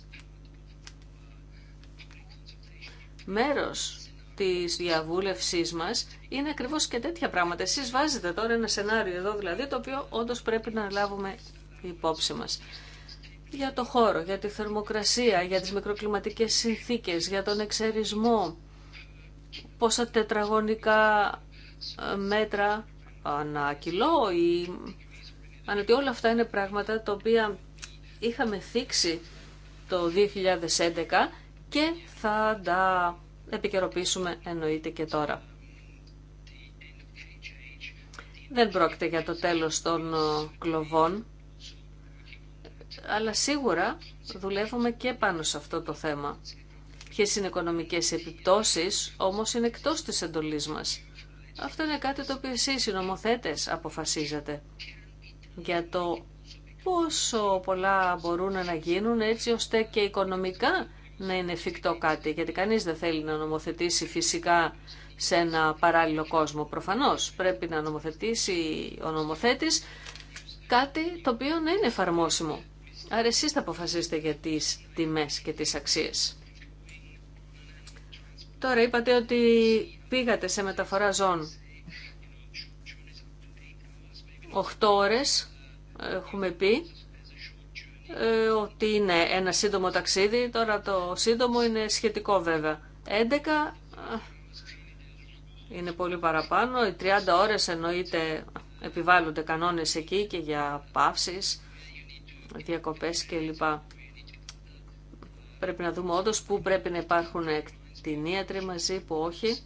Μέρος της διαβούλευσής μας είναι ακριβώς και τέτοια πράγματα. Εσείς βάζετε τώρα ένα σενάριο εδώ δηλαδή το οποίο όντως πρέπει να λάβουμε υπόψη μας για το χώρο, για τη θερμοκρασία, για τις μικροκλιματικές συνθήκες, για τον εξαιρισμό, πόσα τετραγωνικά ε, μέτρα ανά κιλό ή αν ότι όλα αυτά είναι πράγματα τα οποία είχαμε θίξει το 2011 και θα τα επικαιροποιήσουμε εννοείται και τώρα. Δεν πρόκειται για το τέλος των ε, κλοβών αλλά σίγουρα δουλεύουμε και πάνω σε αυτό το θέμα. Ποιε είναι οι οικονομικές επιπτώσεις, όμως είναι εκτός της εντολή μα. Αυτό είναι κάτι το οποίο εσεί, οι νομοθέτες αποφασίζετε για το πόσο πολλά μπορούν να γίνουν έτσι ώστε και οικονομικά να είναι εφικτό κάτι, γιατί κανείς δεν θέλει να νομοθετήσει φυσικά σε ένα παράλληλο κόσμο. Προφανώ πρέπει να νομοθετήσει ο νομοθέτης κάτι το οποίο να είναι εφαρμόσιμο. Άρα εσεί θα αποφασίσετε για τι τιμές και τις αξίες. Τώρα είπατε ότι πήγατε σε μεταφορά ζών. 8 ώρες έχουμε πει ε, ότι είναι ένα σύντομο ταξίδι. Τώρα το σύντομο είναι σχετικό βέβαια. 11 είναι πολύ παραπάνω. Οι 30 ώρες εννοείται επιβάλλονται κανόνες εκεί και για παύσεις διακοπές λοιπά. Πρέπει να δούμε όντως πού πρέπει να υπάρχουν κτηνίατροι μαζί, που πρεπει να υπαρχουν εκτινίατροι μαζι που οχι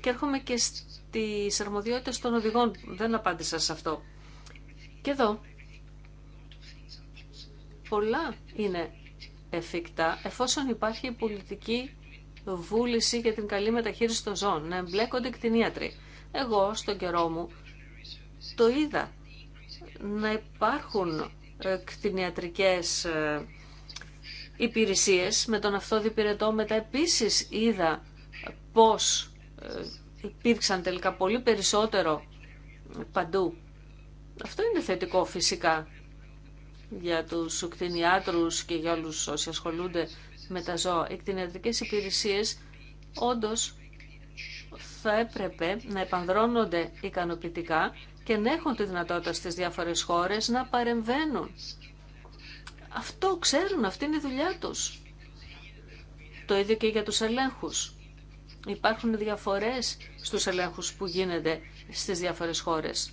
Και έρχομαι και στις αρμοδιότητες των οδηγών. Δεν απάντησα σε αυτό. Και εδώ πολλά είναι εφικτά εφόσον υπάρχει πολιτική βούληση για την καλή μεταχείριση των ζώων, να εμπλέκονται κτηνίατροι. Εγώ στον καιρό μου το είδα να υπάρχουν ε, κτηνιατρικές ε, υπηρεσίες. Με τον αυτό διπηρετό μετά επίσης είδα πώς ε, υπήρξαν τελικά πολύ περισσότερο παντού. Αυτό είναι θετικό φυσικά για τους κτηνιάτρους και για όλους όσοι ασχολούνται με τα ζώα. Οι κτηνιατρικές υπηρεσίες όντως θα έπρεπε να επανδρώνονται ικανοποιητικά και να έχουν τη δυνατότητα στις διάφορες χώρες να παρεμβαίνουν. Αυτό ξέρουν, αυτή είναι η δουλειά τους. Το ίδιο και για τους ελέγχους. Υπάρχουν διαφορές στους ελέγχους που γίνεται στις διάφορες χώρες.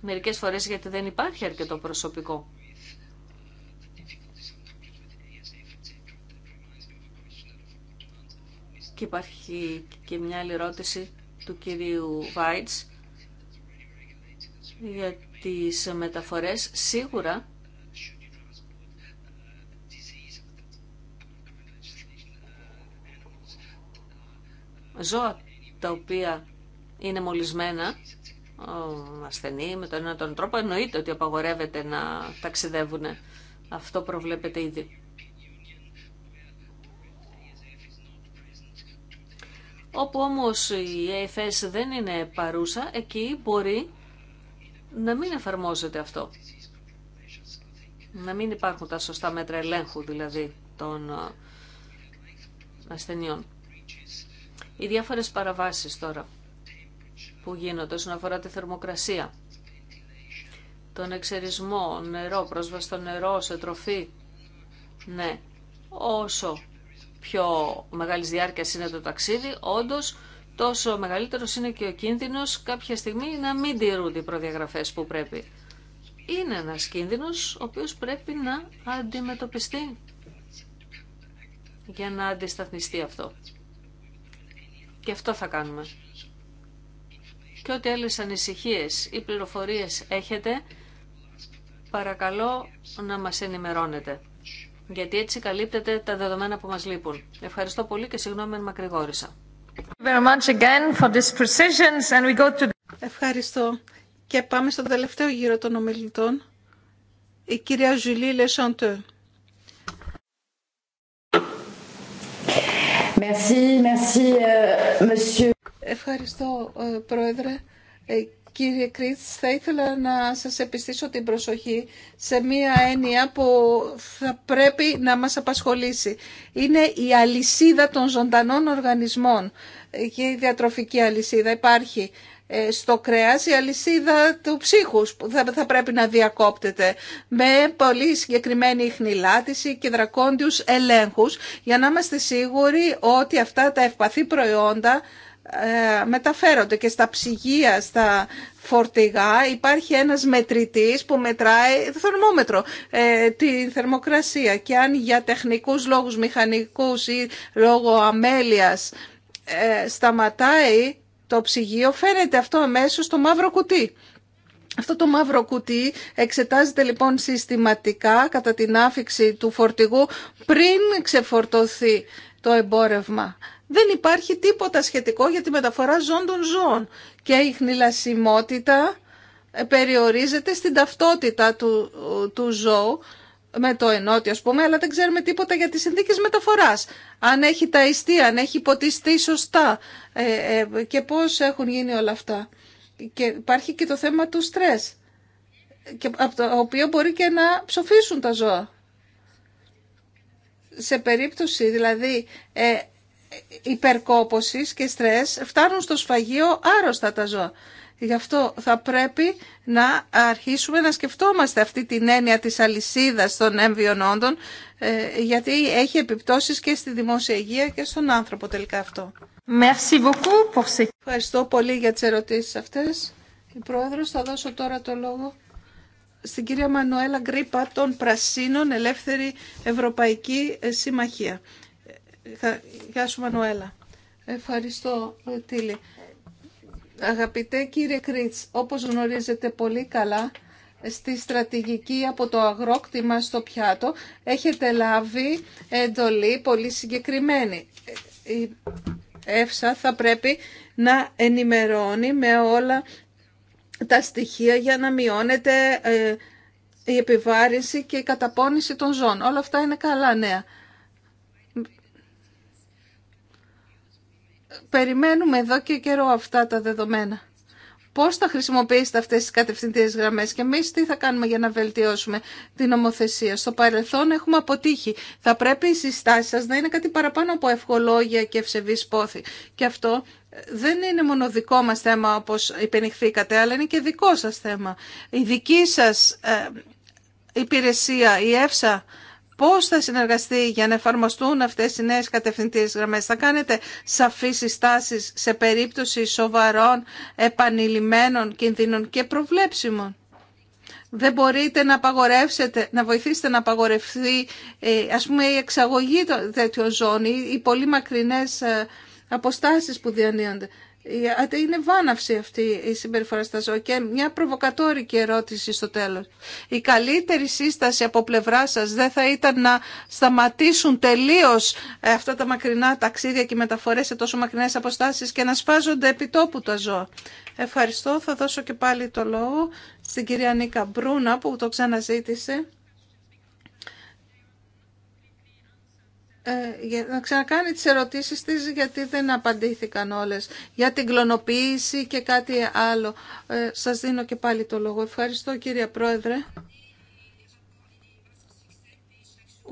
Μερικές φορές γιατί δεν υπάρχει αρκετό προσωπικό. Και υπάρχει και μια άλλη ερώτηση του κυρίου Βάιτς για τις μεταφορές σίγουρα ζώα τα οποία είναι μολυσμένα ασθενή με τον ένα τον τρόπο εννοείται ότι απαγορεύεται να ταξιδεύουν αυτό προβλέπεται ήδη όπου όμως η AFS δεν είναι παρούσα εκεί μπορεί να μην εφαρμόζεται αυτό. Να μην υπάρχουν τα σωστά μέτρα ελέγχου δηλαδή των ε, ασθενειών. Οι διάφορες παραβάσεις τώρα που γίνονται όσον αφορά τη θερμοκρασία, τον εξαιρισμό, νερό, πρόσβαση στο νερό, σε τροφή. Ναι, όσο πιο μεγάλης διάρκειας είναι το ταξίδι, όντως τόσο μεγαλύτερο είναι και ο κίνδυνος κάποια στιγμή να μην τηρούνται οι προδιαγραφές που πρέπει. Είναι ένας κίνδυνος ο οποίο πρέπει να αντιμετωπιστεί για να αντισταθμιστεί αυτό. Και αυτό θα κάνουμε. Και ό,τι άλλες ανησυχίες ή πληροφορίες έχετε, παρακαλώ να μας ενημερώνετε. Γιατί έτσι καλύπτεται τα δεδομένα που μας λείπουν. Ευχαριστώ πολύ και συγγνώμη αν μακρηγόρησα. Ευχαριστώ. Και πάμε στο τελευταίο γύρο των ομιλητών. Η κυρία Ζουλή Λεσαντέ. Euh, Ευχαριστώ, ε, Πρόεδρε ε, Κύριε Κρίτς, θα ήθελα να σας επιστήσω την προσοχή σε μία έννοια που θα πρέπει να μας απασχολήσει. Είναι η αλυσίδα των ζωντανών οργανισμών και η διατροφική αλυσίδα υπάρχει ε, στο κρέας η αλυσίδα του ψύχου που θα, πρέπει να διακόπτεται με πολύ συγκεκριμένη χνηλάτιση και δρακόντιους ελέγχους για να είμαστε σίγουροι ότι αυτά τα ευπαθή προϊόντα ε, μεταφέρονται και στα ψυγεία, στα φορτηγά υπάρχει ένας μετρητής που μετράει το θερμόμετρο, ε, τη θερμοκρασία και αν για τεχνικούς λόγους, μηχανικούς ή λόγω αμέλειας ε, σταματάει το ψυγείο φαίνεται αυτό αμέσως στο μαύρο κουτί. Αυτό το μαύρο κουτί εξετάζεται λοιπόν συστηματικά κατά την άφηξη του φορτηγού πριν ξεφορτωθεί το εμπόρευμα δεν υπάρχει τίποτα σχετικό για τη μεταφορά ζών των ζώων και η χνηλασιμότητα ε, περιορίζεται στην ταυτότητα του, του ζώου με το ενότιο, ας πούμε, αλλά δεν ξέρουμε τίποτα για τις συνθήκες μεταφοράς. Αν έχει ταϊστεί, αν έχει υποτιστεί σωστά ε, ε, και πώς έχουν γίνει όλα αυτά. Και υπάρχει και το θέμα του στρες, και, από το οποίο μπορεί και να ψοφήσουν τα ζώα. Σε περίπτωση, δηλαδή, ε, υπερκόπωσης και στρες φτάνουν στο σφαγείο άρρωστα τα ζώα. Γι' αυτό θα πρέπει να αρχίσουμε να σκεφτόμαστε αυτή την έννοια της αλυσίδας των έμβιων όντων, ε, γιατί έχει επιπτώσεις και στη δημόσια υγεία και στον άνθρωπο τελικά αυτό. Merci beaucoup pour Ευχαριστώ πολύ για τις ερωτήσεις αυτές. Η Πρόεδρος θα δώσω τώρα το λόγο στην κυρία Μανουέλα Γκρίπα των Πρασίνων Ελεύθερη Ευρωπαϊκή Συμμαχία. Γεια σου Μανουέλα. Ευχαριστώ ε, Τίλη. Αγαπητέ κύριε Κρίτς, όπως γνωρίζετε πολύ καλά, στη στρατηγική από το αγρόκτημα στο πιάτο έχετε λάβει εντολή πολύ συγκεκριμένη. Η ΕΦΣΑ θα πρέπει να ενημερώνει με όλα τα στοιχεία για να μειώνεται ε, η επιβάρηση και η καταπώνηση των ζώων. Όλα αυτά είναι καλά νέα. περιμένουμε εδώ και καιρό αυτά τα δεδομένα. Πώς θα χρησιμοποιήσετε αυτές τις κατευθυντήριες γραμμές και εμείς τι θα κάνουμε για να βελτιώσουμε την νομοθεσία. Στο παρελθόν έχουμε αποτύχει. Θα πρέπει η συστάσεις σας να είναι κάτι παραπάνω από ευχολόγια και ευσεβής πόθη. Και αυτό ε, δεν είναι μόνο δικό μας θέμα όπως υπενηχθήκατε, αλλά είναι και δικό σας θέμα. Η δική σας ε, υπηρεσία, η ΕΦΣΑ, πώς θα συνεργαστεί για να εφαρμοστούν αυτές οι νέες κατευθυντήριες γραμμές. Θα κάνετε σαφείς συστάσεις σε περίπτωση σοβαρών, επανειλημμένων κινδύνων και προβλέψιμων. Δεν μπορείτε να απαγορεύσετε, να βοηθήσετε να απαγορευτεί ε, ας πούμε η εξαγωγή τέτοιων ζώνη ή πολύ μακρινές ε, αποστάσεις που διανύονται. Είναι βάναυση αυτή η συμπεριφορά στα ζώα και μια προβοκατόρικη ερώτηση στο τέλος. Η καλύτερη σύσταση από πλευρά σας δεν θα ήταν να σταματήσουν τελείως ε, αυτά τα μακρινά ταξίδια και μεταφορές σε τόσο μακρινές αποστάσεις και να σπάζονται επιτόπου τα ζώα. Ευχαριστώ. Θα δώσω και πάλι το λόγο στην κυρία Νίκα Μπρούνα που το ξαναζήτησε. Ε, για να ξανακάνει τις ερωτήσεις της γιατί δεν απαντήθηκαν όλες για την κλωνοποίηση και κάτι άλλο. Ε, σας δίνω και πάλι το λόγο. Ευχαριστώ κύριε Πρόεδρε.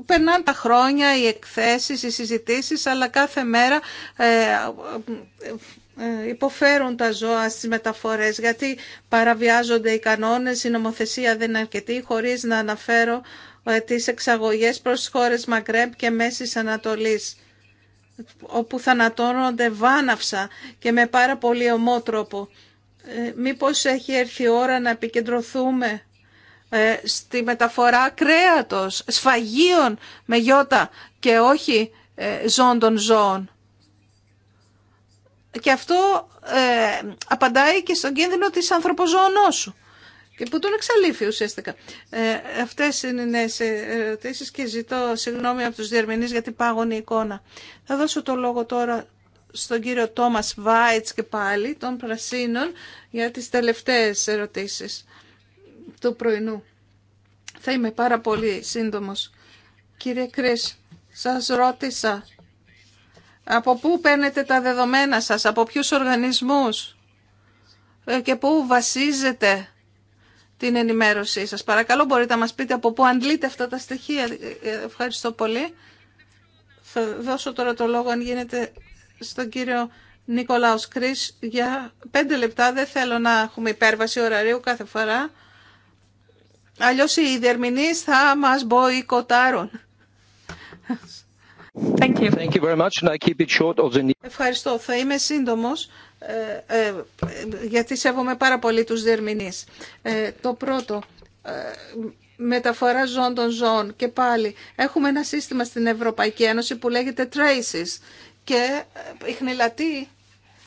Περνάνε τα χρόνια, οι εκθέσεις, οι συζητήσεις, αλλά κάθε μέρα ε, ε, ε υποφέρουν τα ζώα στις μεταφορές γιατί παραβιάζονται οι κανόνες, η νομοθεσία δεν είναι αρκετή, χωρίς να αναφέρω ε, τις εξαγωγές προς χώρες Μαγκρέμπ και Μέσης Ανατολής όπου θανατώνονται βάναυσα και με πάρα πολύ ομό τρόπο. Ε, μήπως έχει έρθει η ώρα να επικεντρωθούμε ε, στη μεταφορά κρέατος, σφαγίων με γιώτα και όχι ζών των ζώων. Και αυτό απαντάει και στον κίνδυνο της σου και που τον εξαλείφει ουσιαστικά. Ε, αυτές είναι νέε ερωτήσεις και ζητώ συγγνώμη από τους διερμηνείς γιατί την η εικόνα. Θα δώσω το λόγο τώρα στον κύριο Τόμας Βάιτ και πάλι των Πρασίνων για τις τελευταίες ερωτήσεις του πρωινού. Θα είμαι πάρα πολύ σύντομος. Κύριε Κρίς, σας ρώτησα από πού παίρνετε τα δεδομένα σας, από ποιους οργανισμούς ε, και πού βασίζετε την ενημέρωσή σας. Παρακαλώ μπορείτε να μας πείτε από πού αντλείτε αυτά τα στοιχεία. Ε, ε, ευχαριστώ πολύ. Θα δώσω τώρα το λόγο αν γίνεται στον κύριο Νικολάος Κρίς για πέντε λεπτά. Δεν θέλω να έχουμε υπέρβαση ωραρίου κάθε φορά. Αλλιώς οι διερμηνείς θα μας μποϊκοτάρουν. Thank you. Thank you very much. And I keep it short Ευχαριστώ. Θα είμαι σύντομος ε, ε, γιατί σέβομαι πάρα πολύ τους διερμηνείς. Ε, το πρώτο, μεταφορά ζών των ζώων και πάλι έχουμε ένα σύστημα στην Ευρωπαϊκή Ένωση που λέγεται traces και ειχνηλατεί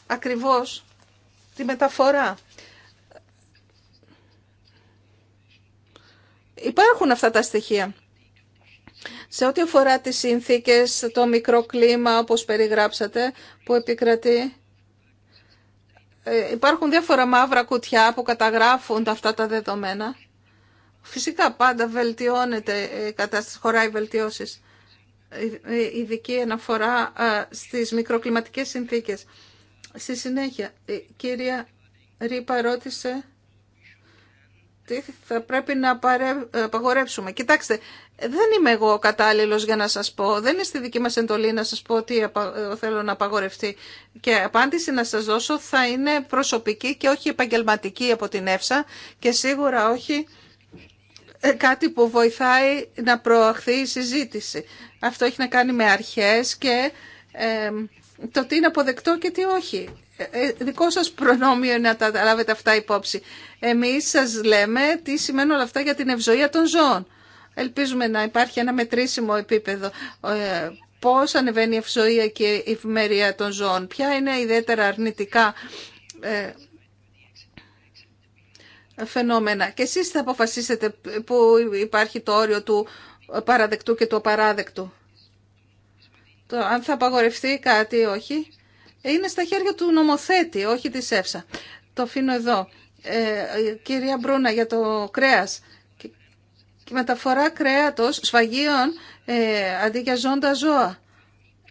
ακριβώς τη μεταφορά. Υπάρχουν αυτά τα στοιχεία. Σε ό,τι αφορά τις συνθήκες, το μικρό κλίμα όπως περιγράψατε που επικρατεί, ε, υπάρχουν διάφορα μαύρα κουτιά που καταγράφουν αυτά τα δεδομένα. Φυσικά πάντα βελτιώνεται κατά κατάσταση, χωράει βελτιώσεις. ειδική αναφορά ε, στις μικροκλιματικές συνθήκες. Στη συνέχεια, η κυρία Ρίπα ρώτησε θα πρέπει να απαγορεύσουμε. Κοιτάξτε, δεν είμαι εγώ κατάλληλο για να σα πω, δεν είναι στη δική μα εντολή να σα πω τι ε, θέλω να απαγορευτεί. Και απάντηση να σα δώσω θα είναι προσωπική και όχι επαγγελματική από την ΕΦΣΑ και σίγουρα όχι ε, κάτι που βοηθάει να προαχθεί η συζήτηση. Αυτό έχει να κάνει με αρχές και ε, το τι είναι αποδεκτό και τι όχι. Ε, ε, δικό σας προνόμιο να τα λάβετε αυτά υπόψη. Εμείς σας λέμε τι σημαίνουν όλα αυτά για την ευζοία των ζώων. Ελπίζουμε να υπάρχει ένα μετρήσιμο επίπεδο. Ε, πώς ανεβαίνει η ευζοία και η ευημερία των ζώων. Ποια είναι ιδιαίτερα αρνητικά φαινόμενα. Και εσείς θα αποφασίσετε που υπάρχει το όριο του παραδεκτού και του απαράδεκτου. Το, αν θα απαγορευτεί κάτι ή όχι είναι στα χέρια του νομοθέτη, όχι της ΕΦΣΑ. Το αφήνω εδώ. Ε, κυρία Μπρούνα, για το κρέας. Και μεταφορά κρέατος σφαγίων ε, αντί για ζώντα ζώα.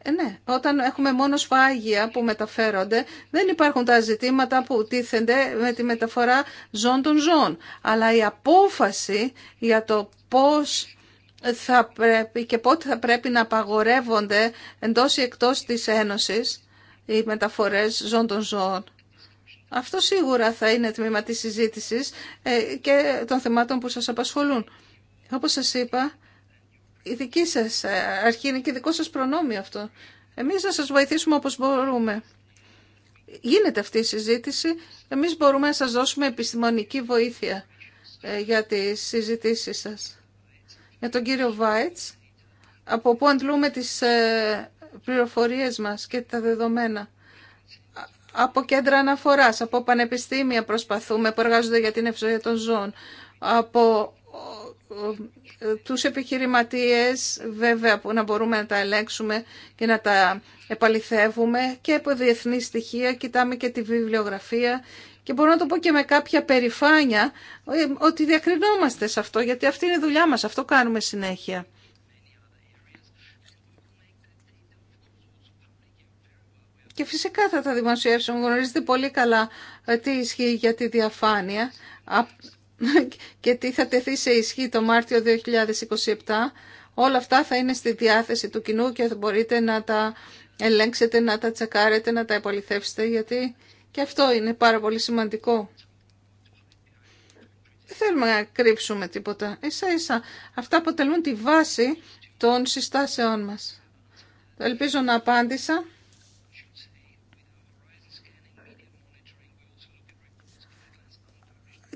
Ε, ναι, όταν έχουμε μόνο σφάγια που μεταφέρονται, δεν υπάρχουν τα ζητήματα που τίθενται με τη μεταφορά ζών των ζώων. Αλλά η απόφαση για το πώς θα πρέπει και πότε θα πρέπει να απαγορεύονται εντός ή εκτός της Ένωσης, οι μεταφορές ζών των ζώων. Αυτό σίγουρα θα είναι τμήμα της συζήτησης ε, και των θεμάτων που σας απασχολούν. Όπως σας είπα, η δική σας ε, αρχή είναι και δικό σας προνόμιο αυτό. Εμείς να σας βοηθήσουμε όπως μπορούμε. Γίνεται αυτή η συζήτηση, εμείς μπορούμε να σας δώσουμε επιστημονική βοήθεια ε, για τις συζητήσεις σας. Για τον κύριο Βάιτς, από πού αντλούμε τις πληροφορίες μας και τα δεδομένα. Από κέντρα αναφοράς, από πανεπιστήμια προσπαθούμε που εργάζονται για την ευζοία των ζώων, από τους επιχειρηματίες βέβαια που να μπορούμε να τα ελέγξουμε και να τα επαληθεύουμε και από διεθνή στοιχεία, κοιτάμε και τη βιβλιογραφία και μπορώ να το πω και με κάποια περηφάνεια ε, ότι διακρινόμαστε σε αυτό γιατί αυτή είναι η δουλειά μας, αυτό κάνουμε συνέχεια. Και φυσικά θα τα δημοσιεύσουμε. Γνωρίζετε πολύ καλά ε, τι ισχύει για τη διαφάνεια και τι θα τεθεί σε ισχύ το Μάρτιο 2027. Όλα αυτά θα είναι στη διάθεση του κοινού και θα μπορείτε να τα ελέγξετε, να τα τσεκάρετε, να τα επαληθεύσετε, γιατί και αυτό είναι πάρα πολύ σημαντικό. Δεν θέλουμε να κρύψουμε τίποτα. Ίσα ίσα. Αυτά αποτελούν τη βάση των συστάσεών μας. Ελπίζω να απάντησα.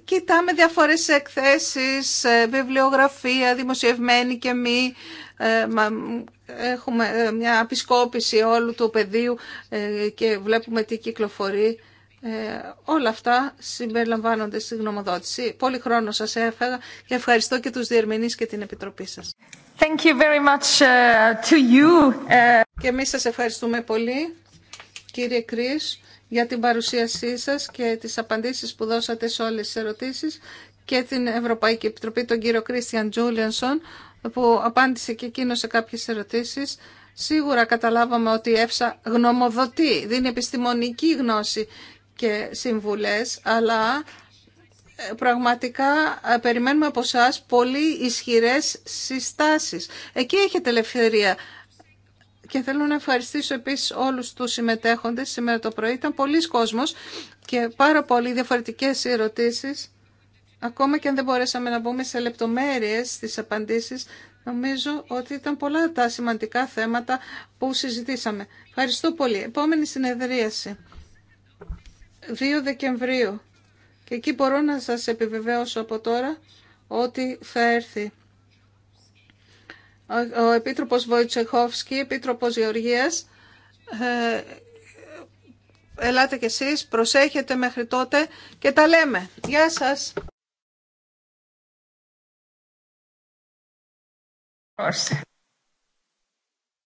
κοιτάμε διάφορες εκθέσεις, ε, βιβλιογραφία, δημοσιευμένη και μη. Ε, έχουμε ε, μια επισκόπηση όλου του πεδίου και βλέπουμε τι κυκλοφορεί. όλα αυτά συμπεριλαμβάνονται στη γνωμοδότηση. Πολύ χρόνο σας έφεγα και ευχαριστώ και τους διερμηνείς και την Επιτροπή σας. Thank you very much uh, to you. Uh. Και εμείς σας ευχαριστούμε πολύ, κύριε Κρίς για την παρουσίασή σας και τις απαντήσεις που δώσατε σε όλες τις ερωτήσεις και την Ευρωπαϊκή Επιτροπή, τον κύριο Κρίστιαν Τζούλιανσον, που απάντησε και εκείνο σε κάποιες ερωτήσεις. Σίγουρα καταλάβαμε ότι η ΕΦΣΑ γνωμοδοτεί, δίνει επιστημονική γνώση και συμβουλές, αλλά ε, πραγματικά ε, περιμένουμε από εσά πολύ ισχυρές συστάσεις. Εκεί έχετε ελευθερία και θέλω να ευχαριστήσω επίσης όλους τους συμμετέχοντες. Σήμερα το πρωί ήταν πολλοί κόσμος και πάρα πολλοί διαφορετικές ερωτήσεις. Ακόμα και αν δεν μπορέσαμε να μπούμε σε λεπτομέρειες στις απαντήσεις, νομίζω ότι ήταν πολλά τα σημαντικά θέματα που συζητήσαμε. Ευχαριστώ πολύ. Επόμενη συνεδρίαση. 2 Δεκεμβρίου. Και εκεί μπορώ να σας επιβεβαίωσω από τώρα ότι θα έρθει. Ο Επίτροπος Βοητσεχόφσκι, Επίτροπος Γεωργίας, ε, ελάτε κι εσείς, προσέχετε μέχρι τότε και τα λέμε. Γεια σας.